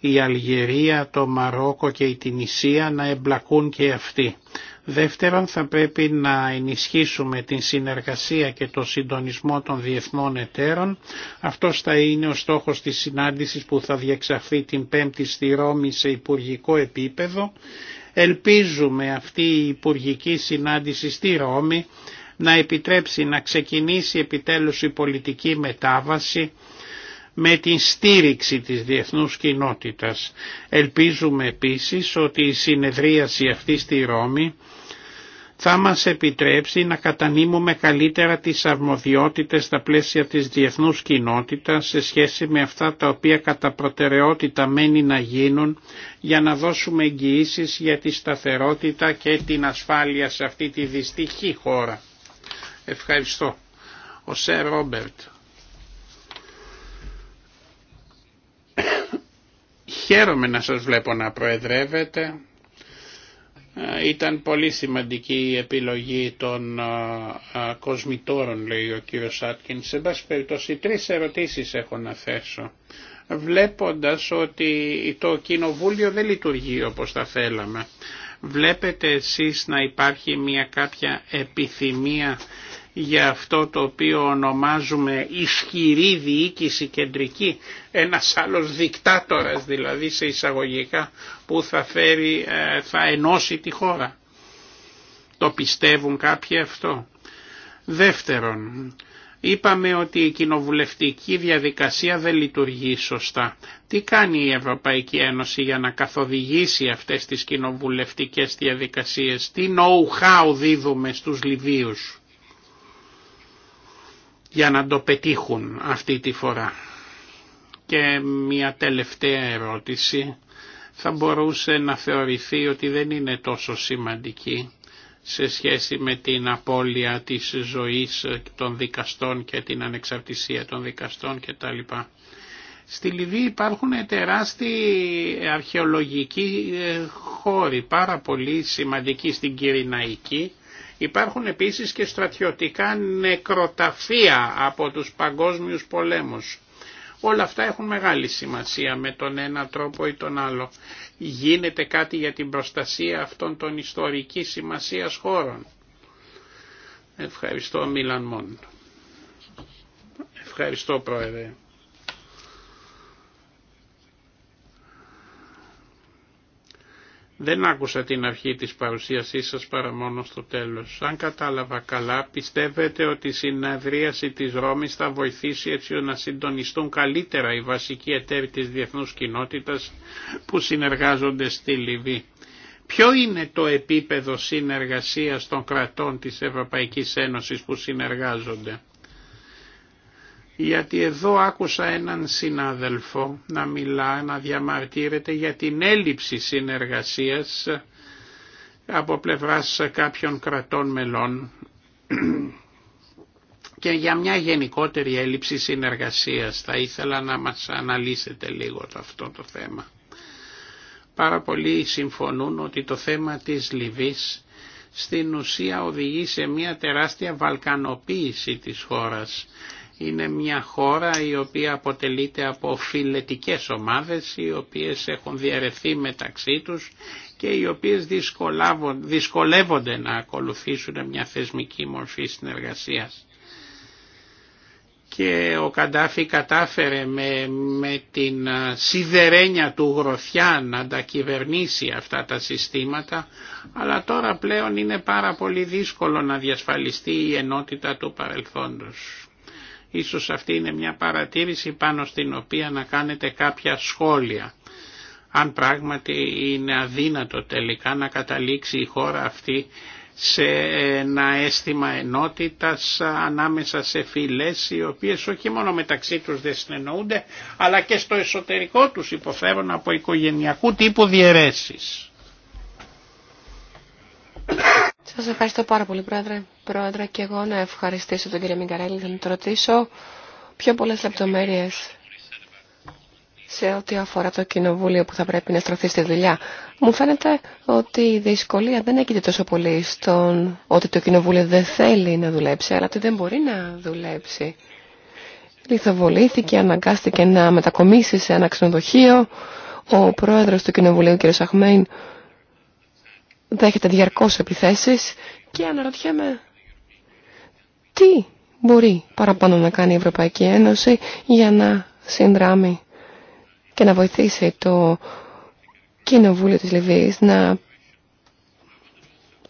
η Αλγερία, το Μαρόκο και η Τινησία να εμπλακούν και αυτοί. Δεύτερον θα πρέπει να ενισχύσουμε την συνεργασία και το συντονισμό των διεθνών εταίρων. Αυτό θα είναι ο στόχος της συνάντησης που θα διεξαχθεί την Πέμπτη στη Ρώμη σε υπουργικό επίπεδο. Ελπίζουμε αυτή η υπουργική συνάντηση στη Ρώμη να επιτρέψει να ξεκινήσει επιτέλους η πολιτική μετάβαση με την στήριξη της διεθνούς κοινότητας. Ελπίζουμε επίσης ότι η συνεδρίαση αυτή στη Ρώμη θα μας επιτρέψει να κατανείμουμε καλύτερα τις αρμοδιότητες στα πλαίσια της διεθνούς κοινότητας σε σχέση με αυτά τα οποία κατά προτεραιότητα μένει να γίνουν για να δώσουμε εγγυήσει για τη σταθερότητα και την ασφάλεια σε αυτή τη δυστυχή χώρα. Ευχαριστώ. Ο Σερ Ρόμπερτ. Χαίρομαι να σας βλέπω να προεδρεύετε. Ε, ήταν πολύ σημαντική η επιλογή των ε, ε, κοσμητόρων, λέει ο κύριος Άτκιν. Σε πάση περιπτώσει, τρεις ερωτήσεις έχω να θέσω. Βλέποντας ότι το κοινοβούλιο δεν λειτουργεί όπως θα θέλαμε, βλέπετε εσείς να υπάρχει μια κάποια επιθυμία για αυτό το οποίο ονομάζουμε ισχυρή διοίκηση κεντρική, ένας άλλος δικτάτορας δηλαδή σε εισαγωγικά που θα, φέρει, ε, θα ενώσει τη χώρα. Το πιστεύουν κάποιοι αυτό. Δεύτερον, είπαμε ότι η κοινοβουλευτική διαδικασία δεν λειτουργεί σωστά. Τι κάνει η Ευρωπαϊκή Ένωση για να καθοδηγήσει αυτές τις κοινοβουλευτικές διαδικασίες, τι know-how δίδουμε στους Λιβύους για να το πετύχουν αυτή τη φορά. Και μια τελευταία ερώτηση θα μπορούσε να θεωρηθεί ότι δεν είναι τόσο σημαντική σε σχέση με την απώλεια της ζωής των δικαστών και την ανεξαρτησία των δικαστών κτλ. Στη Λιβύη υπάρχουν τεράστιοι αρχαιολογικοί ε, χώροι, πάρα πολύ σημαντικοί στην Κυριναϊκή, Υπάρχουν επίσης και στρατιωτικά νεκροταφεία από τους παγκόσμιους πολέμους. Όλα αυτά έχουν μεγάλη σημασία με τον ένα τρόπο ή τον άλλο. Γίνεται κάτι για την προστασία αυτών των ιστορική σημασίας χώρων. Ευχαριστώ Μίλαν Μόν. Ευχαριστώ Πρόεδρε. Δεν άκουσα την αρχή της παρουσίασής σας παρά μόνο στο τέλος. Αν κατάλαβα καλά, πιστεύετε ότι η συνεδρίαση της Ρώμης θα βοηθήσει έτσι να συντονιστούν καλύτερα οι βασικοί εταίροι της διεθνούς κοινότητας που συνεργάζονται στη Λιβύη. Ποιο είναι το επίπεδο συνεργασίας των κρατών της Ευρωπαϊκής Ένωσης που συνεργάζονται γιατί εδώ άκουσα έναν συνάδελφο να μιλά, να διαμαρτύρεται για την έλλειψη συνεργασίας από πλευράς κάποιων κρατών μελών και για μια γενικότερη έλλειψη συνεργασίας. Θα ήθελα να μας αναλύσετε λίγο αυτό το θέμα. Πάρα πολλοί συμφωνούν ότι το θέμα της Λιβύης στην ουσία οδηγεί σε μια τεράστια βαλκανοποίηση της χώρας είναι μια χώρα η οποία αποτελείται από φιλετικές ομάδες οι οποίες έχουν διαιρεθεί μεταξύ τους και οι οποίες δυσκολεύονται να ακολουθήσουν μια θεσμική μορφή συνεργασίας. Και ο Καντάφη κατάφερε με, την σιδερένια του γροθιά να τα αυτά τα συστήματα, αλλά τώρα πλέον είναι πάρα πολύ δύσκολο να διασφαλιστεί η ενότητα του παρελθόντος. Ίσως αυτή είναι μια παρατήρηση πάνω στην οποία να κάνετε κάποια σχόλια. Αν πράγματι είναι αδύνατο τελικά να καταλήξει η χώρα αυτή σε ένα αίσθημα ενότητας ανάμεσα σε φυλές οι οποίες όχι μόνο μεταξύ τους δεν συνεννοούνται αλλά και στο εσωτερικό τους υποφέρουν από οικογενειακού τύπου διαιρέσεις. Σας ευχαριστώ πάρα πολύ, Πρόεδρε. Πρόεδρε, και εγώ να ευχαριστήσω τον κύριο Μιγκαρέλη να τον ρωτήσω πιο πολλές λεπτομέρειες σε ό,τι αφορά το κοινοβούλιο που θα πρέπει να στρωθεί στη δουλειά. Μου φαίνεται ότι η δυσκολία δεν έγινε τόσο πολύ στον ότι το κοινοβούλιο δεν θέλει να δουλέψει, αλλά ότι δεν μπορεί να δουλέψει. Λιθοβολήθηκε, αναγκάστηκε να μετακομίσει σε ένα ξενοδοχείο. Ο πρόεδρος του κοινοβουλίου, κ. Σαχμέν, δέχεται διαρκώς επιθέσεις και αναρωτιέμαι τι μπορεί παραπάνω να κάνει η Ευρωπαϊκή Ένωση για να συνδράμει και να βοηθήσει το Κοινοβούλιο της Λιβύης να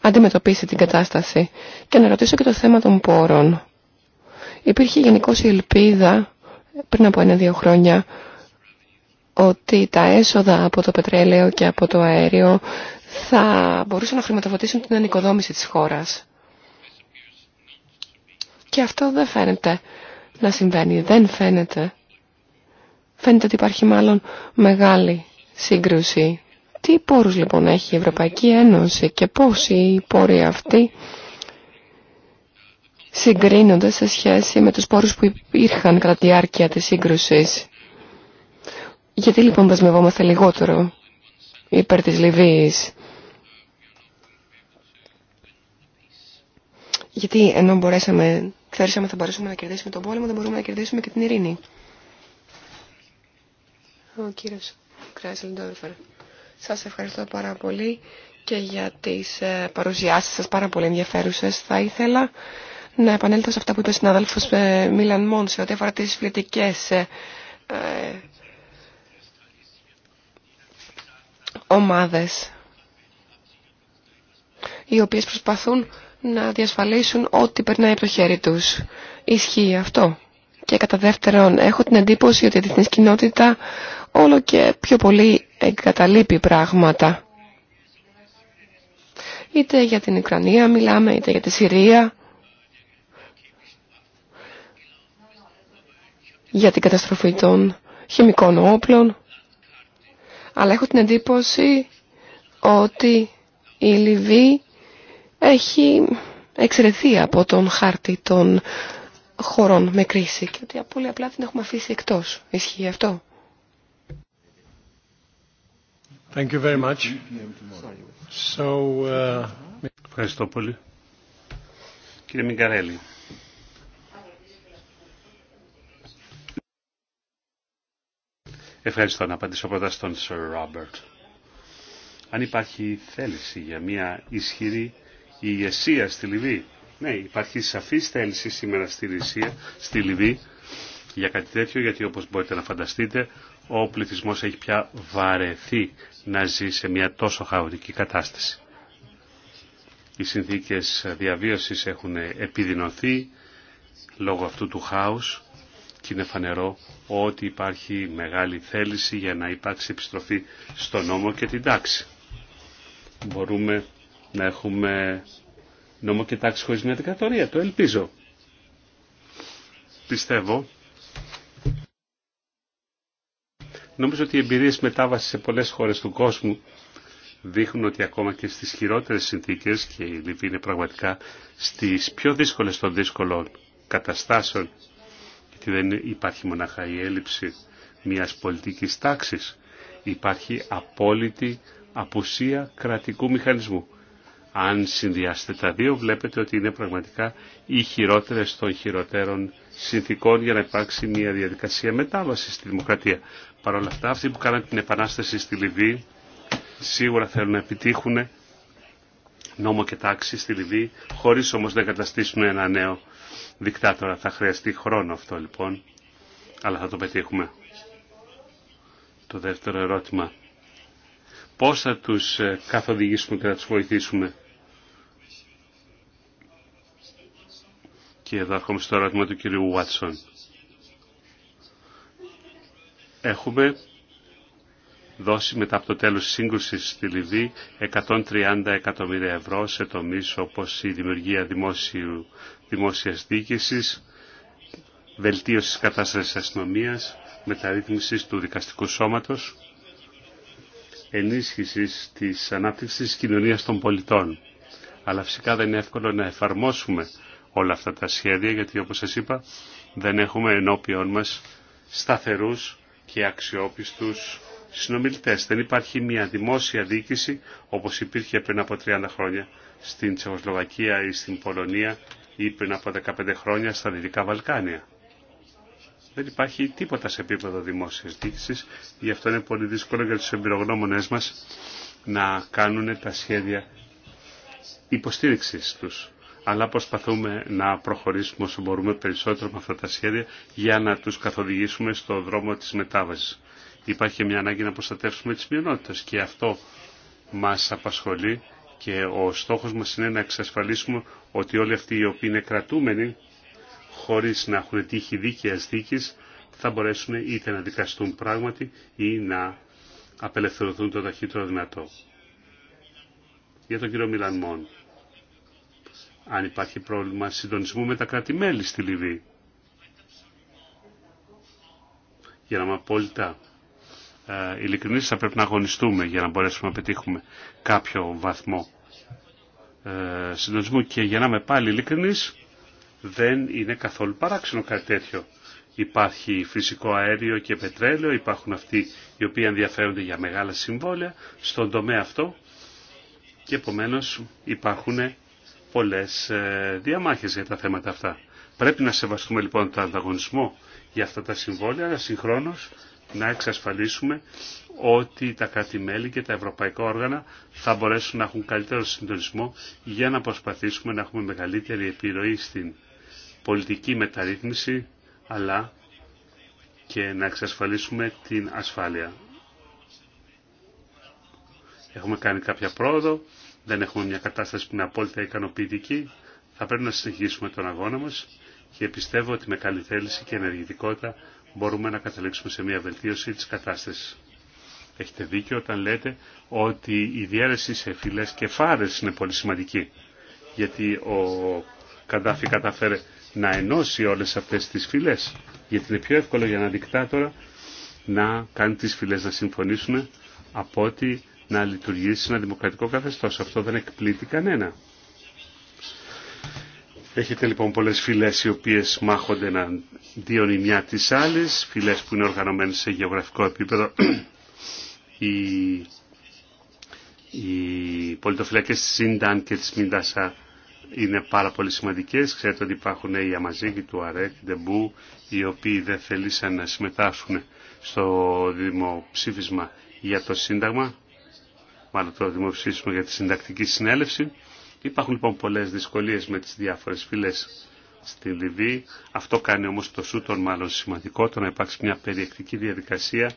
αντιμετωπίσει την κατάσταση και να ρωτήσω και το θέμα των πόρων. Υπήρχε γενικώ η ελπίδα πριν από ένα-δύο χρόνια ότι τα έσοδα από το πετρέλαιο και από το αέριο θα μπορούσαν να χρηματοδοτήσουν την ανοικοδόμηση της χώρας. Και αυτό δεν φαίνεται να συμβαίνει, δεν φαίνεται. Φαίνεται ότι υπάρχει μάλλον μεγάλη σύγκρουση. Τι πόρους λοιπόν έχει η Ευρωπαϊκή Ένωση και πώς οι πόροι αυτοί συγκρίνονται σε σχέση με τους πόρους που υπήρχαν κατά τη διάρκεια της σύγκρουσης. Γιατί λοιπόν δεσμευόμαστε λιγότερο υπέρ της Λιβύης Γιατί ενώ μπορέσαμε, ότι θα μπορέσουμε να κερδίσουμε τον πόλεμο, δεν μπορούμε να κερδίσουμε και την ειρήνη. Ο Σας ευχαριστώ πάρα πολύ και για τις ε, παρουσιάσεις σας πάρα πολύ ενδιαφέρουσες. Θα ήθελα να επανέλθω σε αυτά που είπε ο συνάδελφος ε, Μίλαν Μόν σε ό,τι αφορά τις ε, ομάδες οι οποίες προσπαθούν να διασφαλίσουν ό,τι περνάει από το χέρι τους. Ισχύει αυτό. Και κατά δεύτερον, έχω την εντύπωση ότι η διεθνής κοινότητα όλο και πιο πολύ εγκαταλείπει πράγματα. Είτε για την Ουκρανία μιλάμε, είτε για τη Συρία. Για την καταστροφή των χημικών όπλων. Αλλά έχω την εντύπωση ότι η Λιβύη έχει εξαιρεθεί από τον χάρτη των χωρών με κρίση και ότι πολύ απλά την έχουμε αφήσει εκτός. Ισχύει αυτό. Uh, Ευχαριστώ πολύ. Κύριε Μιγκαρέλη. Ευχαριστώ να απαντήσω πρώτα στον Sir Robert. Αν υπάρχει θέληση για μια ισχυρή η ηγεσία στη Λιβύη. Ναι, υπάρχει σαφή θέληση σήμερα στη, στη Λιβύη για κάτι τέτοιο, γιατί όπως μπορείτε να φανταστείτε, ο πληθυσμός έχει πια βαρεθεί να ζει σε μια τόσο χαοτική κατάσταση. Οι συνθήκες διαβίωσης έχουν επιδεινωθεί λόγω αυτού του χάους και είναι φανερό ότι υπάρχει μεγάλη θέληση για να υπάρξει επιστροφή στον νόμο και την τάξη. Μπορούμε να έχουμε νόμο και τάξη χωρίς μια δικατορία. Το ελπίζω. Πιστεύω. Νομίζω ότι οι εμπειρίες μετάβασης σε πολλές χώρες του κόσμου δείχνουν ότι ακόμα και στις χειρότερες συνθήκες και η Λιβύη είναι πραγματικά στις πιο δύσκολες των δύσκολων καταστάσεων γιατί δεν υπάρχει μονάχα η έλλειψη μιας πολιτικής τάξης υπάρχει απόλυτη απουσία κρατικού μηχανισμού. Αν συνδυάσετε τα δύο βλέπετε ότι είναι πραγματικά οι χειρότερε των χειροτέρων συνθήκων για να υπάρξει μια διαδικασία μετάβαση στη δημοκρατία. Παρ' όλα αυτά αυτοί που κάναν την επανάσταση στη Λιβύη σίγουρα θέλουν να επιτύχουν νόμο και τάξη στη Λιβύη χωρί όμω να εγκαταστήσουν ένα νέο δικτάτορα. Θα χρειαστεί χρόνο αυτό λοιπόν, αλλά θα το πετύχουμε. Το δεύτερο ερώτημα. Πώς θα τους ε, καθοδηγήσουμε και θα τους βοηθήσουμε. Και εδώ έρχομαι στο ερώτημα του κυρίου Βάτσον. Έχουμε δώσει μετά από το τέλος της σύγκρουσης στη Λιβύη 130 εκατομμύρια ευρώ σε τομείς όπως η δημιουργία δημόσιου, δημόσιας διοίκησης, βελτίωση της κατάστασης αστυνομίας, μεταρρύθμιση του δικαστικού σώματος, ενίσχυση της ανάπτυξης της κοινωνίας των πολιτών. Αλλά φυσικά δεν είναι εύκολο να εφαρμόσουμε όλα αυτά τα σχέδια, γιατί όπως σας είπα δεν έχουμε ενώπιον μας σταθερούς και αξιόπιστους συνομιλητές. Δεν υπάρχει μια δημόσια διοίκηση όπως υπήρχε πριν από 30 χρόνια στην Τσεχοσλοβακία ή στην Πολωνία ή πριν από 15 χρόνια στα Δυτικά Βαλκάνια. Δεν υπάρχει τίποτα σε επίπεδο δημόσιας διοίκησης, γι' αυτό είναι πολύ δύσκολο για τους εμπειρογνώμονές μας να κάνουν τα σχέδια υποστήριξης τους αλλά προσπαθούμε να προχωρήσουμε όσο μπορούμε περισσότερο με αυτά τα σχέδια για να τους καθοδηγήσουμε στο δρόμο της μετάβασης. Υπάρχει και μια ανάγκη να προστατεύσουμε τις μειονότητες και αυτό μας απασχολεί και ο στόχος μας είναι να εξασφαλίσουμε ότι όλοι αυτοί οι οποίοι είναι κρατούμενοι χωρίς να έχουν τύχη δίκαιας δίκης θα μπορέσουν είτε να δικαστούν πράγματι ή να απελευθερωθούν το ταχύτερο δυνατό. Για τον κύριο Μιλανμόν αν υπάρχει πρόβλημα συντονισμού με τα κράτη-μέλη στη Λιβύη. Για να είμαι απόλυτα ε, ειλικρινής θα πρέπει να αγωνιστούμε για να μπορέσουμε να πετύχουμε κάποιο βαθμό ε, συντονισμού και για να είμαι πάλι ειλικρινής δεν είναι καθόλου παράξενο κάτι τέτοιο. Υπάρχει φυσικό αέριο και πετρέλαιο, υπάρχουν αυτοί οι οποίοι ενδιαφέρονται για μεγάλα συμβόλαια στον τομέα αυτό και επομένως υπάρχουν πολλές ε, διαμάχες για τα θέματα αυτά. Πρέπει να σεβαστούμε λοιπόν τον ανταγωνισμό για αυτά τα συμβόλαια, αλλά συγχρόνως να εξασφαλίσουμε ότι τα κράτη-μέλη και τα ευρωπαϊκά όργανα θα μπορέσουν να έχουν καλύτερο συντονισμό για να προσπαθήσουμε να έχουμε μεγαλύτερη επιρροή στην πολιτική μεταρρύθμιση, αλλά και να εξασφαλίσουμε την ασφάλεια. Έχουμε κάνει κάποια πρόοδο δεν έχουμε μια κατάσταση που είναι απόλυτα ικανοποιητική. Θα πρέπει να συνεχίσουμε τον αγώνα μας και πιστεύω ότι με καλή θέληση και ενεργητικότητα μπορούμε να καταλήξουμε σε μια βελτίωση της κατάστασης. Έχετε δίκιο όταν λέτε ότι η διαίρεση σε φυλέ και φάρες είναι πολύ σημαντική. Γιατί ο Καντάφη κατάφερε να ενώσει όλες αυτές τις φυλέ. Γιατί είναι πιο εύκολο για ένα δικτάτορα να κάνει τις φυλές να συμφωνήσουν από ότι να λειτουργήσει ένα δημοκρατικό καθεστώς. Αυτό δεν εκπλήττει κανένα. Έχετε λοιπόν πολλές φυλές οι οποίες μάχονται εναντίον η μια της άλλης, φυλές που είναι οργανωμένες σε γεωγραφικό επίπεδο. οι, οι πολιτοφυλακές της Ίνταν και της Μιντάσα είναι πάρα πολύ σημαντικές. Ξέρετε ότι υπάρχουν οι αμαζίγοι του Αρέκ, Ντεμπού, οι οποίοι δεν θελήσαν να συμμετάσχουν στο δημοψήφισμα για το Σύνταγμα μάλλον το δημοψήφισμα για τη συντακτική συνέλευση. Υπάρχουν λοιπόν πολλές δυσκολίες με τις διάφορες φυλές στη Λιβύη. Αυτό κάνει όμως το σούτον μάλλον σημαντικό, το να υπάρξει μια περιεκτική διαδικασία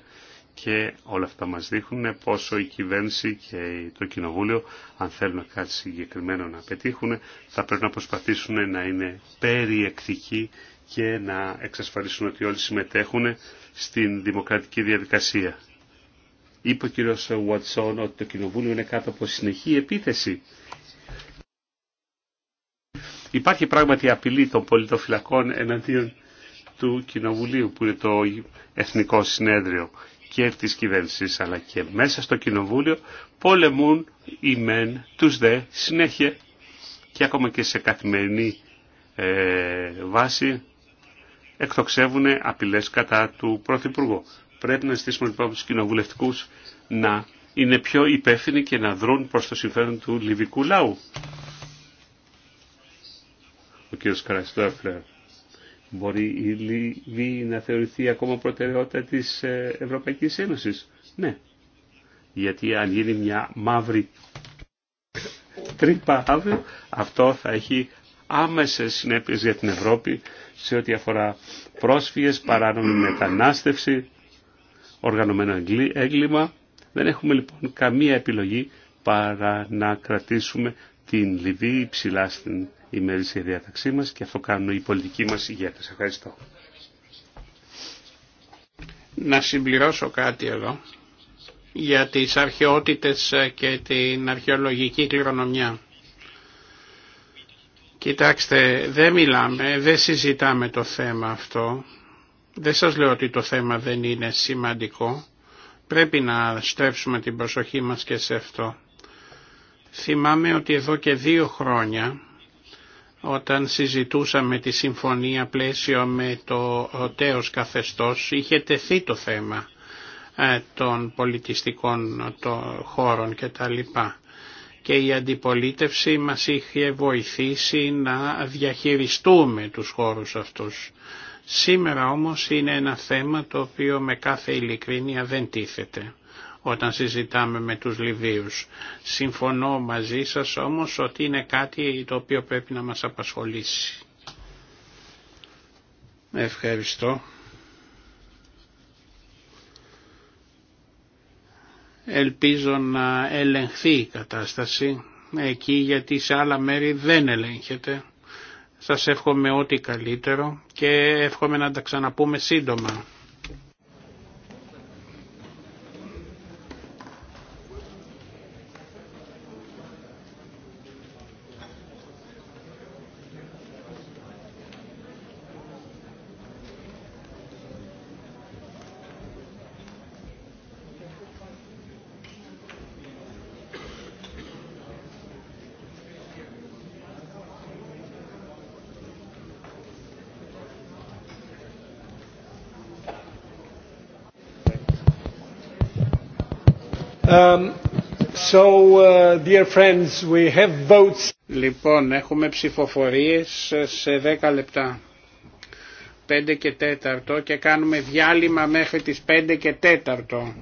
και όλα αυτά μας δείχνουν πόσο η κυβέρνηση και το κοινοβούλιο, αν θέλουν κάτι συγκεκριμένο να πετύχουν, θα πρέπει να προσπαθήσουν να είναι περιεκτικοί και να εξασφαλίσουν ότι όλοι συμμετέχουν στην δημοκρατική διαδικασία. Είπε ο κύριος Βουατσόν ότι το Κοινοβούλιο είναι κάτω από συνεχή επίθεση. Υπάρχει πράγματι απειλή των πολιτοφυλακών εναντίον του Κοινοβουλίου που είναι το Εθνικό Συνέδριο και της κυβέρνησης αλλά και μέσα στο Κοινοβούλιο πολεμούν οι μεν τους δε συνέχεια και ακόμα και σε καθημερινή ε, βάση εκτοξεύουν απειλές κατά του Πρωθυπουργού. Πρέπει να στήσουμε λοιπόν του κοινοβουλευτικού να είναι πιο υπεύθυνοι και να δρούν προ το συμφέρον του λιβικού λαού. Ο κ. Καραστόφλερ. Μπορεί η Λιβύη να θεωρηθεί ακόμα προτεραιότητα της ε, Ευρωπαϊκή Ένωση. Ναι. Γιατί αν γίνει μια μαύρη τρύπα αύριο, αυτό θα έχει άμεσες συνέπειες για την Ευρώπη σε ό,τι αφορά πρόσφυγες, παράνομη μετανάστευση οργανωμένο έγκλημα. Δεν έχουμε λοιπόν καμία επιλογή παρά να κρατήσουμε την Λιβύη ψηλά στην ημερήσια διάταξή μας και αυτό κάνουν οι πολιτικοί μας ηγέτες. Ευχαριστώ. Να συμπληρώσω κάτι εδώ για τις αρχαιότητες και την αρχαιολογική κληρονομιά. Κοιτάξτε, δεν μιλάμε, δεν συζητάμε το θέμα αυτό. Δεν σας λέω ότι το θέμα δεν είναι σημαντικό. Πρέπει να στρέψουμε την προσοχή μας και σε αυτό. Θυμάμαι ότι εδώ και δύο χρόνια όταν συζητούσαμε τη συμφωνία πλαίσιο με το τέος καθεστώς είχε τεθεί το θέμα ε, των πολιτιστικών των χώρων κτλ. Και η αντιπολίτευση μας είχε βοηθήσει να διαχειριστούμε τους χώρους αυτούς. Σήμερα όμως είναι ένα θέμα το οποίο με κάθε ειλικρίνεια δεν τίθεται όταν συζητάμε με τους Λιβύους. Συμφωνώ μαζί σας όμως ότι είναι κάτι το οποίο πρέπει να μας απασχολήσει. Ευχαριστώ. Ελπίζω να ελεγχθεί η κατάσταση εκεί γιατί σε άλλα μέρη δεν ελέγχεται σας εύχομαι ό,τι καλύτερο και εύχομαι να τα ξαναπούμε σύντομα. So, uh, dear friends, we have votes. Λοιπόν, έχουμε ψηφοφορίες σε 10 λεπτά. 5 και 4 και κάνουμε διάλειμμα μέχρι τις 5 και 4.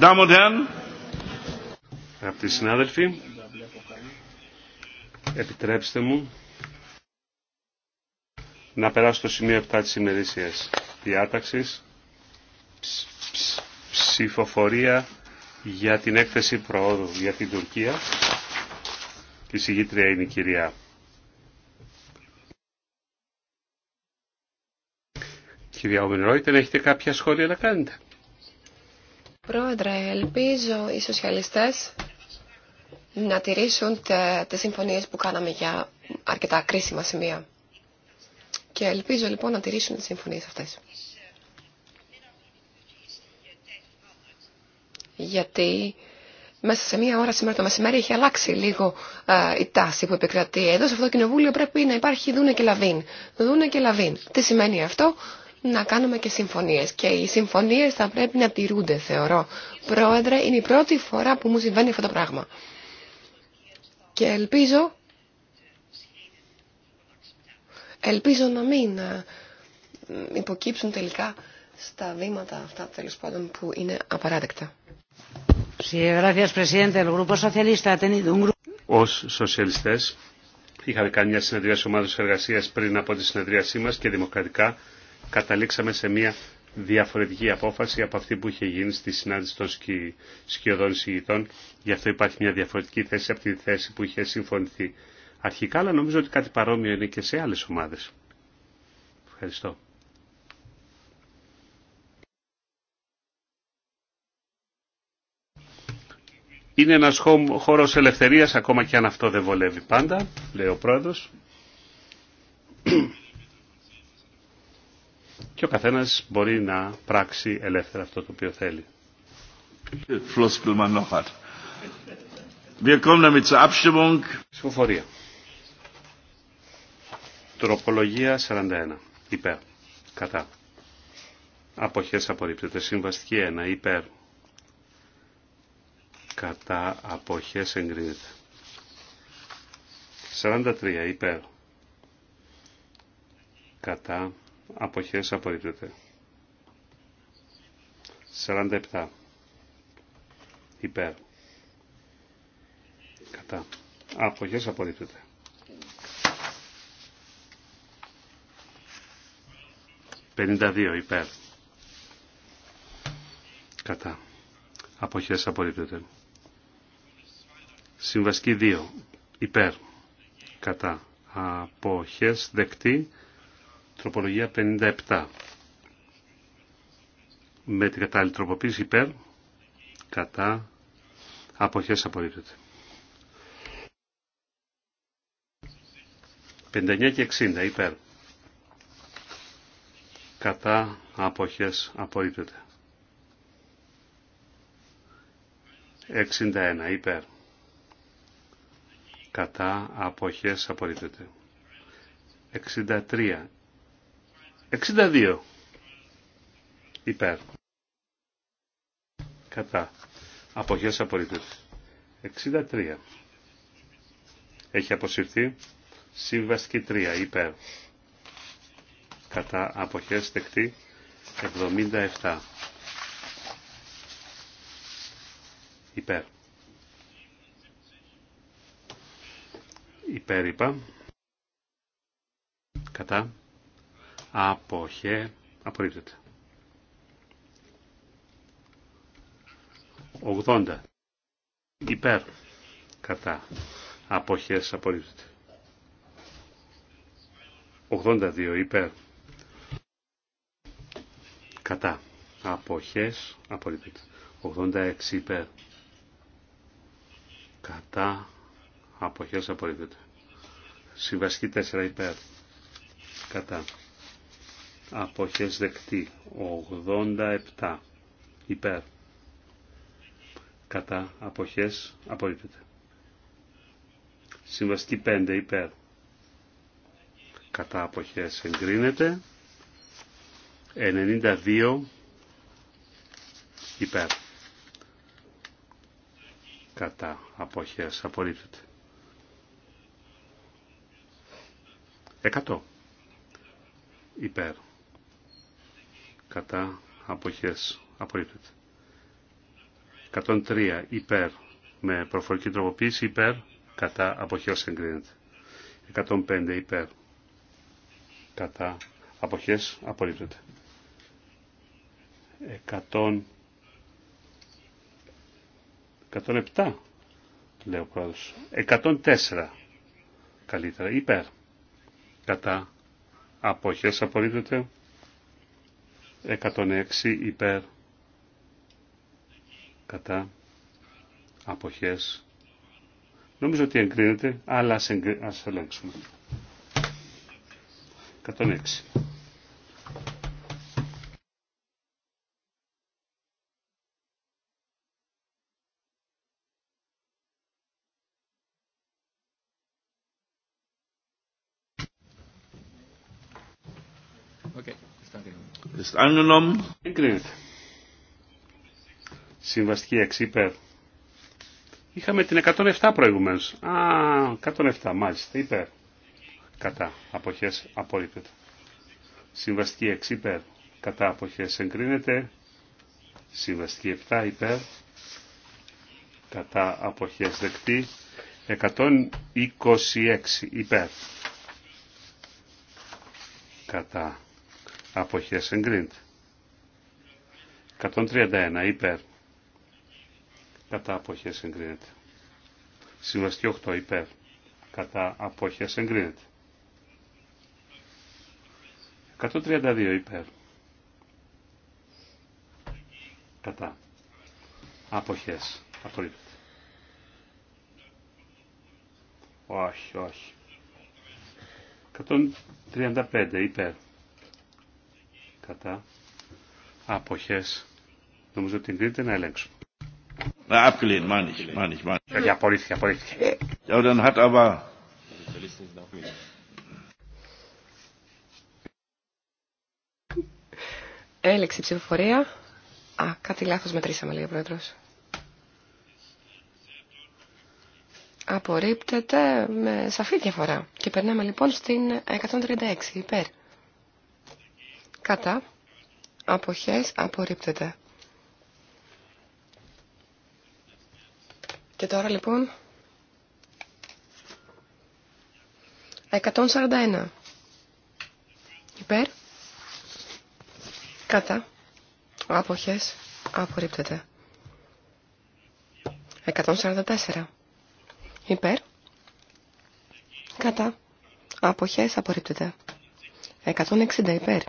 Damen und Herren, αγαπητοί συνάδελφοι, επιτρέψτε μου να περάσω στο σημείο 7 της ημερήσιας διάταξης ψηφοφορία για την έκθεση προόδου για την Τουρκία. Η συγγήτρια είναι η κυρία Κυρία Ομινρόιτεν, έχετε κάποια σχόλια να κάνετε. Πρόεδρε, ελπίζω οι σοσιαλιστές να τηρήσουν τις συμφωνίες που κάναμε για αρκετά κρίσιμα σημεία. Και ελπίζω λοιπόν να τηρήσουν τις συμφωνίες αυτές. Γιατί μέσα σε μία ώρα σήμερα το μεσημέρι έχει αλλάξει λίγο ε, η τάση που επικρατεί. Εδώ σε αυτό το κοινοβούλιο πρέπει να υπάρχει δούνε και λαβίν. Δούνε και λαβίν. Τι σημαίνει αυτό να κάνουμε και συμφωνίες. Και οι συμφωνίες θα πρέπει να τηρούνται, θεωρώ. Πρόεδρε, είναι η πρώτη φορά που μου συμβαίνει αυτό το πράγμα. Και ελπίζω... Ελπίζω να μην ε, υποκύψουν τελικά στα βήματα αυτά, τέλος πάντων, που είναι απαράδεκτα. Ως σοσιαλιστές είχαμε κάνει μια συνεδρία ομάδα εργασία πριν από τη συνεδρίασή μας και δημοκρατικά καταλήξαμε σε μια διαφορετική απόφαση από αυτή που είχε γίνει στη συνάντηση των σκι... σκιωδών συγητών. Γι' αυτό υπάρχει μια διαφορετική θέση από τη θέση που είχε συμφωνηθεί αρχικά, αλλά νομίζω ότι κάτι παρόμοιο είναι και σε άλλες ομάδες. Ευχαριστώ. Είναι ένας χώρος ελευθερίας, ακόμα και αν αυτό δεν βολεύει πάντα, λέει ο πρόεδρος και ο καθένας μπορεί να πράξει ελεύθερα αυτό το οποίο θέλει. Ψηφοφορία. Τροπολογία 41. Υπέρ. Κατά. Αποχές απορρίπτεται. Συμβαστική 1. Υπέρ. Κατά. Αποχές εγκρίνεται. 43. Υπέρ. Κατά αποχές απορρίπτεται. 47 υπέρ κατά αποχές απορρίπτεται. 52 υπέρ κατά αποχές απορρίπτεται. Συμβασκή 2 υπέρ κατά αποχές δεκτή Τροπολογία 57. Με την κατάλληλη τροποποίηση υπέρ, κατά, αποχές απορρίπτεται. 59 και 60 υπέρ. Κατά αποχές απορρίπτεται. 61 υπέρ. Κατά αποχές απορρίπτεται. 63 62 υπέρ κατά αποχές απορρίπτεται 63 έχει αποσυρθεί συμβαστική 3 υπέρ κατά αποχές δεκτή 77 υπέρ υπέρ είπα κατά αποχέ απορρίπτεται. 80 υπέρ κατά αποχές απορρίπτεται. 82 υπέρ κατά αποχές απορρίπτεται. 86 υπέρ κατά αποχές απορρίπτεται. Συμβαστική 4 υπέρ κατά αποχές δεκτή 87 υπέρ κατά αποχές απορρίπτεται συμβαστική 5 υπέρ κατά αποχές εγκρίνεται 92 υπέρ κατά αποχές απορρίπτεται 100 υπέρ κατά αποχές απορρίπτεται. 103 υπέρ με προφορική τροποποίηση υπέρ κατά αποχές εγκρίνεται. 105 υπέρ κατά αποχές απορρίπτεται. 100 107 λέει ο πρόεδρος. 104 καλύτερα υπέρ κατά αποχές απορρίπτεται. 106 υπέρ κατά αποχές. Νομίζω ότι εγκρίνεται, αλλά ας ελέγξουμε. 106. Εγκρίνεται. Συμβαστική 6 υπέρ. Είχαμε την 107 προηγουμένως. Α, 107 μάλιστα υπέρ. Κατά αποχές απορρίπτεται. Συμβαστική 6 υπέρ. Κατά αποχές εγκρίνεται. Συμβαστική 7 υπέρ. Κατά αποχές δεκτή. 126 υπέρ. Κατά αποχές εγκρίνεται. 131 υπέρ κατά αποχές εγκρίνεται. Συμβαστή 8 υπέρ κατά αποχές εγκρίνεται. 132 υπέρ κατά αποχές απολύτω. Όχι, όχι. 135 υπέρ κατά αποχές. Νομίζω ότι την δείτε να ελέγξουμε. Να ich, meine ich, meine Ja, απορρίφθηκε, απορρίφθηκε. Ja, dann hat Έλεξη ψηφοφορία. Α, κάτι λάθος μετρήσαμε, λέει ο Πρόεδρος. Απορρίπτεται με σαφή διαφορά. Και περνάμε λοιπόν στην 136, υπέρ. Κατά. Αποχές απορρίπτεται. Και τώρα λοιπόν... 141. Υπέρ. Κατά. Αποχές απορρίπτεται. 144. Υπέρ. Κατά. Αποχές απορρίπτεται. 160 υπέρ.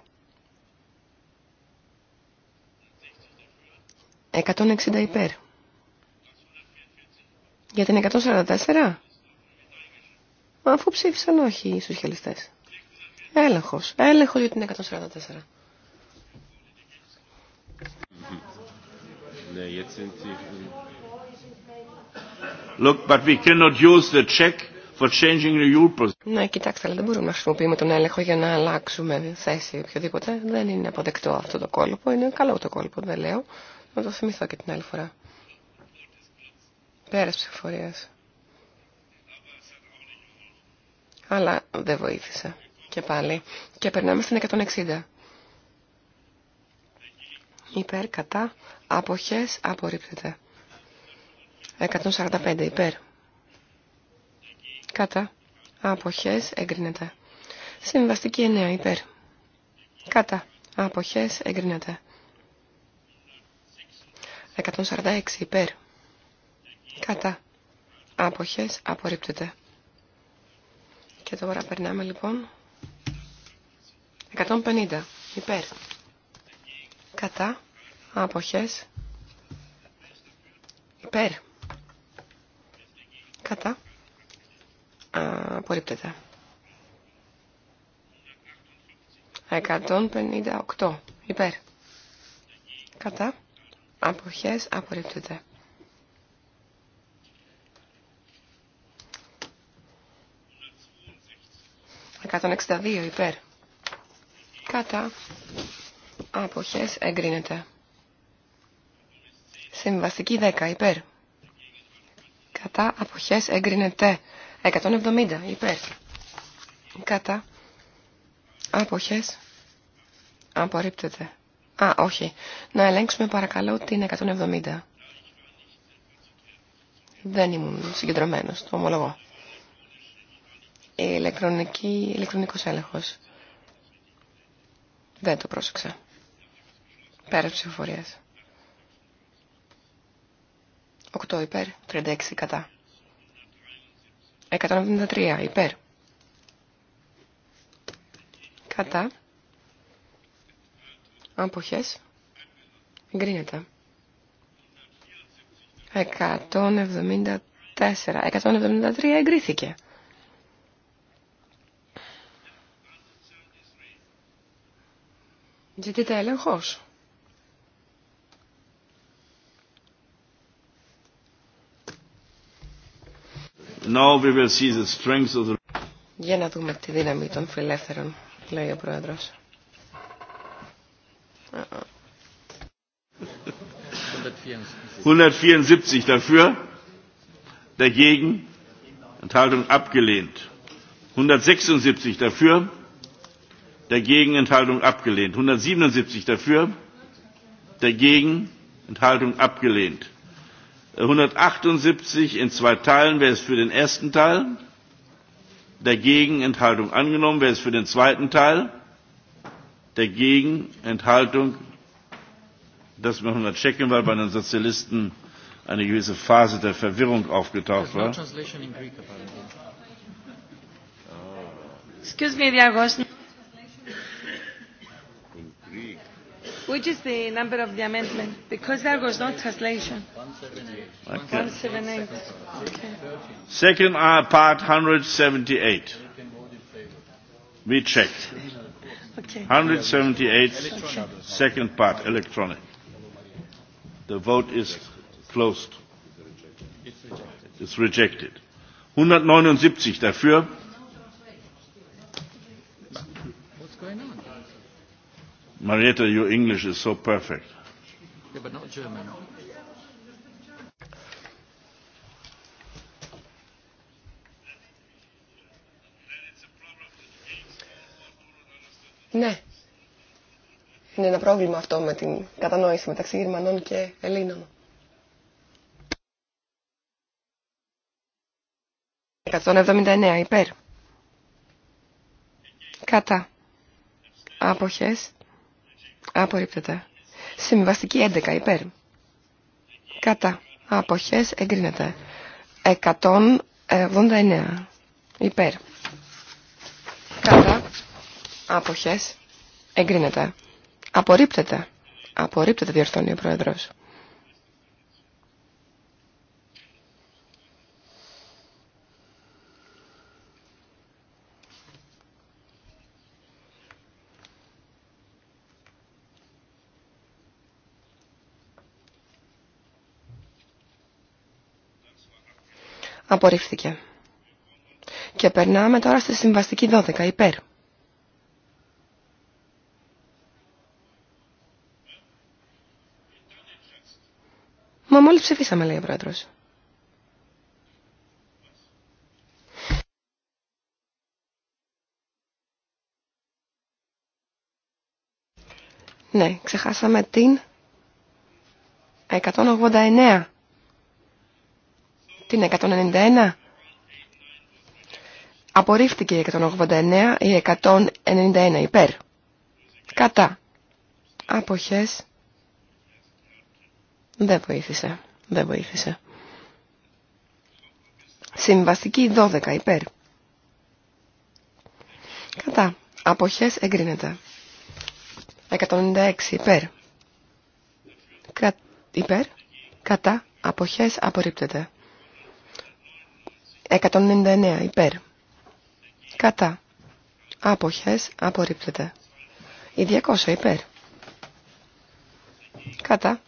160 υπέρ. Για την 144. Αφού ψήφισαν όχι οι σοσιαλιστές. Έλεγχος. Έλεγχος για την 144. Ναι, Look, but we cannot use the check for changing the Ναι, κοιτάξτε, αλλά δεν μπορούμε να χρησιμοποιούμε τον έλεγχο για να αλλάξουμε θέση οποιοδήποτε. Δεν είναι αποδεκτό αυτό το κόλπο. Είναι καλό το κόλπο, δεν λέω. Να το θυμηθώ και την άλλη φορά. Πέρας ψηφοφορίας. Αλλά δεν βοήθησε. Και πάλι. Και περνάμε στην 160. Υπέρ, κατά, αποχές, απορρίπτεται. 145 υπέρ. Κατά, αποχές, εγκρίνεται. Συμβαστική 9 υπέρ. Κατά, αποχές, εγκρίνεται. 146 υπέρ. Κατά. Άποχες απορρίπτεται. Και τώρα περνάμε λοιπόν. 150 υπέρ. Κατά. Άποχες. Υπέρ. Κατά. Απορρίπτεται. 158 υπέρ. Κατά. Αποχές απορρίπτεται. 162. υπέρ. Κατά. Αποχές εγκρίνεται. Συμβαστική 10 υπέρ. Κατά. Αποχές εγκρίνεται. 170 υπέρ. Κατά. Αποχές απορρίπτεται. Α, όχι. Να ελέγξουμε παρακαλώ την 170. Δεν ήμουν συγκεντρωμένος, το ομολογώ. Η ηλεκτρονική, ηλεκτρονικός έλεγχος. Δεν το πρόσεξα. Πέρα ψηφοφορίας. 8 υπέρ, 36 κατά. 173 υπέρ. Κατά. Αποχές. Εγκρίνεται. 174. 173 εγκρίθηκε. Ζητείτε έλεγχος. Now we Για να δούμε τη δύναμη των φιλεύθερων, λέει ο Πρόεδρος. 174 dafür, dagegen, Enthaltung abgelehnt. 176 dafür, dagegen, Enthaltung abgelehnt. 177 dafür, dagegen, Enthaltung abgelehnt. 178 in zwei Teilen, wer ist für den ersten Teil? Dagegen, Enthaltung angenommen, wer ist für den zweiten Teil? dagegen Enthaltung. Das müssen wir checken, weil bei den Sozialisten eine gewisse Phase der Verwirrung aufgetaucht war. Excuse me, there Which is the number of the amendment? Because there was no translation. 178. Second part 178. We checked. 178, second part, electronic. The vote is closed. It's rejected. 179 dafür. Marietta, your English is so perfect. Yeah, but not German. Ναι, είναι ένα πρόβλημα αυτό με την κατανόηση μεταξύ Γερμανών και Ελλήνων. «179 υπέρ». Κατά. Άποχες. Απορρίπτεται. Συμβαστική 11 υπέρ. Κατά. Άποχες. Εγκρίνεται. 179. υπέρ. Κατά. Αποχές. Εγκρίνεται. Απορρίπτεται. Απορρίπτεται διορθώνει ο Πρόεδρος. Απορρίφθηκε. Και περνάμε τώρα στη συμβαστική 12, υπέρ. Μα μόλις ψηφίσαμε, λέει ο πρόεδρος. Ναι, ξεχάσαμε την 189. Την 191. Απορρίφθηκε η 189, η 191 υπέρ. Κατά. Αποχές δεν βοήθησε. Δεν βοήθησε. Συμβαστική 12 υπέρ. Κατά. Αποχές εγκρίνεται. 196 υπέρ. Υπέρ. Κατά. Αποχές απορρίπτεται. 199 υπέρ. Κατά. Άποχες απορρίπτεται. Η 200 υπέρ. Κατά.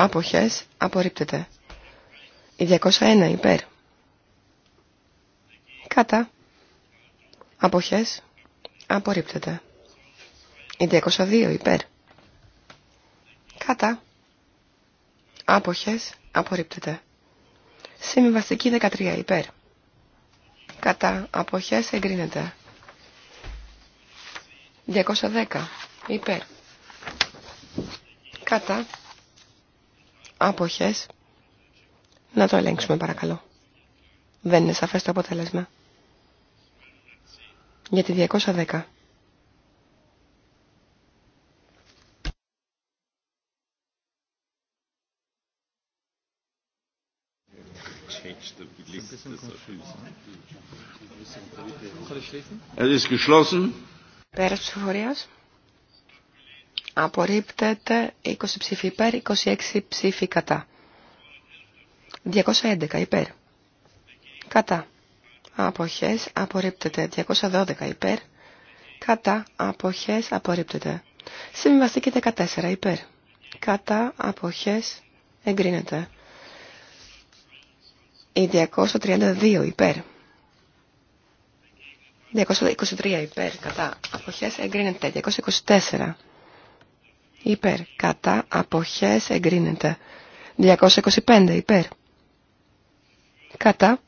Άποχες. Απορρίπτεται. Η 201 υπέρ. Κατά. Αποχές. Απορρίπτεται. Η 202 υπέρ. Κατά. Άποχες. Απορρίπτεται. Συμβαστική 13 υπέρ. Κατά. Αποχές. Εγκρίνεται. 210 υπέρ. Κατά. Αποχές. Να το ελέγξουμε παρακαλώ. Δεν είναι σαφές το αποτέλεσμα. Για τη 210. Πέρας ψηφοφορίας. Απορρίπτεται 20 ψήφοι υπέρ, 26 ψήφοι κατά. 211 υπέρ. Κατά. Αποχές απορρίπτεται. 212 υπέρ. Κατά. Αποχές απορρίπτεται. Συμβιβαστική 14 υπέρ. Κατά. Αποχές εγκρίνεται. Η 232 υπέρ. 223 υπέρ. Κατά. Αποχές εγκρίνεται. 224 υπέρ. Κατά αποχές εγκρίνεται. 225 υπέρ. Κατά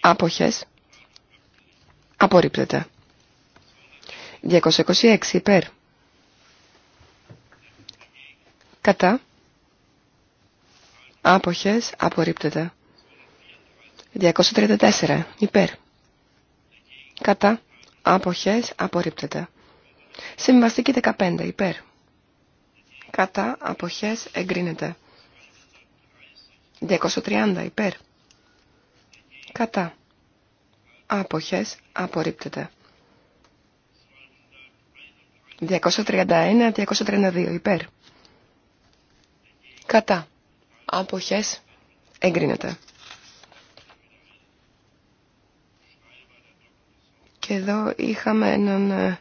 αποχές απορρίπτεται. 226 υπέρ. Κατά άποχες απορρίπτεται. 234 υπέρ. Κατά άποχες απορρίπτεται. Συμβαστική 15 υπέρ κατά αποχές εγκρίνεται. 230 υπέρ. Κατά. Αποχές απορρίπτεται. 231-232 υπέρ. Κατά. Αποχές εγκρίνεται. Και εδώ είχαμε έναν ε,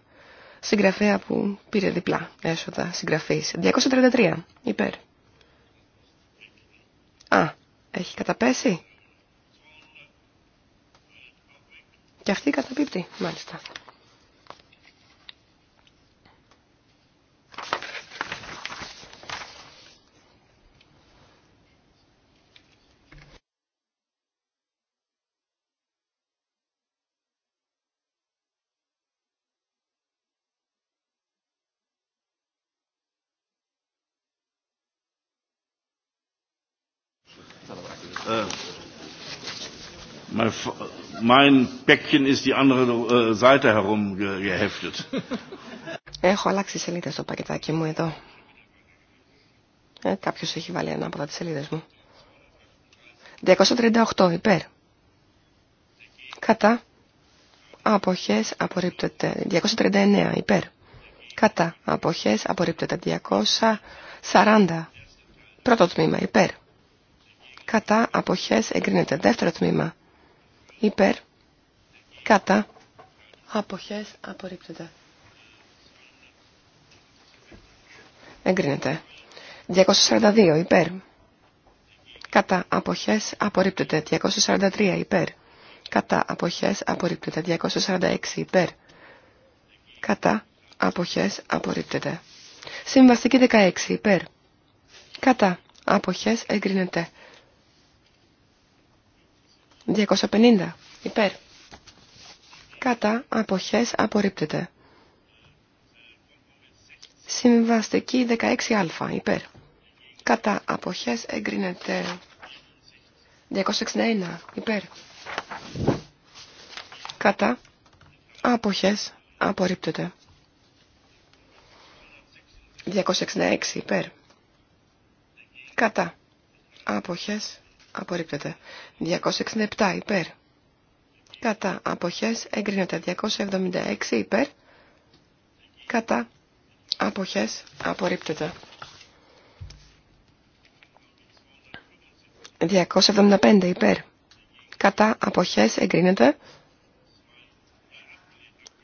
συγγραφέα που πήρε διπλά έσοδα συγγραφής. 233 υπέρ. Α, έχει καταπέσει. Και αυτή καταπίπτει, μάλιστα. Mein Päckchen ist die andere äh, Seite herum Έχω αλλάξει σελίδα στο πακετάκι μου εδώ. Ε, Κάποιο έχει βάλει ένα από τι σελίδε μου. 238 υπέρ. Κατά. Αποχές απορρίπτεται. 239 υπέρ. Κατά. Αποχές απορρίπτεται. 240. Πρώτο τμήμα υπέρ. Κατά. Αποχές εγκρίνεται. Δεύτερο τμήμα υπέρ, κατά, αποχές, απορρίπτεται. Εγκρίνεται. 242 υπέρ. Κατά αποχές απορρίπτεται. 243 υπέρ. Κατά αποχές απορρίπτεται. 246 υπέρ. Κατά αποχές απορρίπτεται. Συμβαστική 16 υπέρ. Κατά αποχές εγκρίνεται. 250 υπέρ. Κατά αποχές απορρίπτεται. Συμβαστική 16α υπέρ. Κατά αποχές εγκρίνεται. 261 υπέρ. Κατά αποχές απορρίπτεται. 266 υπέρ. Κατά αποχές απορρίπτεται. 267 υπέρ. Κατά αποχές εγκρίνεται. 276 υπέρ. Κατά αποχές απορρίπτεται. 275 υπέρ. Κατά αποχές εγκρίνεται.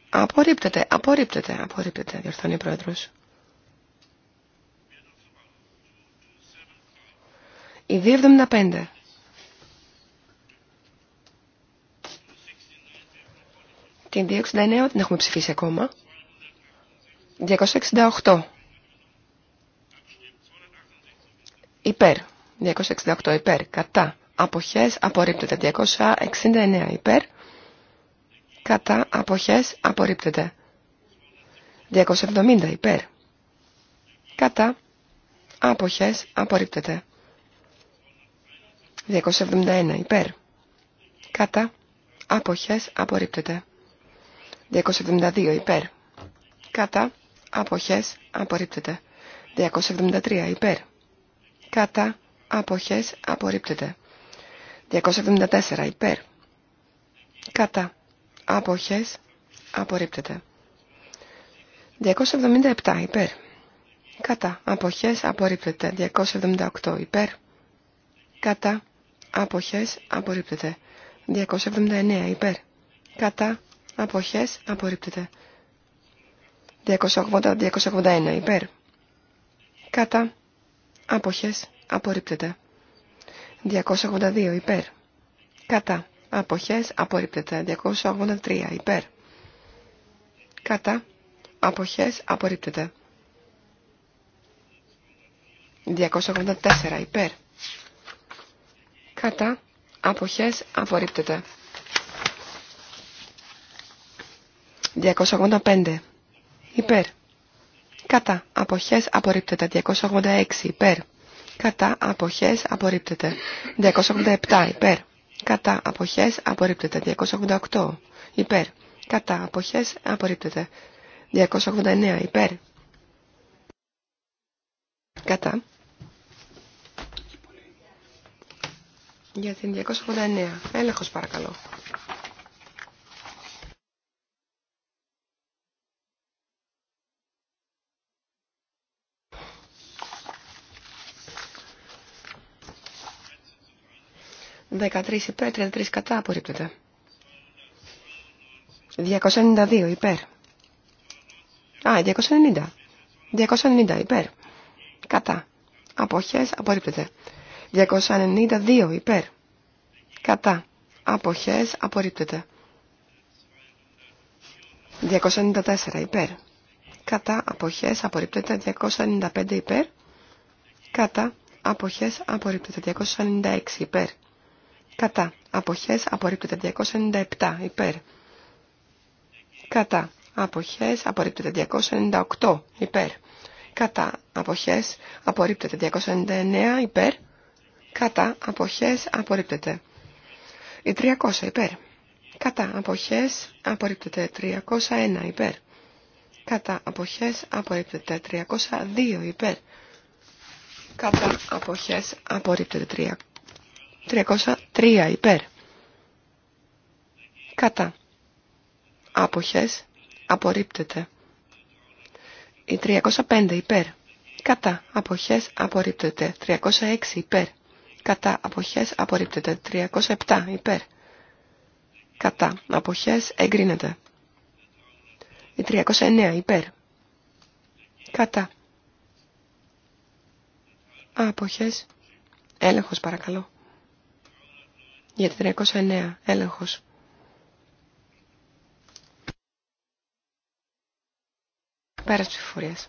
Απορρίπτεται, απορρίπτεται, απορρίπτεται, διορθώνει ο πρόεδρος. Η 275 Την 269 την έχουμε ψηφίσει ακόμα. 268. Υπέρ. 268 υπέρ. Κατά. Αποχές απορρίπτεται. 269 υπέρ. Κατά. Αποχές απορρίπτεται. 270 υπέρ. Κατά. Αποχές απορρίπτεται. 271 υπέρ. Κατά. Αποχές απορρίπτεται. 272 υπέρ. Κατά. Αποχές. Απορρίπτεται. 273 υπέρ. Κατά. Αποχές. Απορρίπτεται. 274 υπέρ. Κατά. Αποχές. Απορρίπτεται. 277 υπέρ. Κατά. Αποχές. Απορρίπτεται. 278 υπέρ. Κατά. Αποχές. Απορρίπτεται. 279 υπέρ. Κατά αποχές, απορρίπτεται. 280-281 υπέρ. Κατά. Άποχες. Απορρίπτεται. 282 υπέρ. Κατά. Άποχες. Απορρίπτεται. 283 υπέρ. Κατά. Άποχες. Απορρίπτεται. 284 υπέρ. Κατά. Άποχες. Απορρίπτεται. 285 υπέρ. Κατά αποχές απορρίπτεται 286 υπέρ. Κατά αποχές απορρίπτεται 287 υπέρ. Κατά αποχές απορρίπτεται 288 υπέρ. Κατά αποχές απορρίπτεται 289 υπέρ. Κατά. Για την 289. Έλεγχος παρακαλώ. 13 υπέρ, 33 κατά απορρίπτεται. 292 υπέρ. Α, 290. 290 υπέρ. Κατά. Αποχές απορρίπτεται. 292 υπέρ. Κατά. Αποχές απορρίπτεται. 294 υπέρ. Κατά. Αποχές απορρίπτεται. 295 υπέρ. Κατά. Αποχές απορρίπτεται. 296 υπέρ. Κατά. Αποχές απορρίπτεται 297 υπέρ. Κατά. Αποχές απορρίπτεται 298 υπέρ. Κατά. Αποχές απορρίπτεται 299 υπέρ. Κατά. Αποχές απορρίπτεται. Η 300 υπέρ. Κατά. Αποχές απορρίπτεται 301 υπέρ. Κατά. Αποχές απορρίπτεται 302 υπέρ. Κατά. Αποχές απορρίπτεται 303 υπέρ. Κατά. Άποχες. Απορρίπτεται. Η 305 υπέρ. Κατά. Αποχές. Απορρίπτεται. 306 υπέρ. Κατά. Αποχές. Απορρίπτεται. 307 υπέρ. Κατά. Αποχές. Εγκρίνεται. Η 309 υπέρ. Κατά. Άποχες. Έλεγχος παρακαλώ. Για την 309. Έλεγχος. Πέρας ψηφοφορίας.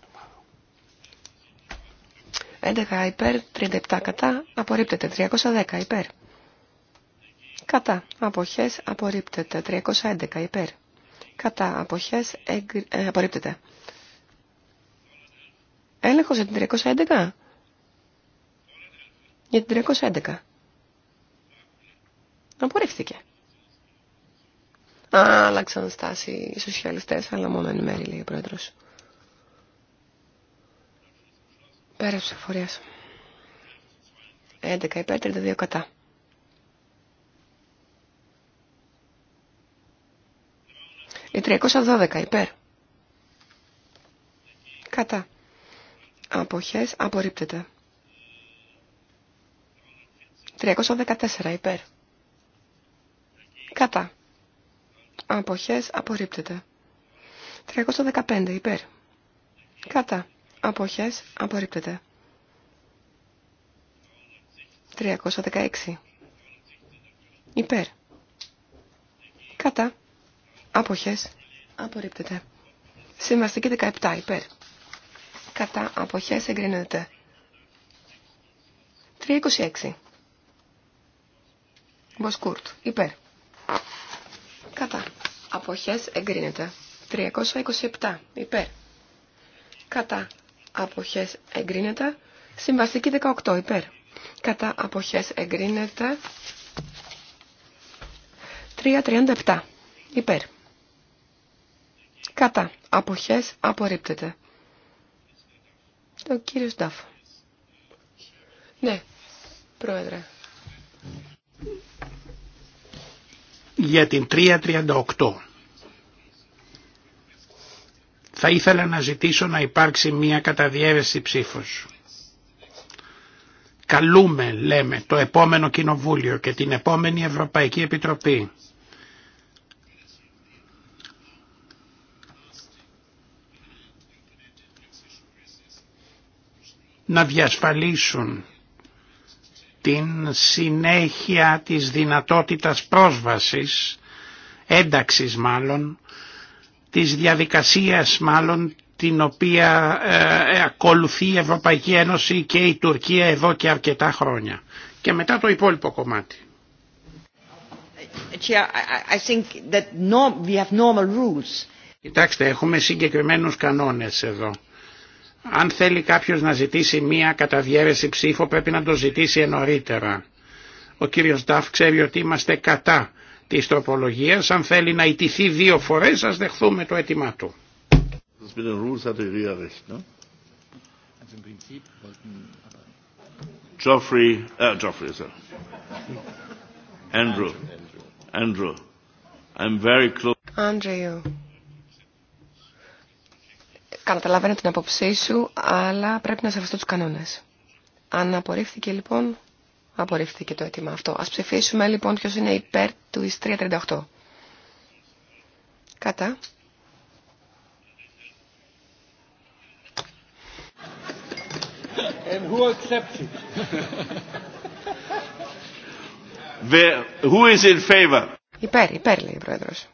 11 υπέρ, 37 κατά, απορρίπτεται. 310 υπέρ. Κατά. Αποχές απορρίπτεται. 311 υπέρ. Κατά. Αποχές εγκρι... ε, απορρίπτεται. Έλεγχος για την 311. Για την 311 απορρίφθηκε. Α, άλλαξαν στάση οι σοσιαλιστές, αλλά μόνο εν μέρη, λέει ο πρόεδρος. Πέρα ψηφορίας. 11 υπέρ, 32 κατά. Η 312 υπέρ. Κατά. Αποχές απορρίπτεται. 314 υπέρ. Κατά. Αποχές απορρίπτεται. 315 υπέρ. Κατά. Αποχές απορρίπτεται. 316 υπέρ. Κατά. Αποχές απορρίπτεται. Συμβαστική 17 υπέρ. Κατά. Αποχές εγκρίνεται. 326. Μποσκούρτ. Υπέρ. Κατά. Αποχές εγκρίνεται. 327 υπέρ. Κατά. Αποχές εγκρίνεται. Συμβαστική 18 υπέρ. Κατά. Αποχές εγκρίνεται. 337 υπέρ. Κατά. Αποχές απορρίπτεται. Το κύριο Σταφ. Ναι, πρόεδρε για την 338. Θα ήθελα να ζητήσω να υπάρξει μια καταδιέρεση ψήφος. Καλούμε, λέμε, το επόμενο Κοινοβούλιο και την επόμενη Ευρωπαϊκή Επιτροπή να διασφαλίσουν την συνέχεια της δυνατότητας πρόσβασης, ένταξης μάλλον, της διαδικασίας μάλλον την οποία ε, ε, ακολουθεί η Ευρωπαϊκή Ένωση και η Τουρκία εδώ και αρκετά χρόνια. Και μετά το υπόλοιπο κομμάτι. Κοιτάξτε, έχουμε συγκεκριμένους κανόνες εδώ αν θέλει κάποιος να ζητήσει μία καταδιέρεση ψήφο πρέπει να το ζητήσει νωρίτερα. Ο κύριος Νταφ ξέρει ότι είμαστε κατά της τροπολογίας. Αν θέλει να ιτηθεί δύο φορές ας δεχθούμε το αίτημά του. Äh, äh, er. Andrew, I'm Καταλαβαίνω την απόψή σου, αλλά πρέπει να σεβαστώ τους κανόνες. Αν απορρίφθηκε λοιπόν, απορρίφθηκε το αίτημα αυτό. Ας ψηφίσουμε λοιπόν ποιος είναι υπέρ του 338. Κατά. who accepts who is in Υπέρ, υπέρ λέει ο Πρόεδρος.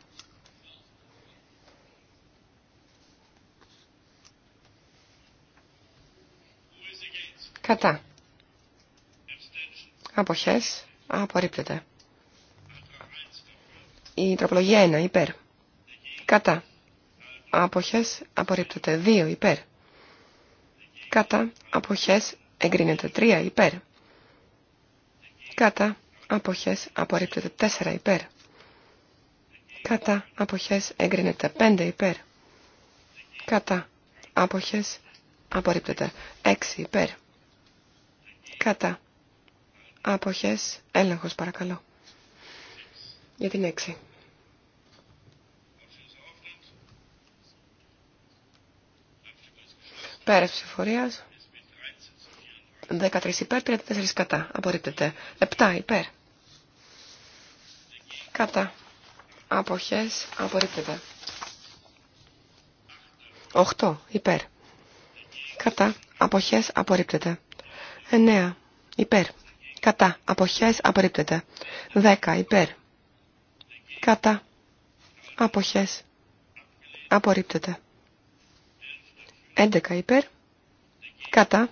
Κατά. Αποχές. Απορρίπτεται. Η τροπολογία 1. Υπέρ. Κατά. Αποχές. Απορρίπτεται. 2. Υπέρ. Κατά. Αποχές. Εγκρίνεται. 3. Υπέρ. Κατά. Αποχές. Απορρίπτεται. 4. Υπέρ. Κατά. Αποχές. Εγκρίνεται. 5. Υπέρ. Κατά. Αποχές. Απορρίπτεται. 6. Υπέρ. Κατά. Αποχές. Έλεγχος παρακαλώ. Για την έξη. Πέρας ψηφορίας. 13 υπέρ, 34 κατά. Απορρίπτεται. 7 υπέρ. Κατά. Αποχές. Απορρίπτεται. 8 υπέρ. Κατά. Αποχές. Απορρίπτεται. 9. Υπέρ. Κατά. Αποχές απορρίπτεται. 10. Υπέρ. Κατά. Αποχές. Απορρίπτεται. 11. Υπέρ. Κατά.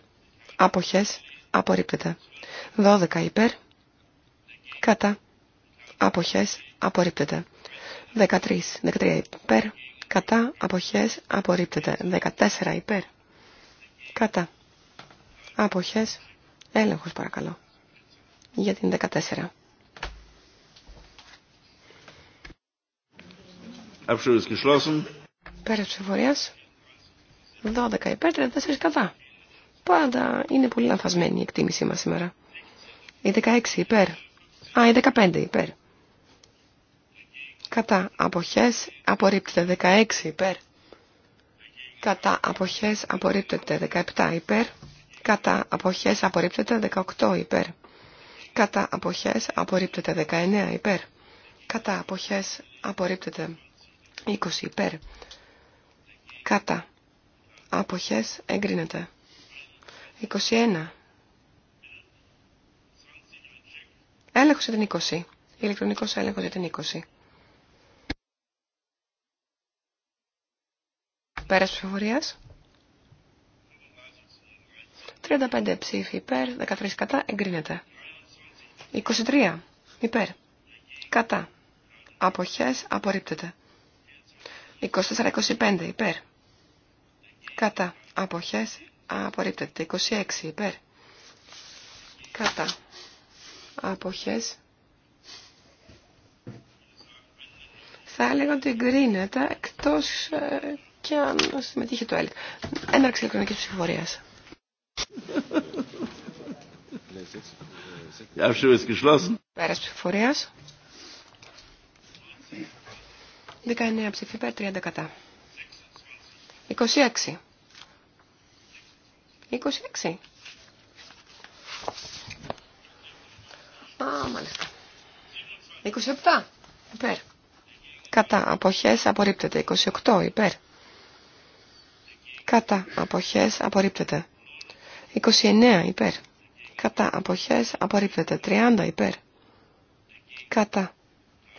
Αποχές. Απορρίπτεται. 12. Υπέρ. Κατά. Αποχές. Απορρίπτεται. 13. 13. Υπέρ. Κατά. Αποχές. Απορρίπτεται. 14. Υπέρ. Κατά. Αποχές. Έλεγχος παρακαλώ. Για την 14. Πέρα geschlossen. Πέρα 12 υπέρ, 34 κατά. Πάντα είναι πολύ λανθασμένη η εκτίμησή μας σήμερα. Η 16 υπέρ. Α, η 15 υπέρ. Κατά αποχές απορρίπτεται 16 υπέρ. Κατά αποχές απορρίπτεται 17 υπέρ. Κατά αποχές απορρίπτεται 18 υπέρ. Κατά αποχές απορρίπτεται 19 υπέρ. Κατά αποχές απορρίπτεται 20 υπέρ. Κατά αποχές εγκρίνεται 21. Έλεγχος για την 20. Ηλεκτρονικός έλεγχος για την 20. Πέρας ψηφοφορίας. 35 ψήφοι υπέρ, 13 κατά, εγκρίνεται. 23 υπέρ, κατά, αποχές, απορρίπτεται. 24-25 υπέρ, κατά, αποχές, απορρίπτεται. 26 υπέρ, κατά, αποχές, θα έλεγα ότι εγκρίνεται εκτός ε, και αν συμμετείχε το ΕΛΚ. Έναρξη ηλεκτρονικής ψηφοφορίας. Πέρας ψηφοφορίας. 19 ψηφί, 30 κατά. 26. 26. Α, μάλιστα. 27. Υπέρ. Κατά απόχέ απορρίπτεται. 28. Υπέρ. Κατά αποχές απορρίπτεται. 29 υπέρ. Κατά αποχές απορρίπτεται. 30 υπέρ. Κατά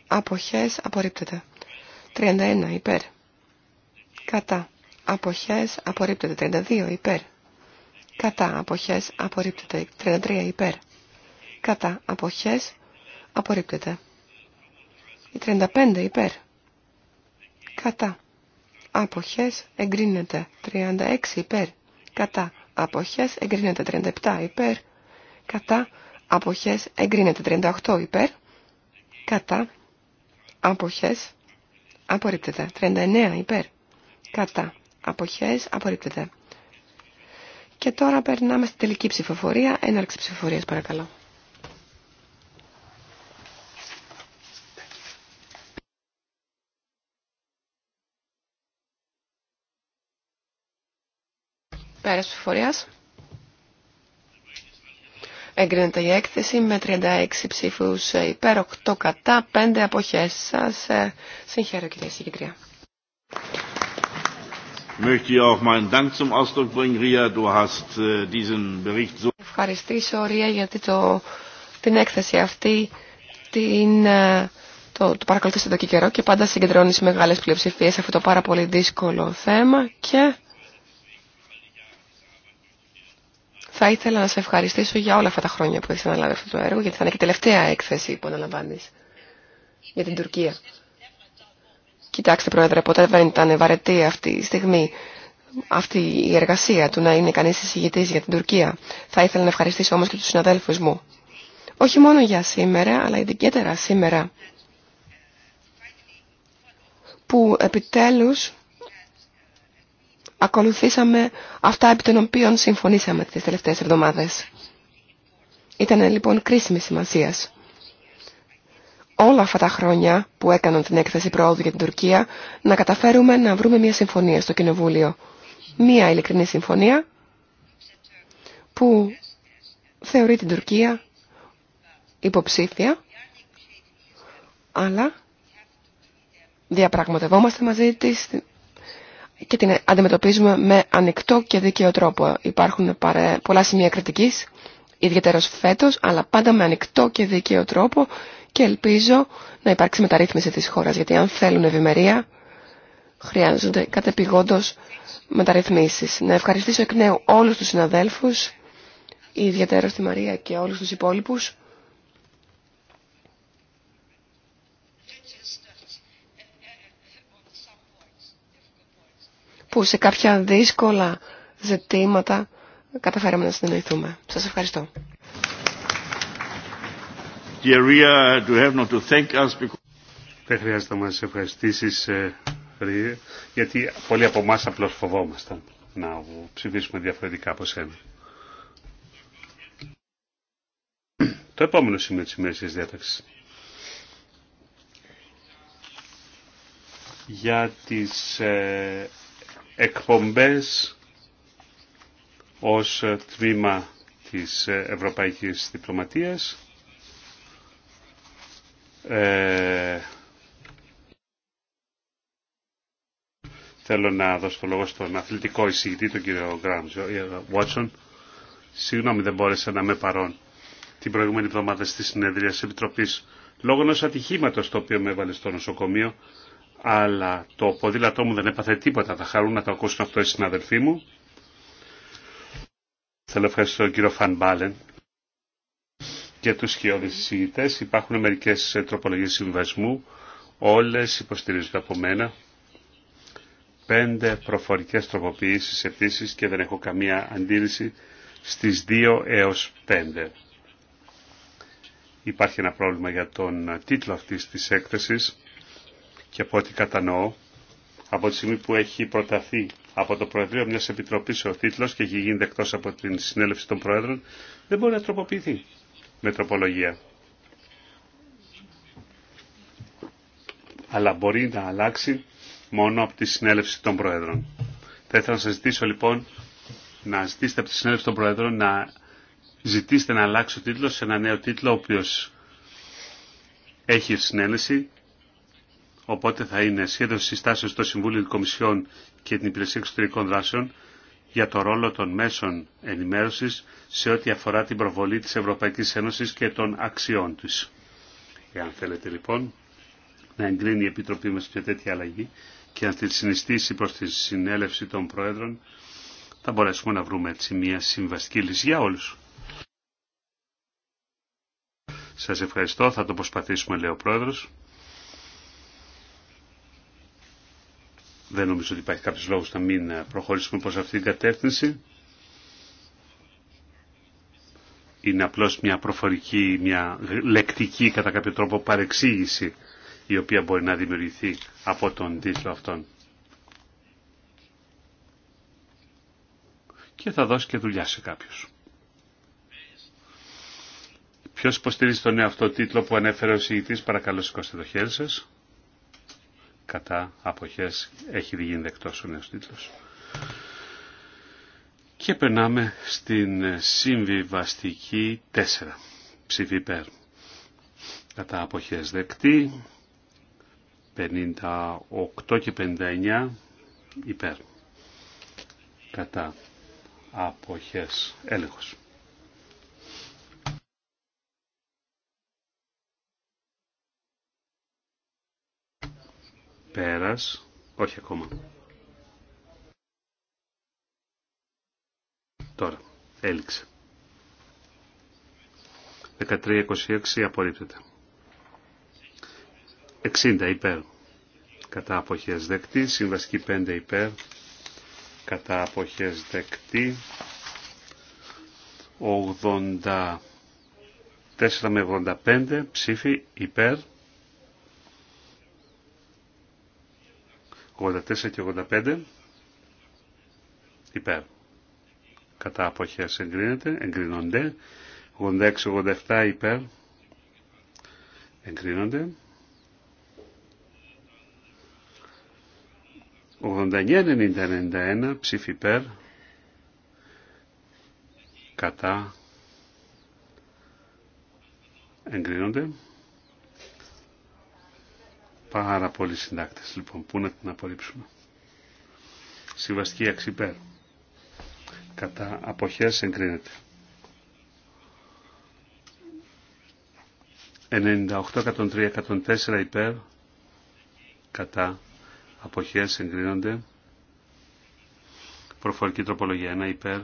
αποχές απορρίπτεται. 31 υπέρ. Κατά αποχές απορρίπτεται. 32 υπέρ. Κατά αποχές απορρίπτεται. 33 υπέρ. Κατά αποχές απορρίπτεται. 35 υπέρ. Κατά. Αποχές εγκρίνεται. 36 υπέρ. Κατά αποχές εγκρίνεται 37 υπέρ, κατά αποχές εγκρίνεται 38 υπέρ, κατά αποχές απορρίπτεται 39 υπέρ, κατά αποχές απορρίπτεται. Και τώρα περνάμε στη τελική ψηφοφορία, έναρξη ψηφοφορίας παρακαλώ. Πέρας ψηφοφορίας. Εγκρίνεται η έκθεση με 36 ψήφους υπέρ, 8 κατά, 5 αποχές. Σας ε, συγχαίρω κυρία Συγκητρία. Äh, Ευχαριστήσω, Ρία, γιατί το, την έκθεση αυτή την, ε, το, το παρακολουθήσατε εδώ και καιρό και πάντα συγκεντρώνεις μεγάλες πλειοψηφίες σε αυτό το πάρα πολύ δύσκολο θέμα και Θα ήθελα να σε ευχαριστήσω για όλα αυτά τα χρόνια που έχεις αναλάβει αυτό το έργο, γιατί θα είναι και η τελευταία έκθεση που αναλαμβάνει για την Τουρκία. Κοιτάξτε, Πρόεδρε, ποτέ δεν ήταν βαρετή αυτή η στιγμή, αυτή η εργασία του να είναι κανεί εισηγητής για την Τουρκία. Θα ήθελα να ευχαριστήσω όμω και του συναδέλφου μου. Όχι μόνο για σήμερα, αλλά ιδιαίτερα σήμερα, που επιτέλους ακολουθήσαμε αυτά επί των οποίων συμφωνήσαμε τις τελευταίες εβδομάδες. Ήταν λοιπόν κρίσιμη σημασία. Όλα αυτά τα χρόνια που έκαναν την έκθεση πρόοδου για την Τουρκία να καταφέρουμε να βρούμε μια συμφωνία στο Κοινοβούλιο. Μια ειλικρινή συμφωνία που θεωρεί την Τουρκία υποψήφια, αλλά διαπραγματευόμαστε μαζί της και την αντιμετωπίζουμε με ανοιχτό και δίκαιο τρόπο. Υπάρχουν πολλά σημεία κριτικής, ιδιαίτερος φέτος, αλλά πάντα με ανοιχτό και δίκαιο τρόπο και ελπίζω να υπάρξει μεταρρύθμιση της χώρας, γιατί αν θέλουν ευημερία χρειάζονται κατεπηγόντως μεταρρυθμίσεις. Να ευχαριστήσω εκ νέου όλους τους συναδέλφους, ιδιαίτερα στη Μαρία και όλους τους υπόλοιπους, που σε κάποια δύσκολα ζητήματα καταφέραμε να συνεννοηθούμε. Σας ευχαριστώ. Δεν χρειάζεται να μας ευχαριστήσεις, ε, γιατί πολλοί από εμά απλώς φοβόμασταν να ψηφίσουμε διαφορετικά από σένα. Το επόμενο σημείο της της διάταξης. Για τις ε, εκπομπές ως τμήμα της ευρωπαϊκής διπλωματίας. Ε, θέλω να δώσω το λόγο στον αθλητικό εισηγητή, τον κύριο Γκράμζο Βότσον. Ε, Συγγνώμη δεν μπόρεσα να με παρών την προηγούμενη εβδομάδα στη συνεδρία της Επιτροπής λόγω ενός ατυχήματος το οποίο με έβαλε στο νοσοκομείο αλλά το ποδήλατό μου δεν έπαθε τίποτα. Θα χαρούν να το ακούσουν αυτό οι συναδελφοί μου. Θέλω ευχαριστώ τον κύριο Φαν Μπάλεν και τους χειόδης συζητητές. Υπάρχουν μερικές τροπολογίες συμβασμού. Όλες υποστηρίζονται από μένα. Πέντε προφορικές τροποποιήσεις επίσης και δεν έχω καμία αντίρρηση στις δύο έως πέντε. Υπάρχει ένα πρόβλημα για τον τίτλο αυτής της έκθεσης και από ό,τι κατανοώ, από τη στιγμή που έχει προταθεί από το Προεδρείο μιας Επιτροπής ο τίτλος και έχει γίνει δεκτός από την Συνέλευση των Προέδρων, δεν μπορεί να τροποποιηθεί με τροπολογία. Αλλά μπορεί να αλλάξει μόνο από τη Συνέλευση των Προέδρων. Θα ήθελα να σα ζητήσω λοιπόν να ζητήσετε από τη Συνέλευση των Προέδρων να ζητήσετε να αλλάξει ο τίτλο σε ένα νέο τίτλο ο οποίο έχει συνέλευση Οπότε θα είναι σχέδιο συστάσεως στο Συμβούλιο των Κομισιών και την Υπηρεσία Εξωτερικών Δράσεων για το ρόλο των μέσων ενημέρωσης σε ό,τι αφορά την προβολή της Ευρωπαϊκής Ένωσης και των αξιών της. Εάν θέλετε λοιπόν να εγκρίνει η Επιτροπή μας μια τέτοια αλλαγή και να τη συνιστήσει προς τη συνέλευση των Πρόεδρων, θα μπορέσουμε να βρούμε έτσι μια συμβαστική λύση για όλους. Σας ευχαριστώ, θα το προσπαθήσουμε λέει ο Πρόεδρο. Δεν νομίζω ότι υπάρχει κάποιος λόγος να μην ε, προχωρήσουμε προς αυτή την κατεύθυνση. Είναι απλώς μια προφορική, μια λεκτική κατά κάποιο τρόπο παρεξήγηση η οποία μπορεί να δημιουργηθεί από τον τίτλο αυτόν. Και θα δώσει και δουλειά σε κάποιους. Ποιος υποστηρίζει τον νέο αυτό τίτλο που ανέφερε ο συγητής, παρακαλώ σηκώστε το χέρι σας κατά αποχές έχει γίνει δεκτός ο νέος τίτλος. Και περνάμε στην συμβιβαστική 4. Ψήφι υπέρ. Κατά αποχές δεκτή. 58 και 59 υπέρ. Κατά αποχές έλεγχος. Πέρας. Όχι ακόμα. Τώρα. Έληξε. 13-26 απορρίπτεται. 60 υπέρ. Κατά αποχές δεκτή. Συμβασική 5 υπέρ. Κατά αποχές δεκτή. 84 με 85 ψήφι υπέρ 84 και 85 υπέρ. Κατά αποχές εγκρίνεται, εγκρίνονται. 86-87 υπέρ εγκρίνονται. 89-90-91 ψήφι υπέρ κατά εγκρίνονται πάρα πολλοί συντάκτες λοιπόν. Πού να την απορρίψουμε. Συμβαστική αξιπέρ. Κατά αποχές εγκρίνεται. 98-103-104 υπέρ. Κατά αποχές εγκρίνονται. Προφορική τροπολογία 1 υπέρ.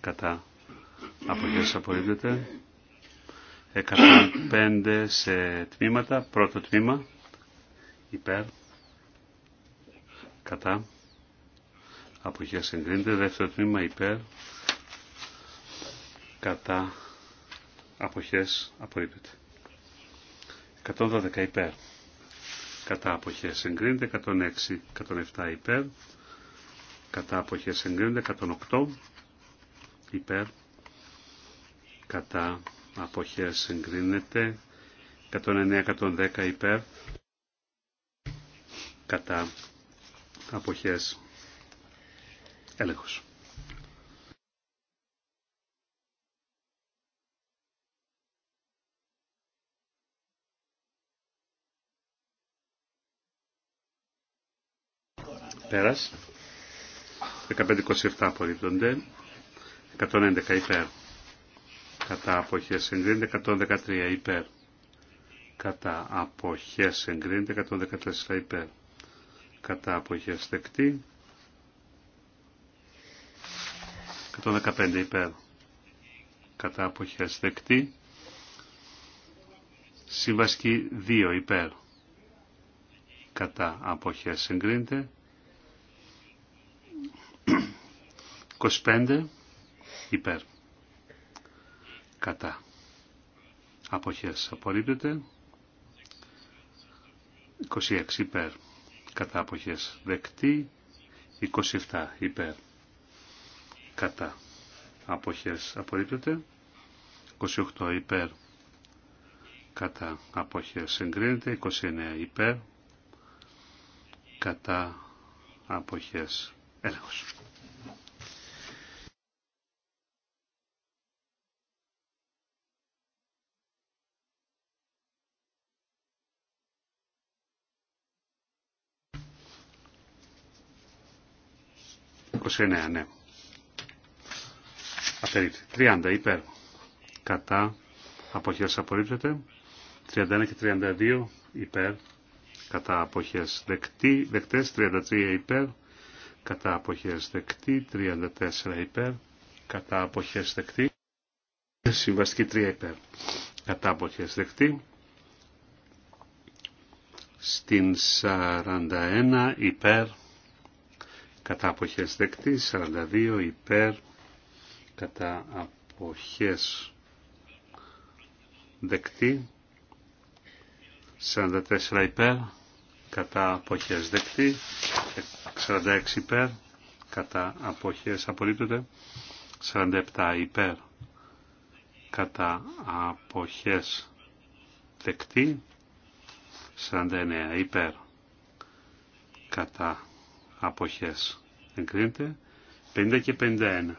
Κατά αποχές απορρίπτεται. 105 σε τμήματα. Πρώτο τμήμα. Υπέρ. Κατά. Αποχές εγκρίνεται. Δεύτερο τμήμα. Υπέρ. Κατά. Αποχές απορρίπτεται. 112 υπέρ. Κατά αποχές εγκρίνεται. 106, 107 υπέρ. Κατά αποχές εγκρίνεται. 108 υπέρ. Κατά αποχές εγκρίνεται 109-110 υπέρ κατά αποχές έλεγχος. Πέρας. 15-27 απορρίπτονται. 111 υπέρ κατά αποχές εγκρίνεται 113 υπέρ κατά αποχές εγκρίνεται 114 υπέρ κατά αποχές δεκτή 115 υπέρ κατά αποχές δεκτή Συμβασκή 2 υπέρ κατά αποχές εγκρίνεται 25 υπέρ κατά αποχές απορρίπτεται 26 υπέρ κατά αποχές δεκτή 27 υπέρ κατά αποχές απορρίπτεται 28 υπέρ κατά αποχές εγκρίνεται 29 υπέρ κατά αποχές έλεγχος 29, ναι. 30, υπέρ. Κατά. Αποχές απορρίπτεται. 31 και 32, υπέρ. Κατά αποχές δεκτή. Δεκτές. 33, υπέρ. Κατά αποχές δεκτή. 34, υπέρ. Κατά αποχές δεκτή. Συμβαστική 3 υπέρ. Κατά αποχές δεκτή. Στην 41 υπέρ κατά αποχές δεκτή, 42 υπέρ κατά αποχές δεκτή, 44 υπέρ κατά αποχές δεκτή, 46 υπέρ κατά αποχές απολύπτωται, 47 υπέρ κατά αποχές δεκτή, 49 υπέρ κατά αποχές εγκρίνεται 50 και 51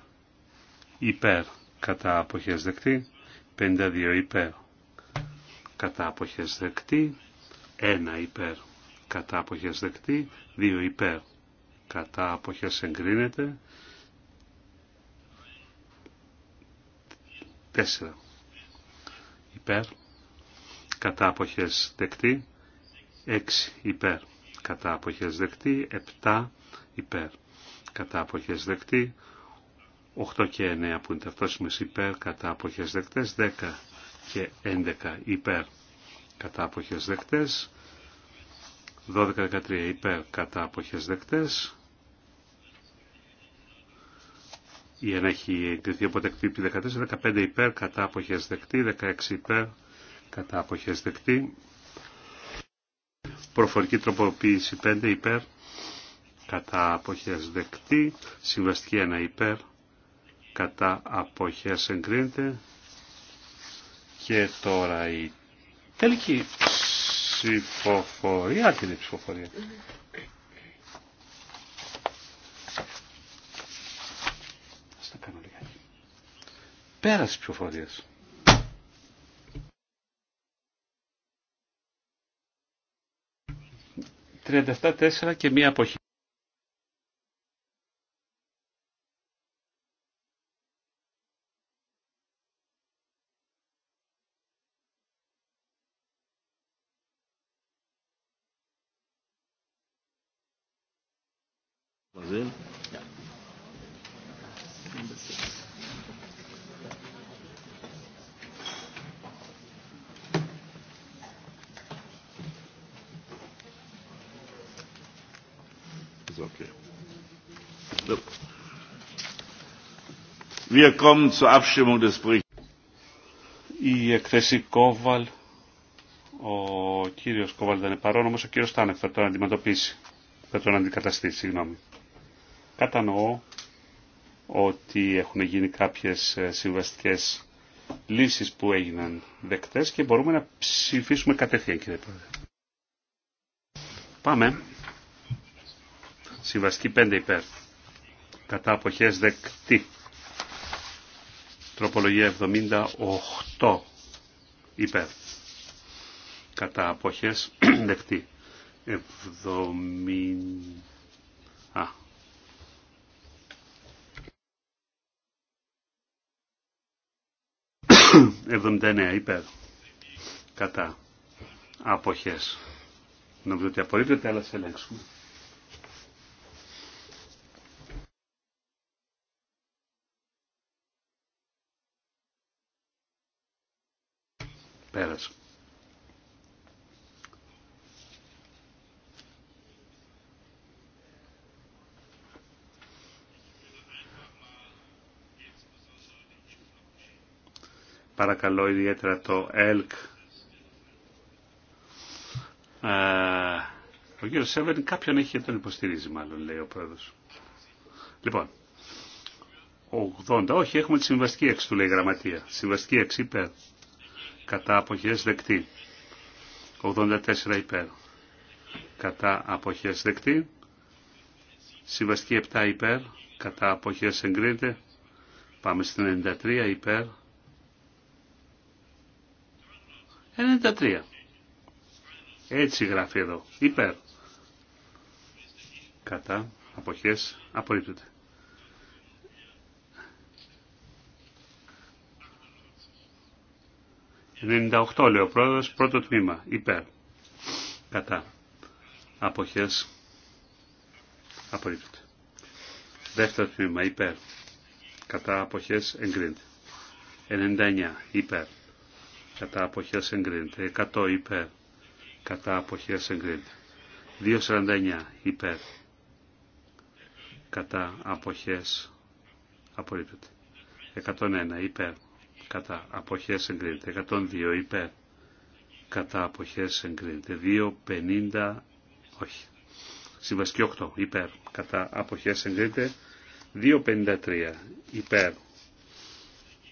υπέρ κατά αποχές δεκτή 52 υπέρ κατά αποχές δεκτή 1 υπέρ κατά αποχές δεκτή 2 υπέρ κατά αποχές εγκρίνεται 4 υπέρ κατά αποχές δεκτή 6 υπέρ κατά αποχές δεκτή, 7 υπέρ κατά αποχές δεκτή, 8 και 9 που είναι ταυτόσιμες υπέρ κατά αποχές δεκτές, 10 και 11 υπέρ κατά αποχές δεκτές, 12-13 υπέρ κατά αποχές δεκτές, η ενα έχει εγκριθεί οπότε εκπίπτει 14, 15 υπέρ κατά αποχές δεκτή, 16 υπέρ κατά αποχές δεκτή, Προφορική τροποποίηση 5 υπέρ. Κατά αποχές δεκτή. Συμβαστική 1 υπέρ. Κατά αποχές εγκρίνεται. Και τώρα η τελική ψηφοφορία. η ψηφοφορία. Πέρασε ψηφοφορίας. 37-4 και μία αποχή. Wir kommen zur Abstimmung des Berichts. Η εκθέση Κόβαλ, ο κύριο Κόβαλ δεν είναι παρόν, όμω ο κύριο Τάνεκ θα τον αντιμετωπίσει, θα τον αντικαταστήσει, συγγνώμη. Κατανοώ ότι έχουν γίνει κάποιε συμβαστικέ λύσει που έγιναν δεκτέ και μπορούμε να ψηφίσουμε κατευθείαν, κύριε Πρόεδρε. Πάμε. Συμβαστική 5 υπέρ. Κατά αποχέ δεκτή. Τροπολογία 78 υπέρ. Κατά αποχές δεκτή. 70... Α. υπέρ. Κατά. Αποχές. Νομίζω ότι απορρίπτεται, αλλά σε ελέγξουμε. παρακαλώ ιδιαίτερα το ΕΛΚ. Ο κύριο Σέβερν κάποιον έχει και τον υποστηρίζει μάλλον, λέει ο πρόεδρος. Λοιπόν, 80, όχι, έχουμε τη συμβαστική 6 του λέει η γραμματεία. Συμβαστική 6 υπέρ. Κατά αποχές δεκτή. 84 υπέρ. Κατά αποχές δεκτή. Συμβαστική 7 υπέρ. Κατά αποχές εγκρίνεται. Πάμε στην 93 υπέρ. 93. Έτσι γράφει εδώ. Υπέρ. Κατά. Αποχές. Απορρίπτεται. 98 λέει ο πρόεδρος. Πρώτο τμήμα. Υπέρ. Κατά. Αποχές. Απορρίπτεται. Δεύτερο τμήμα. Υπέρ. Κατά. Αποχές. Εγκρίνεται. 99. Υπέρ κατά αποχές εγκρίνεται. 100 υπέρ, κατά αποχές εγκρίνεται. 2.49 υπέρ, κατά αποχές απορρίπτεται. 101 υπέρ, κατά αποχές εγκρίνεται. 102 υπέρ, κατά αποχές εγκρίνεται. 2.50, όχι. Συμβαστική 8 υπέρ, κατά αποχές εγκρίνεται. 2.53 υπέρ,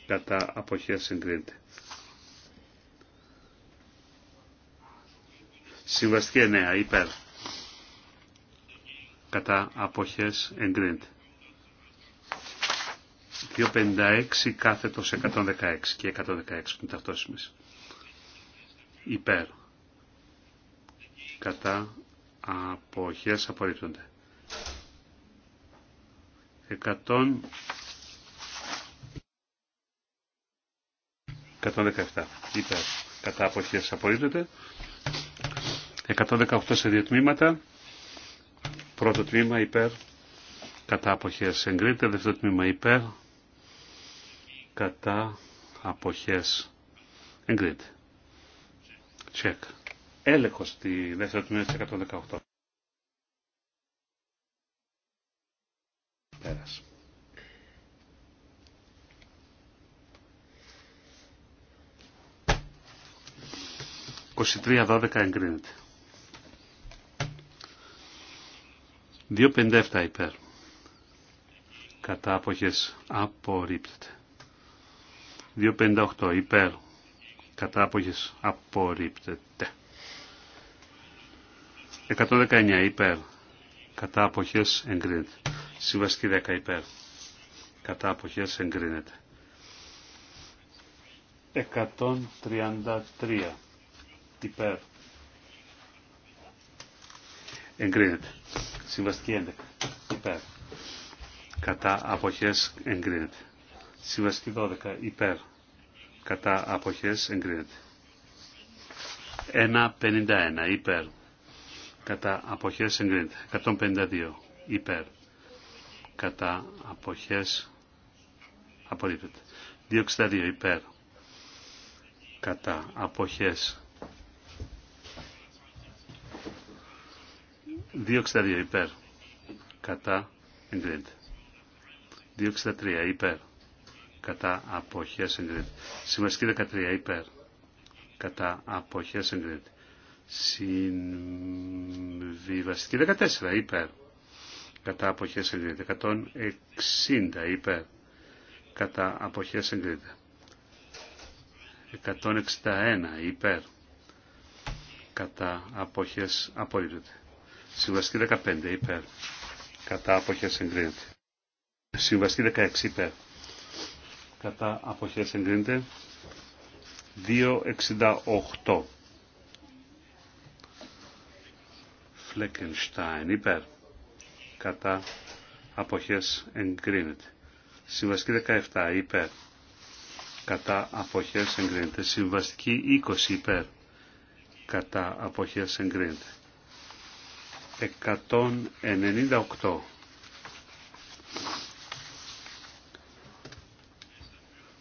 κατά αποχές εγκρίνεται. Συμβαστική 9 υπέρ. Κατά αποχές εγκρίνεται. 256 κάθετος 116 και 116 που είναι ταυτόσιμες. Υπέρ. Κατά αποχές απορρίπτονται. 100... 117. Υπέρ. Κατά αποχές απορρίπτονται. 118 σε δύο τμήματα. Πρώτο τμήμα υπέρ. Κατά αποχές εγκρίνεται. Δεύτερο τμήμα υπέρ. Κατά αποχές εγκρίνεται. Τσεκ. Έλεγχος στη δεύτερη τμήμα της 118. Πέρασε. εγκρίνεται. 2.57 υπέρ. Κατά αποχές απορρίπτεται. 2.58 υπέρ. Κατά αποχές απορρίπτεται. 119 υπέρ. Κατά αποχές εγκρίνεται. Συμβαστική 10 υπέρ. Κατά αποχές εγκρίνεται. 133 υπέρ εγκρίνεται. Συμβαστική 11 υπέρ. Κατά αποχές εγκρίνεται. Συμβαστική 12 υπέρ. Κατά αποχές εγκρίνεται. 1.51 υπέρ. Κατά αποχές εγκρίνεται. 152 υπέρ. Κατά αποχές απορρίπτεται. 2.62 υπέρ. Κατά αποχές 2,62 υπέρ. Κατά εγκρίνεται. 2,63 υπέρ. Κατά αποχές εγκρίνεται. Συμβαστική 13 υπέρ. Κατά αποχές εγκρίνεται. Συμβιβαστική 14 υπέρ. Κατά αποχές εγκρίνεται. 160 υπέρ. Κατά αποχές εγκρίνεται. 161 υπέρ. Κατά αποχές απορρίπτεται. Συμβαστή 15 υπέρ. Κατά αποχές εγκρίνεται. Συμβαστή 16 υπέρ. Κατά αποχές εγκρίνεται. 268. Φλέκενστάιν υπέρ. Κατά αποχές εγκρίνεται. Συμβαστική 17 υπέρ. Κατά αποχές εγκρίνεται. Συμβαστική 20 υπέρ. Κατά αποχές εγκρίνεται. 198.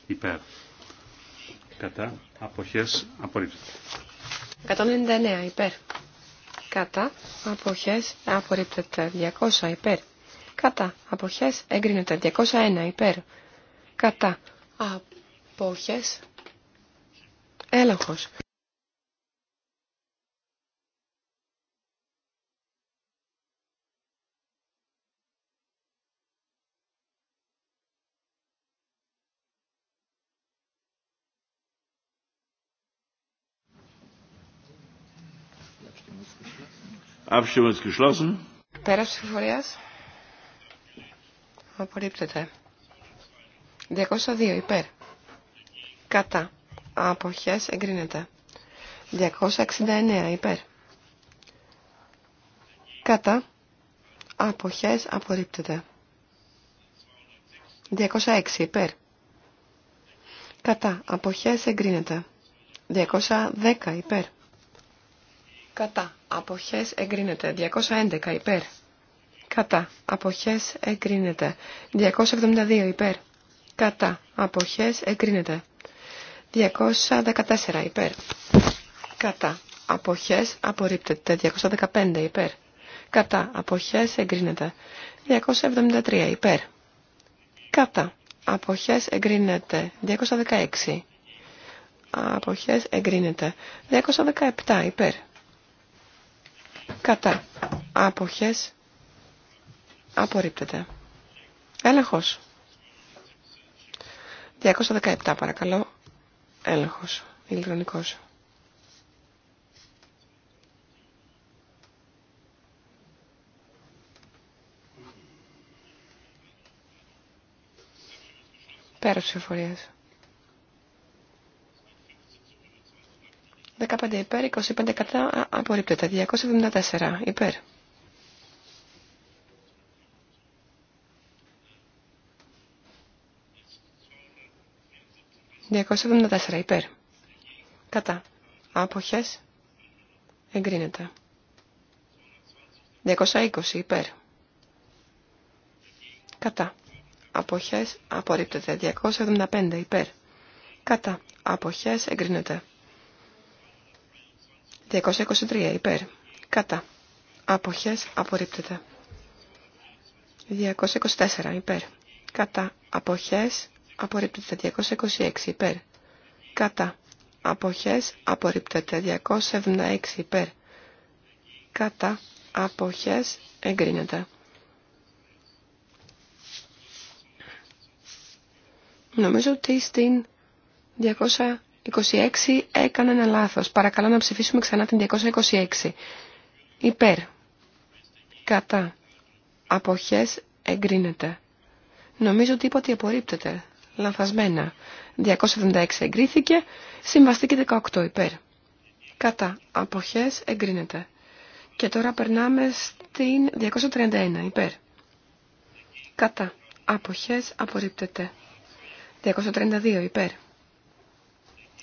Υπέρ. Κατά. Αποχές. Απορρίπτεται. 199. Υπέρ. Κατά. Αποχές. Απορρίπτεται. 200. Υπέρ. Κατά. Αποχές. Εγκρίνεται. 201. Υπέρ. Κατά. Αποχές. Έλεγχος. Abstimmung ist geschlossen. Απορρίπτεται. 202 υπέρ. Κατά. Αποχές εγκρίνεται. 269 υπέρ. Κατά. Αποχές απορρίπτεται. 206 υπέρ. Κατά. Αποχές εγκρίνεται. 210 υπέρ. Κατά. Αποχές εγκρίνεται. 211 υπέρ. Κατά. Αποχές εγκρίνεται. 272 υπέρ. Κατά. Αποχές εγκρίνεται. 214 υπέρ. Κατά. Αποχές απορρίπτεται. 215 υπέρ. Κατά. Αποχές εγκρίνεται. 273 υπέρ. Κατά. Αποχές εγκρίνεται. 216. Αποχές εγκρίνεται. 217 υπέρ. Κατά. Αποχές. Απορρίπτεται. Έλεγχος. 217 παρακαλώ. Έλεγχος. Ηλεκτρονικός. Πέρα εφορία. 15 υπέρ, 25 κατά, απορρίπτεται. 274 υπέρ. ...274 υπέρ. Κατά. Άποχες. Εγκρίνεται. 220 υπέρ. Κατά. Αποχές απορρίπτεται. 275 υπέρ. Κατά. Αποχές εγκρίνεται. 223 υπέρ. Κατά. Αποχές απορρίπτεται. 224 υπέρ. Κατά. Αποχές απορρίπτεται. 226 υπέρ. Κατά. Αποχές απορρίπτεται. 276 υπέρ. Κατά. Αποχές εγκρίνεται. Νομίζω ότι στην 200 26 έκανε ένα λάθος. Παρακαλώ να ψηφίσουμε ξανά την 226. Υπέρ. Κατά. Αποχές εγκρίνεται. Νομίζω ότι είπα ότι απορρίπτεται. Λαθασμένα. 276 εγκρίθηκε. και 18 υπέρ. Κατά. Αποχές εγκρίνεται. Και τώρα περνάμε στην 231 υπέρ. Κατά. Αποχές απορρίπτεται. 232 υπέρ.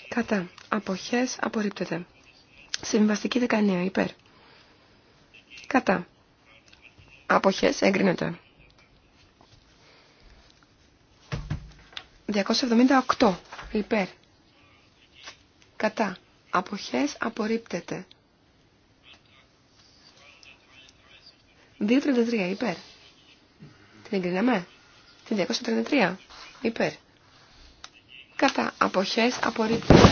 Κατά. Αποχές απορρίπτεται. Συμβαστική 19. Υπέρ. Κατά. Αποχές εγκρίνεται. 278. Υπέρ. Κατά. Αποχές απορρίπτεται. 233. Υπέρ. Την εγκρίναμε. Την 233. Υπέρ. Κατά. Αποχές απορρίπτεται.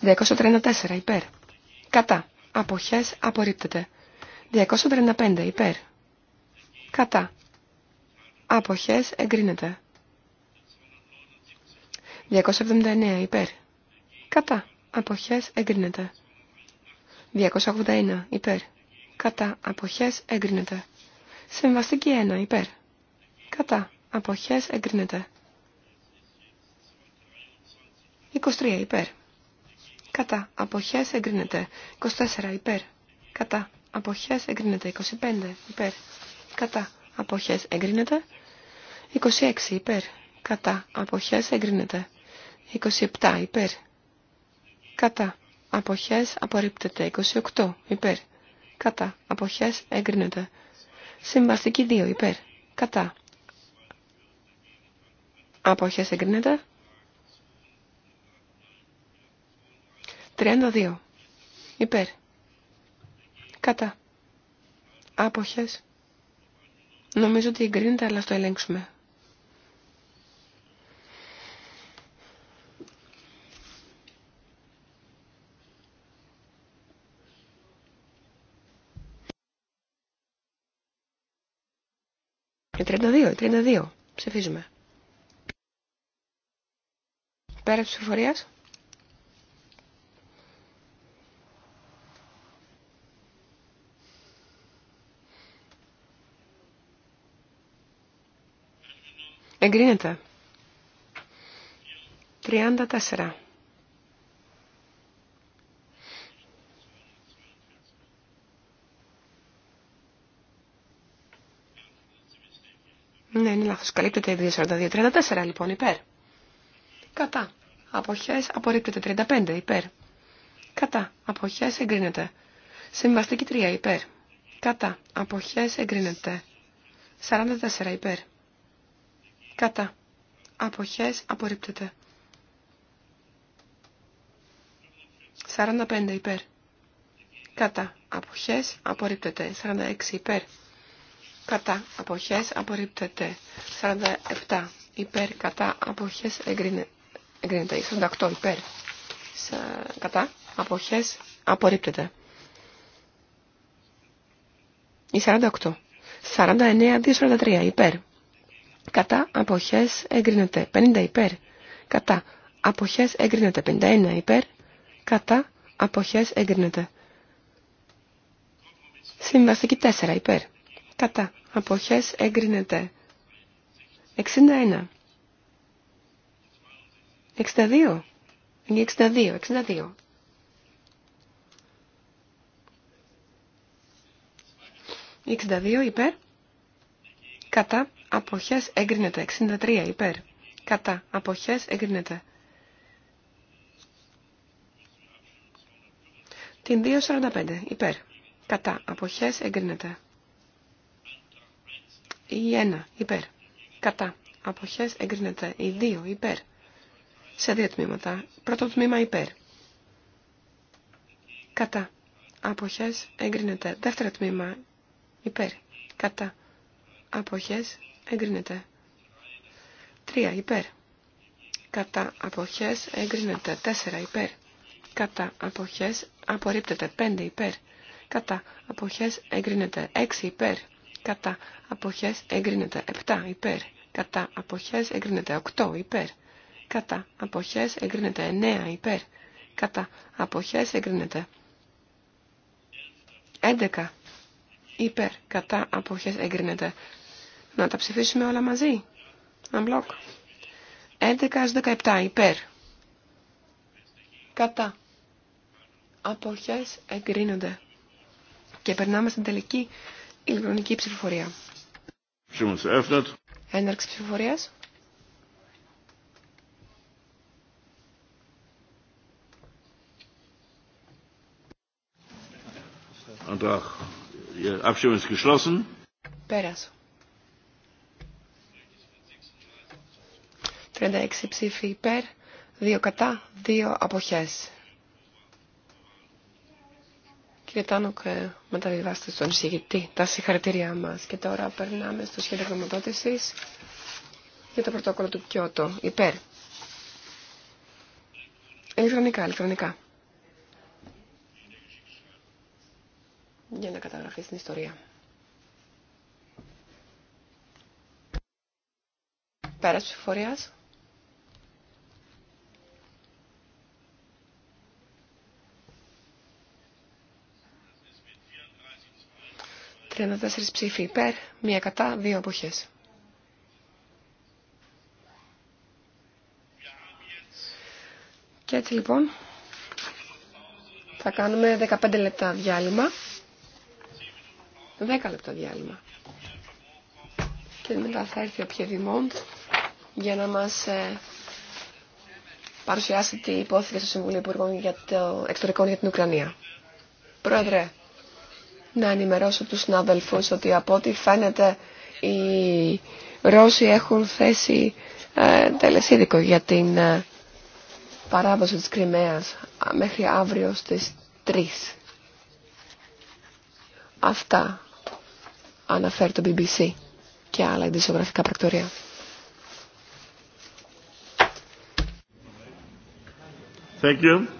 234 υπέρ. Κατά. Αποχές απορρίπτεται. 235 υπέρ. Κατά. Αποχές εγκρίνεται. 279 υπέρ. Κατά. Αποχές εγκρίνεται. 281 υπέρ. Κατά. Αποχές εγκρίνεται. Συμβαστική 1 υπέρ. Κατά. Αποχές εγκρίνεται. 23 υπέρ. Κατά. Αποχές εγκρίνεται. 24 υπέρ. Κατά. Αποχές εγκρίνεται. 25 υπέρ. Κατά. Αποχές εγκρίνεται. 26 υπέρ. Κατά. Αποχές εγκρίνεται. 27 υπέρ. Κατά. Αποχές απορρίπτεται. 28 υπέρ. Κατά. Αποχές εγκρίνεται. Συμβαστική 2 υπέρ. Κατά. Αποχές εγκρίνεται. 32. Υπέρ. Κατά. Άποχες. Νομίζω ότι εγκρίνεται, αλλά στο ελέγξουμε. Η 32, η 32. Ψηφίζουμε. Πέρα ψηφοφορίας. Εγκρίνεται. 34. Ναι, είναι λάθος. Καλύπτεται η 242. 34 λοιπόν, υπέρ. Κατά. Αποχές απορρίπτεται. 35 υπέρ. Κατά. Αποχές εγκρίνεται. Συμβαστική 3 υπέρ. Κατά. Αποχές εγκρίνεται. 44 υπέρ. Κατά. Αποχές απορρίπτεται. 45 υπέρ. Κατά. Αποχές απορρίπτεται. 46 υπέρ. Κατά. Αποχές απορρίπτεται. 47 υπέρ. Κατά. Αποχές εγκρίνεται. 48 υπέρ. Κατά. Αποχές απορρίπτεται. Η 48. 49-2-43 υπέρ κατά αποχές εγκρίνεται 50 υπέρ, κατά αποχές εγκρίνεται 51 υπέρ, κατά αποχές εγκρίνεται. Συμβαστική 4 υπέρ, κατά αποχές εγκρίνεται 61. 62. 62. 62. 62 υπέρ, κατά, αποχές εγκρίνεται. 63 υπέρ. Κατά αποχές εγκρίνεται. Την 2.45 υπέρ. Κατά αποχές εγκρίνεται. Η 1 υπέρ. Κατά αποχές εγκρίνεται. Η 2 υπέρ. Σε δύο τμήματα. Πρώτο τμήμα υπέρ. Κατά αποχές εγκρίνεται. Δεύτερο τμήμα υπέρ. Κατά αποχές εγκρίνεται. 3 υπέρ. Κατά αποχές εγκρίνεται. 4 υπέρ. Κατά αποχές απορρίπτεται. 5 υπέρ. Κατά αποχές εγκρίνεται. 6 υπέρ. Κατά αποχές εγκρίνεται. 7 υπέρ. Κατά αποχές εγκρίνεται. 8 υπέρ. Κατά αποχές εγκρίνεται. 9 υπέρ. Κατά αποχές εγκρίνεται. 11 υπέρ. Κατά αποχές εγκρίνεται. Να τα ψηφίσουμε όλα μαζί. μπλοκ. 11-17 υπέρ. Κατά. Αποχές εγκρίνονται. Και περνάμε στην τελική ηλεκτρονική ψηφοφορία. Έναρξη ψηφοφορίας. Antrag. Πέρασε. 36 ψήφοι υπέρ, 2 κατά, 2 αποχές. Κύριε Τάνοκ, ε, μεταβιβάστε στον εισηγητή τα συγχαρητήριά μας. Και τώρα περνάμε στο σχέδιο γνωμοδότησης για το πρωτόκολλο του Κιώτο. Υπέρ. Ελεκτρονικά, ελεκτρονικά. Για να καταγραφεί την ιστορία. τη ψηφοφορίας. 34 ψήφοι υπέρ, μία κατά, δύο αποχές. Και έτσι λοιπόν θα κάνουμε 15 λεπτά διάλειμμα. 10 λεπτά διάλειμμα. Και μετά θα έρθει ο Πιεδημόντ για να μας ε, παρουσιάσει τι υπόθηκε στο Συμβουλίο Υπουργών για το Εξωτερικών για την Ουκρανία. Πρόεδρε, να ενημερώσω τους συναδελφούς ότι από ό,τι φαίνεται οι Ρώσοι έχουν θέσει ε, τελεσίδικο για την ε, παράδοση της Κρυμαίας μέχρι αύριο στις 3. Αυτά αναφέρει το BBC και άλλα ειδησιογραφικά πρακτορία. Thank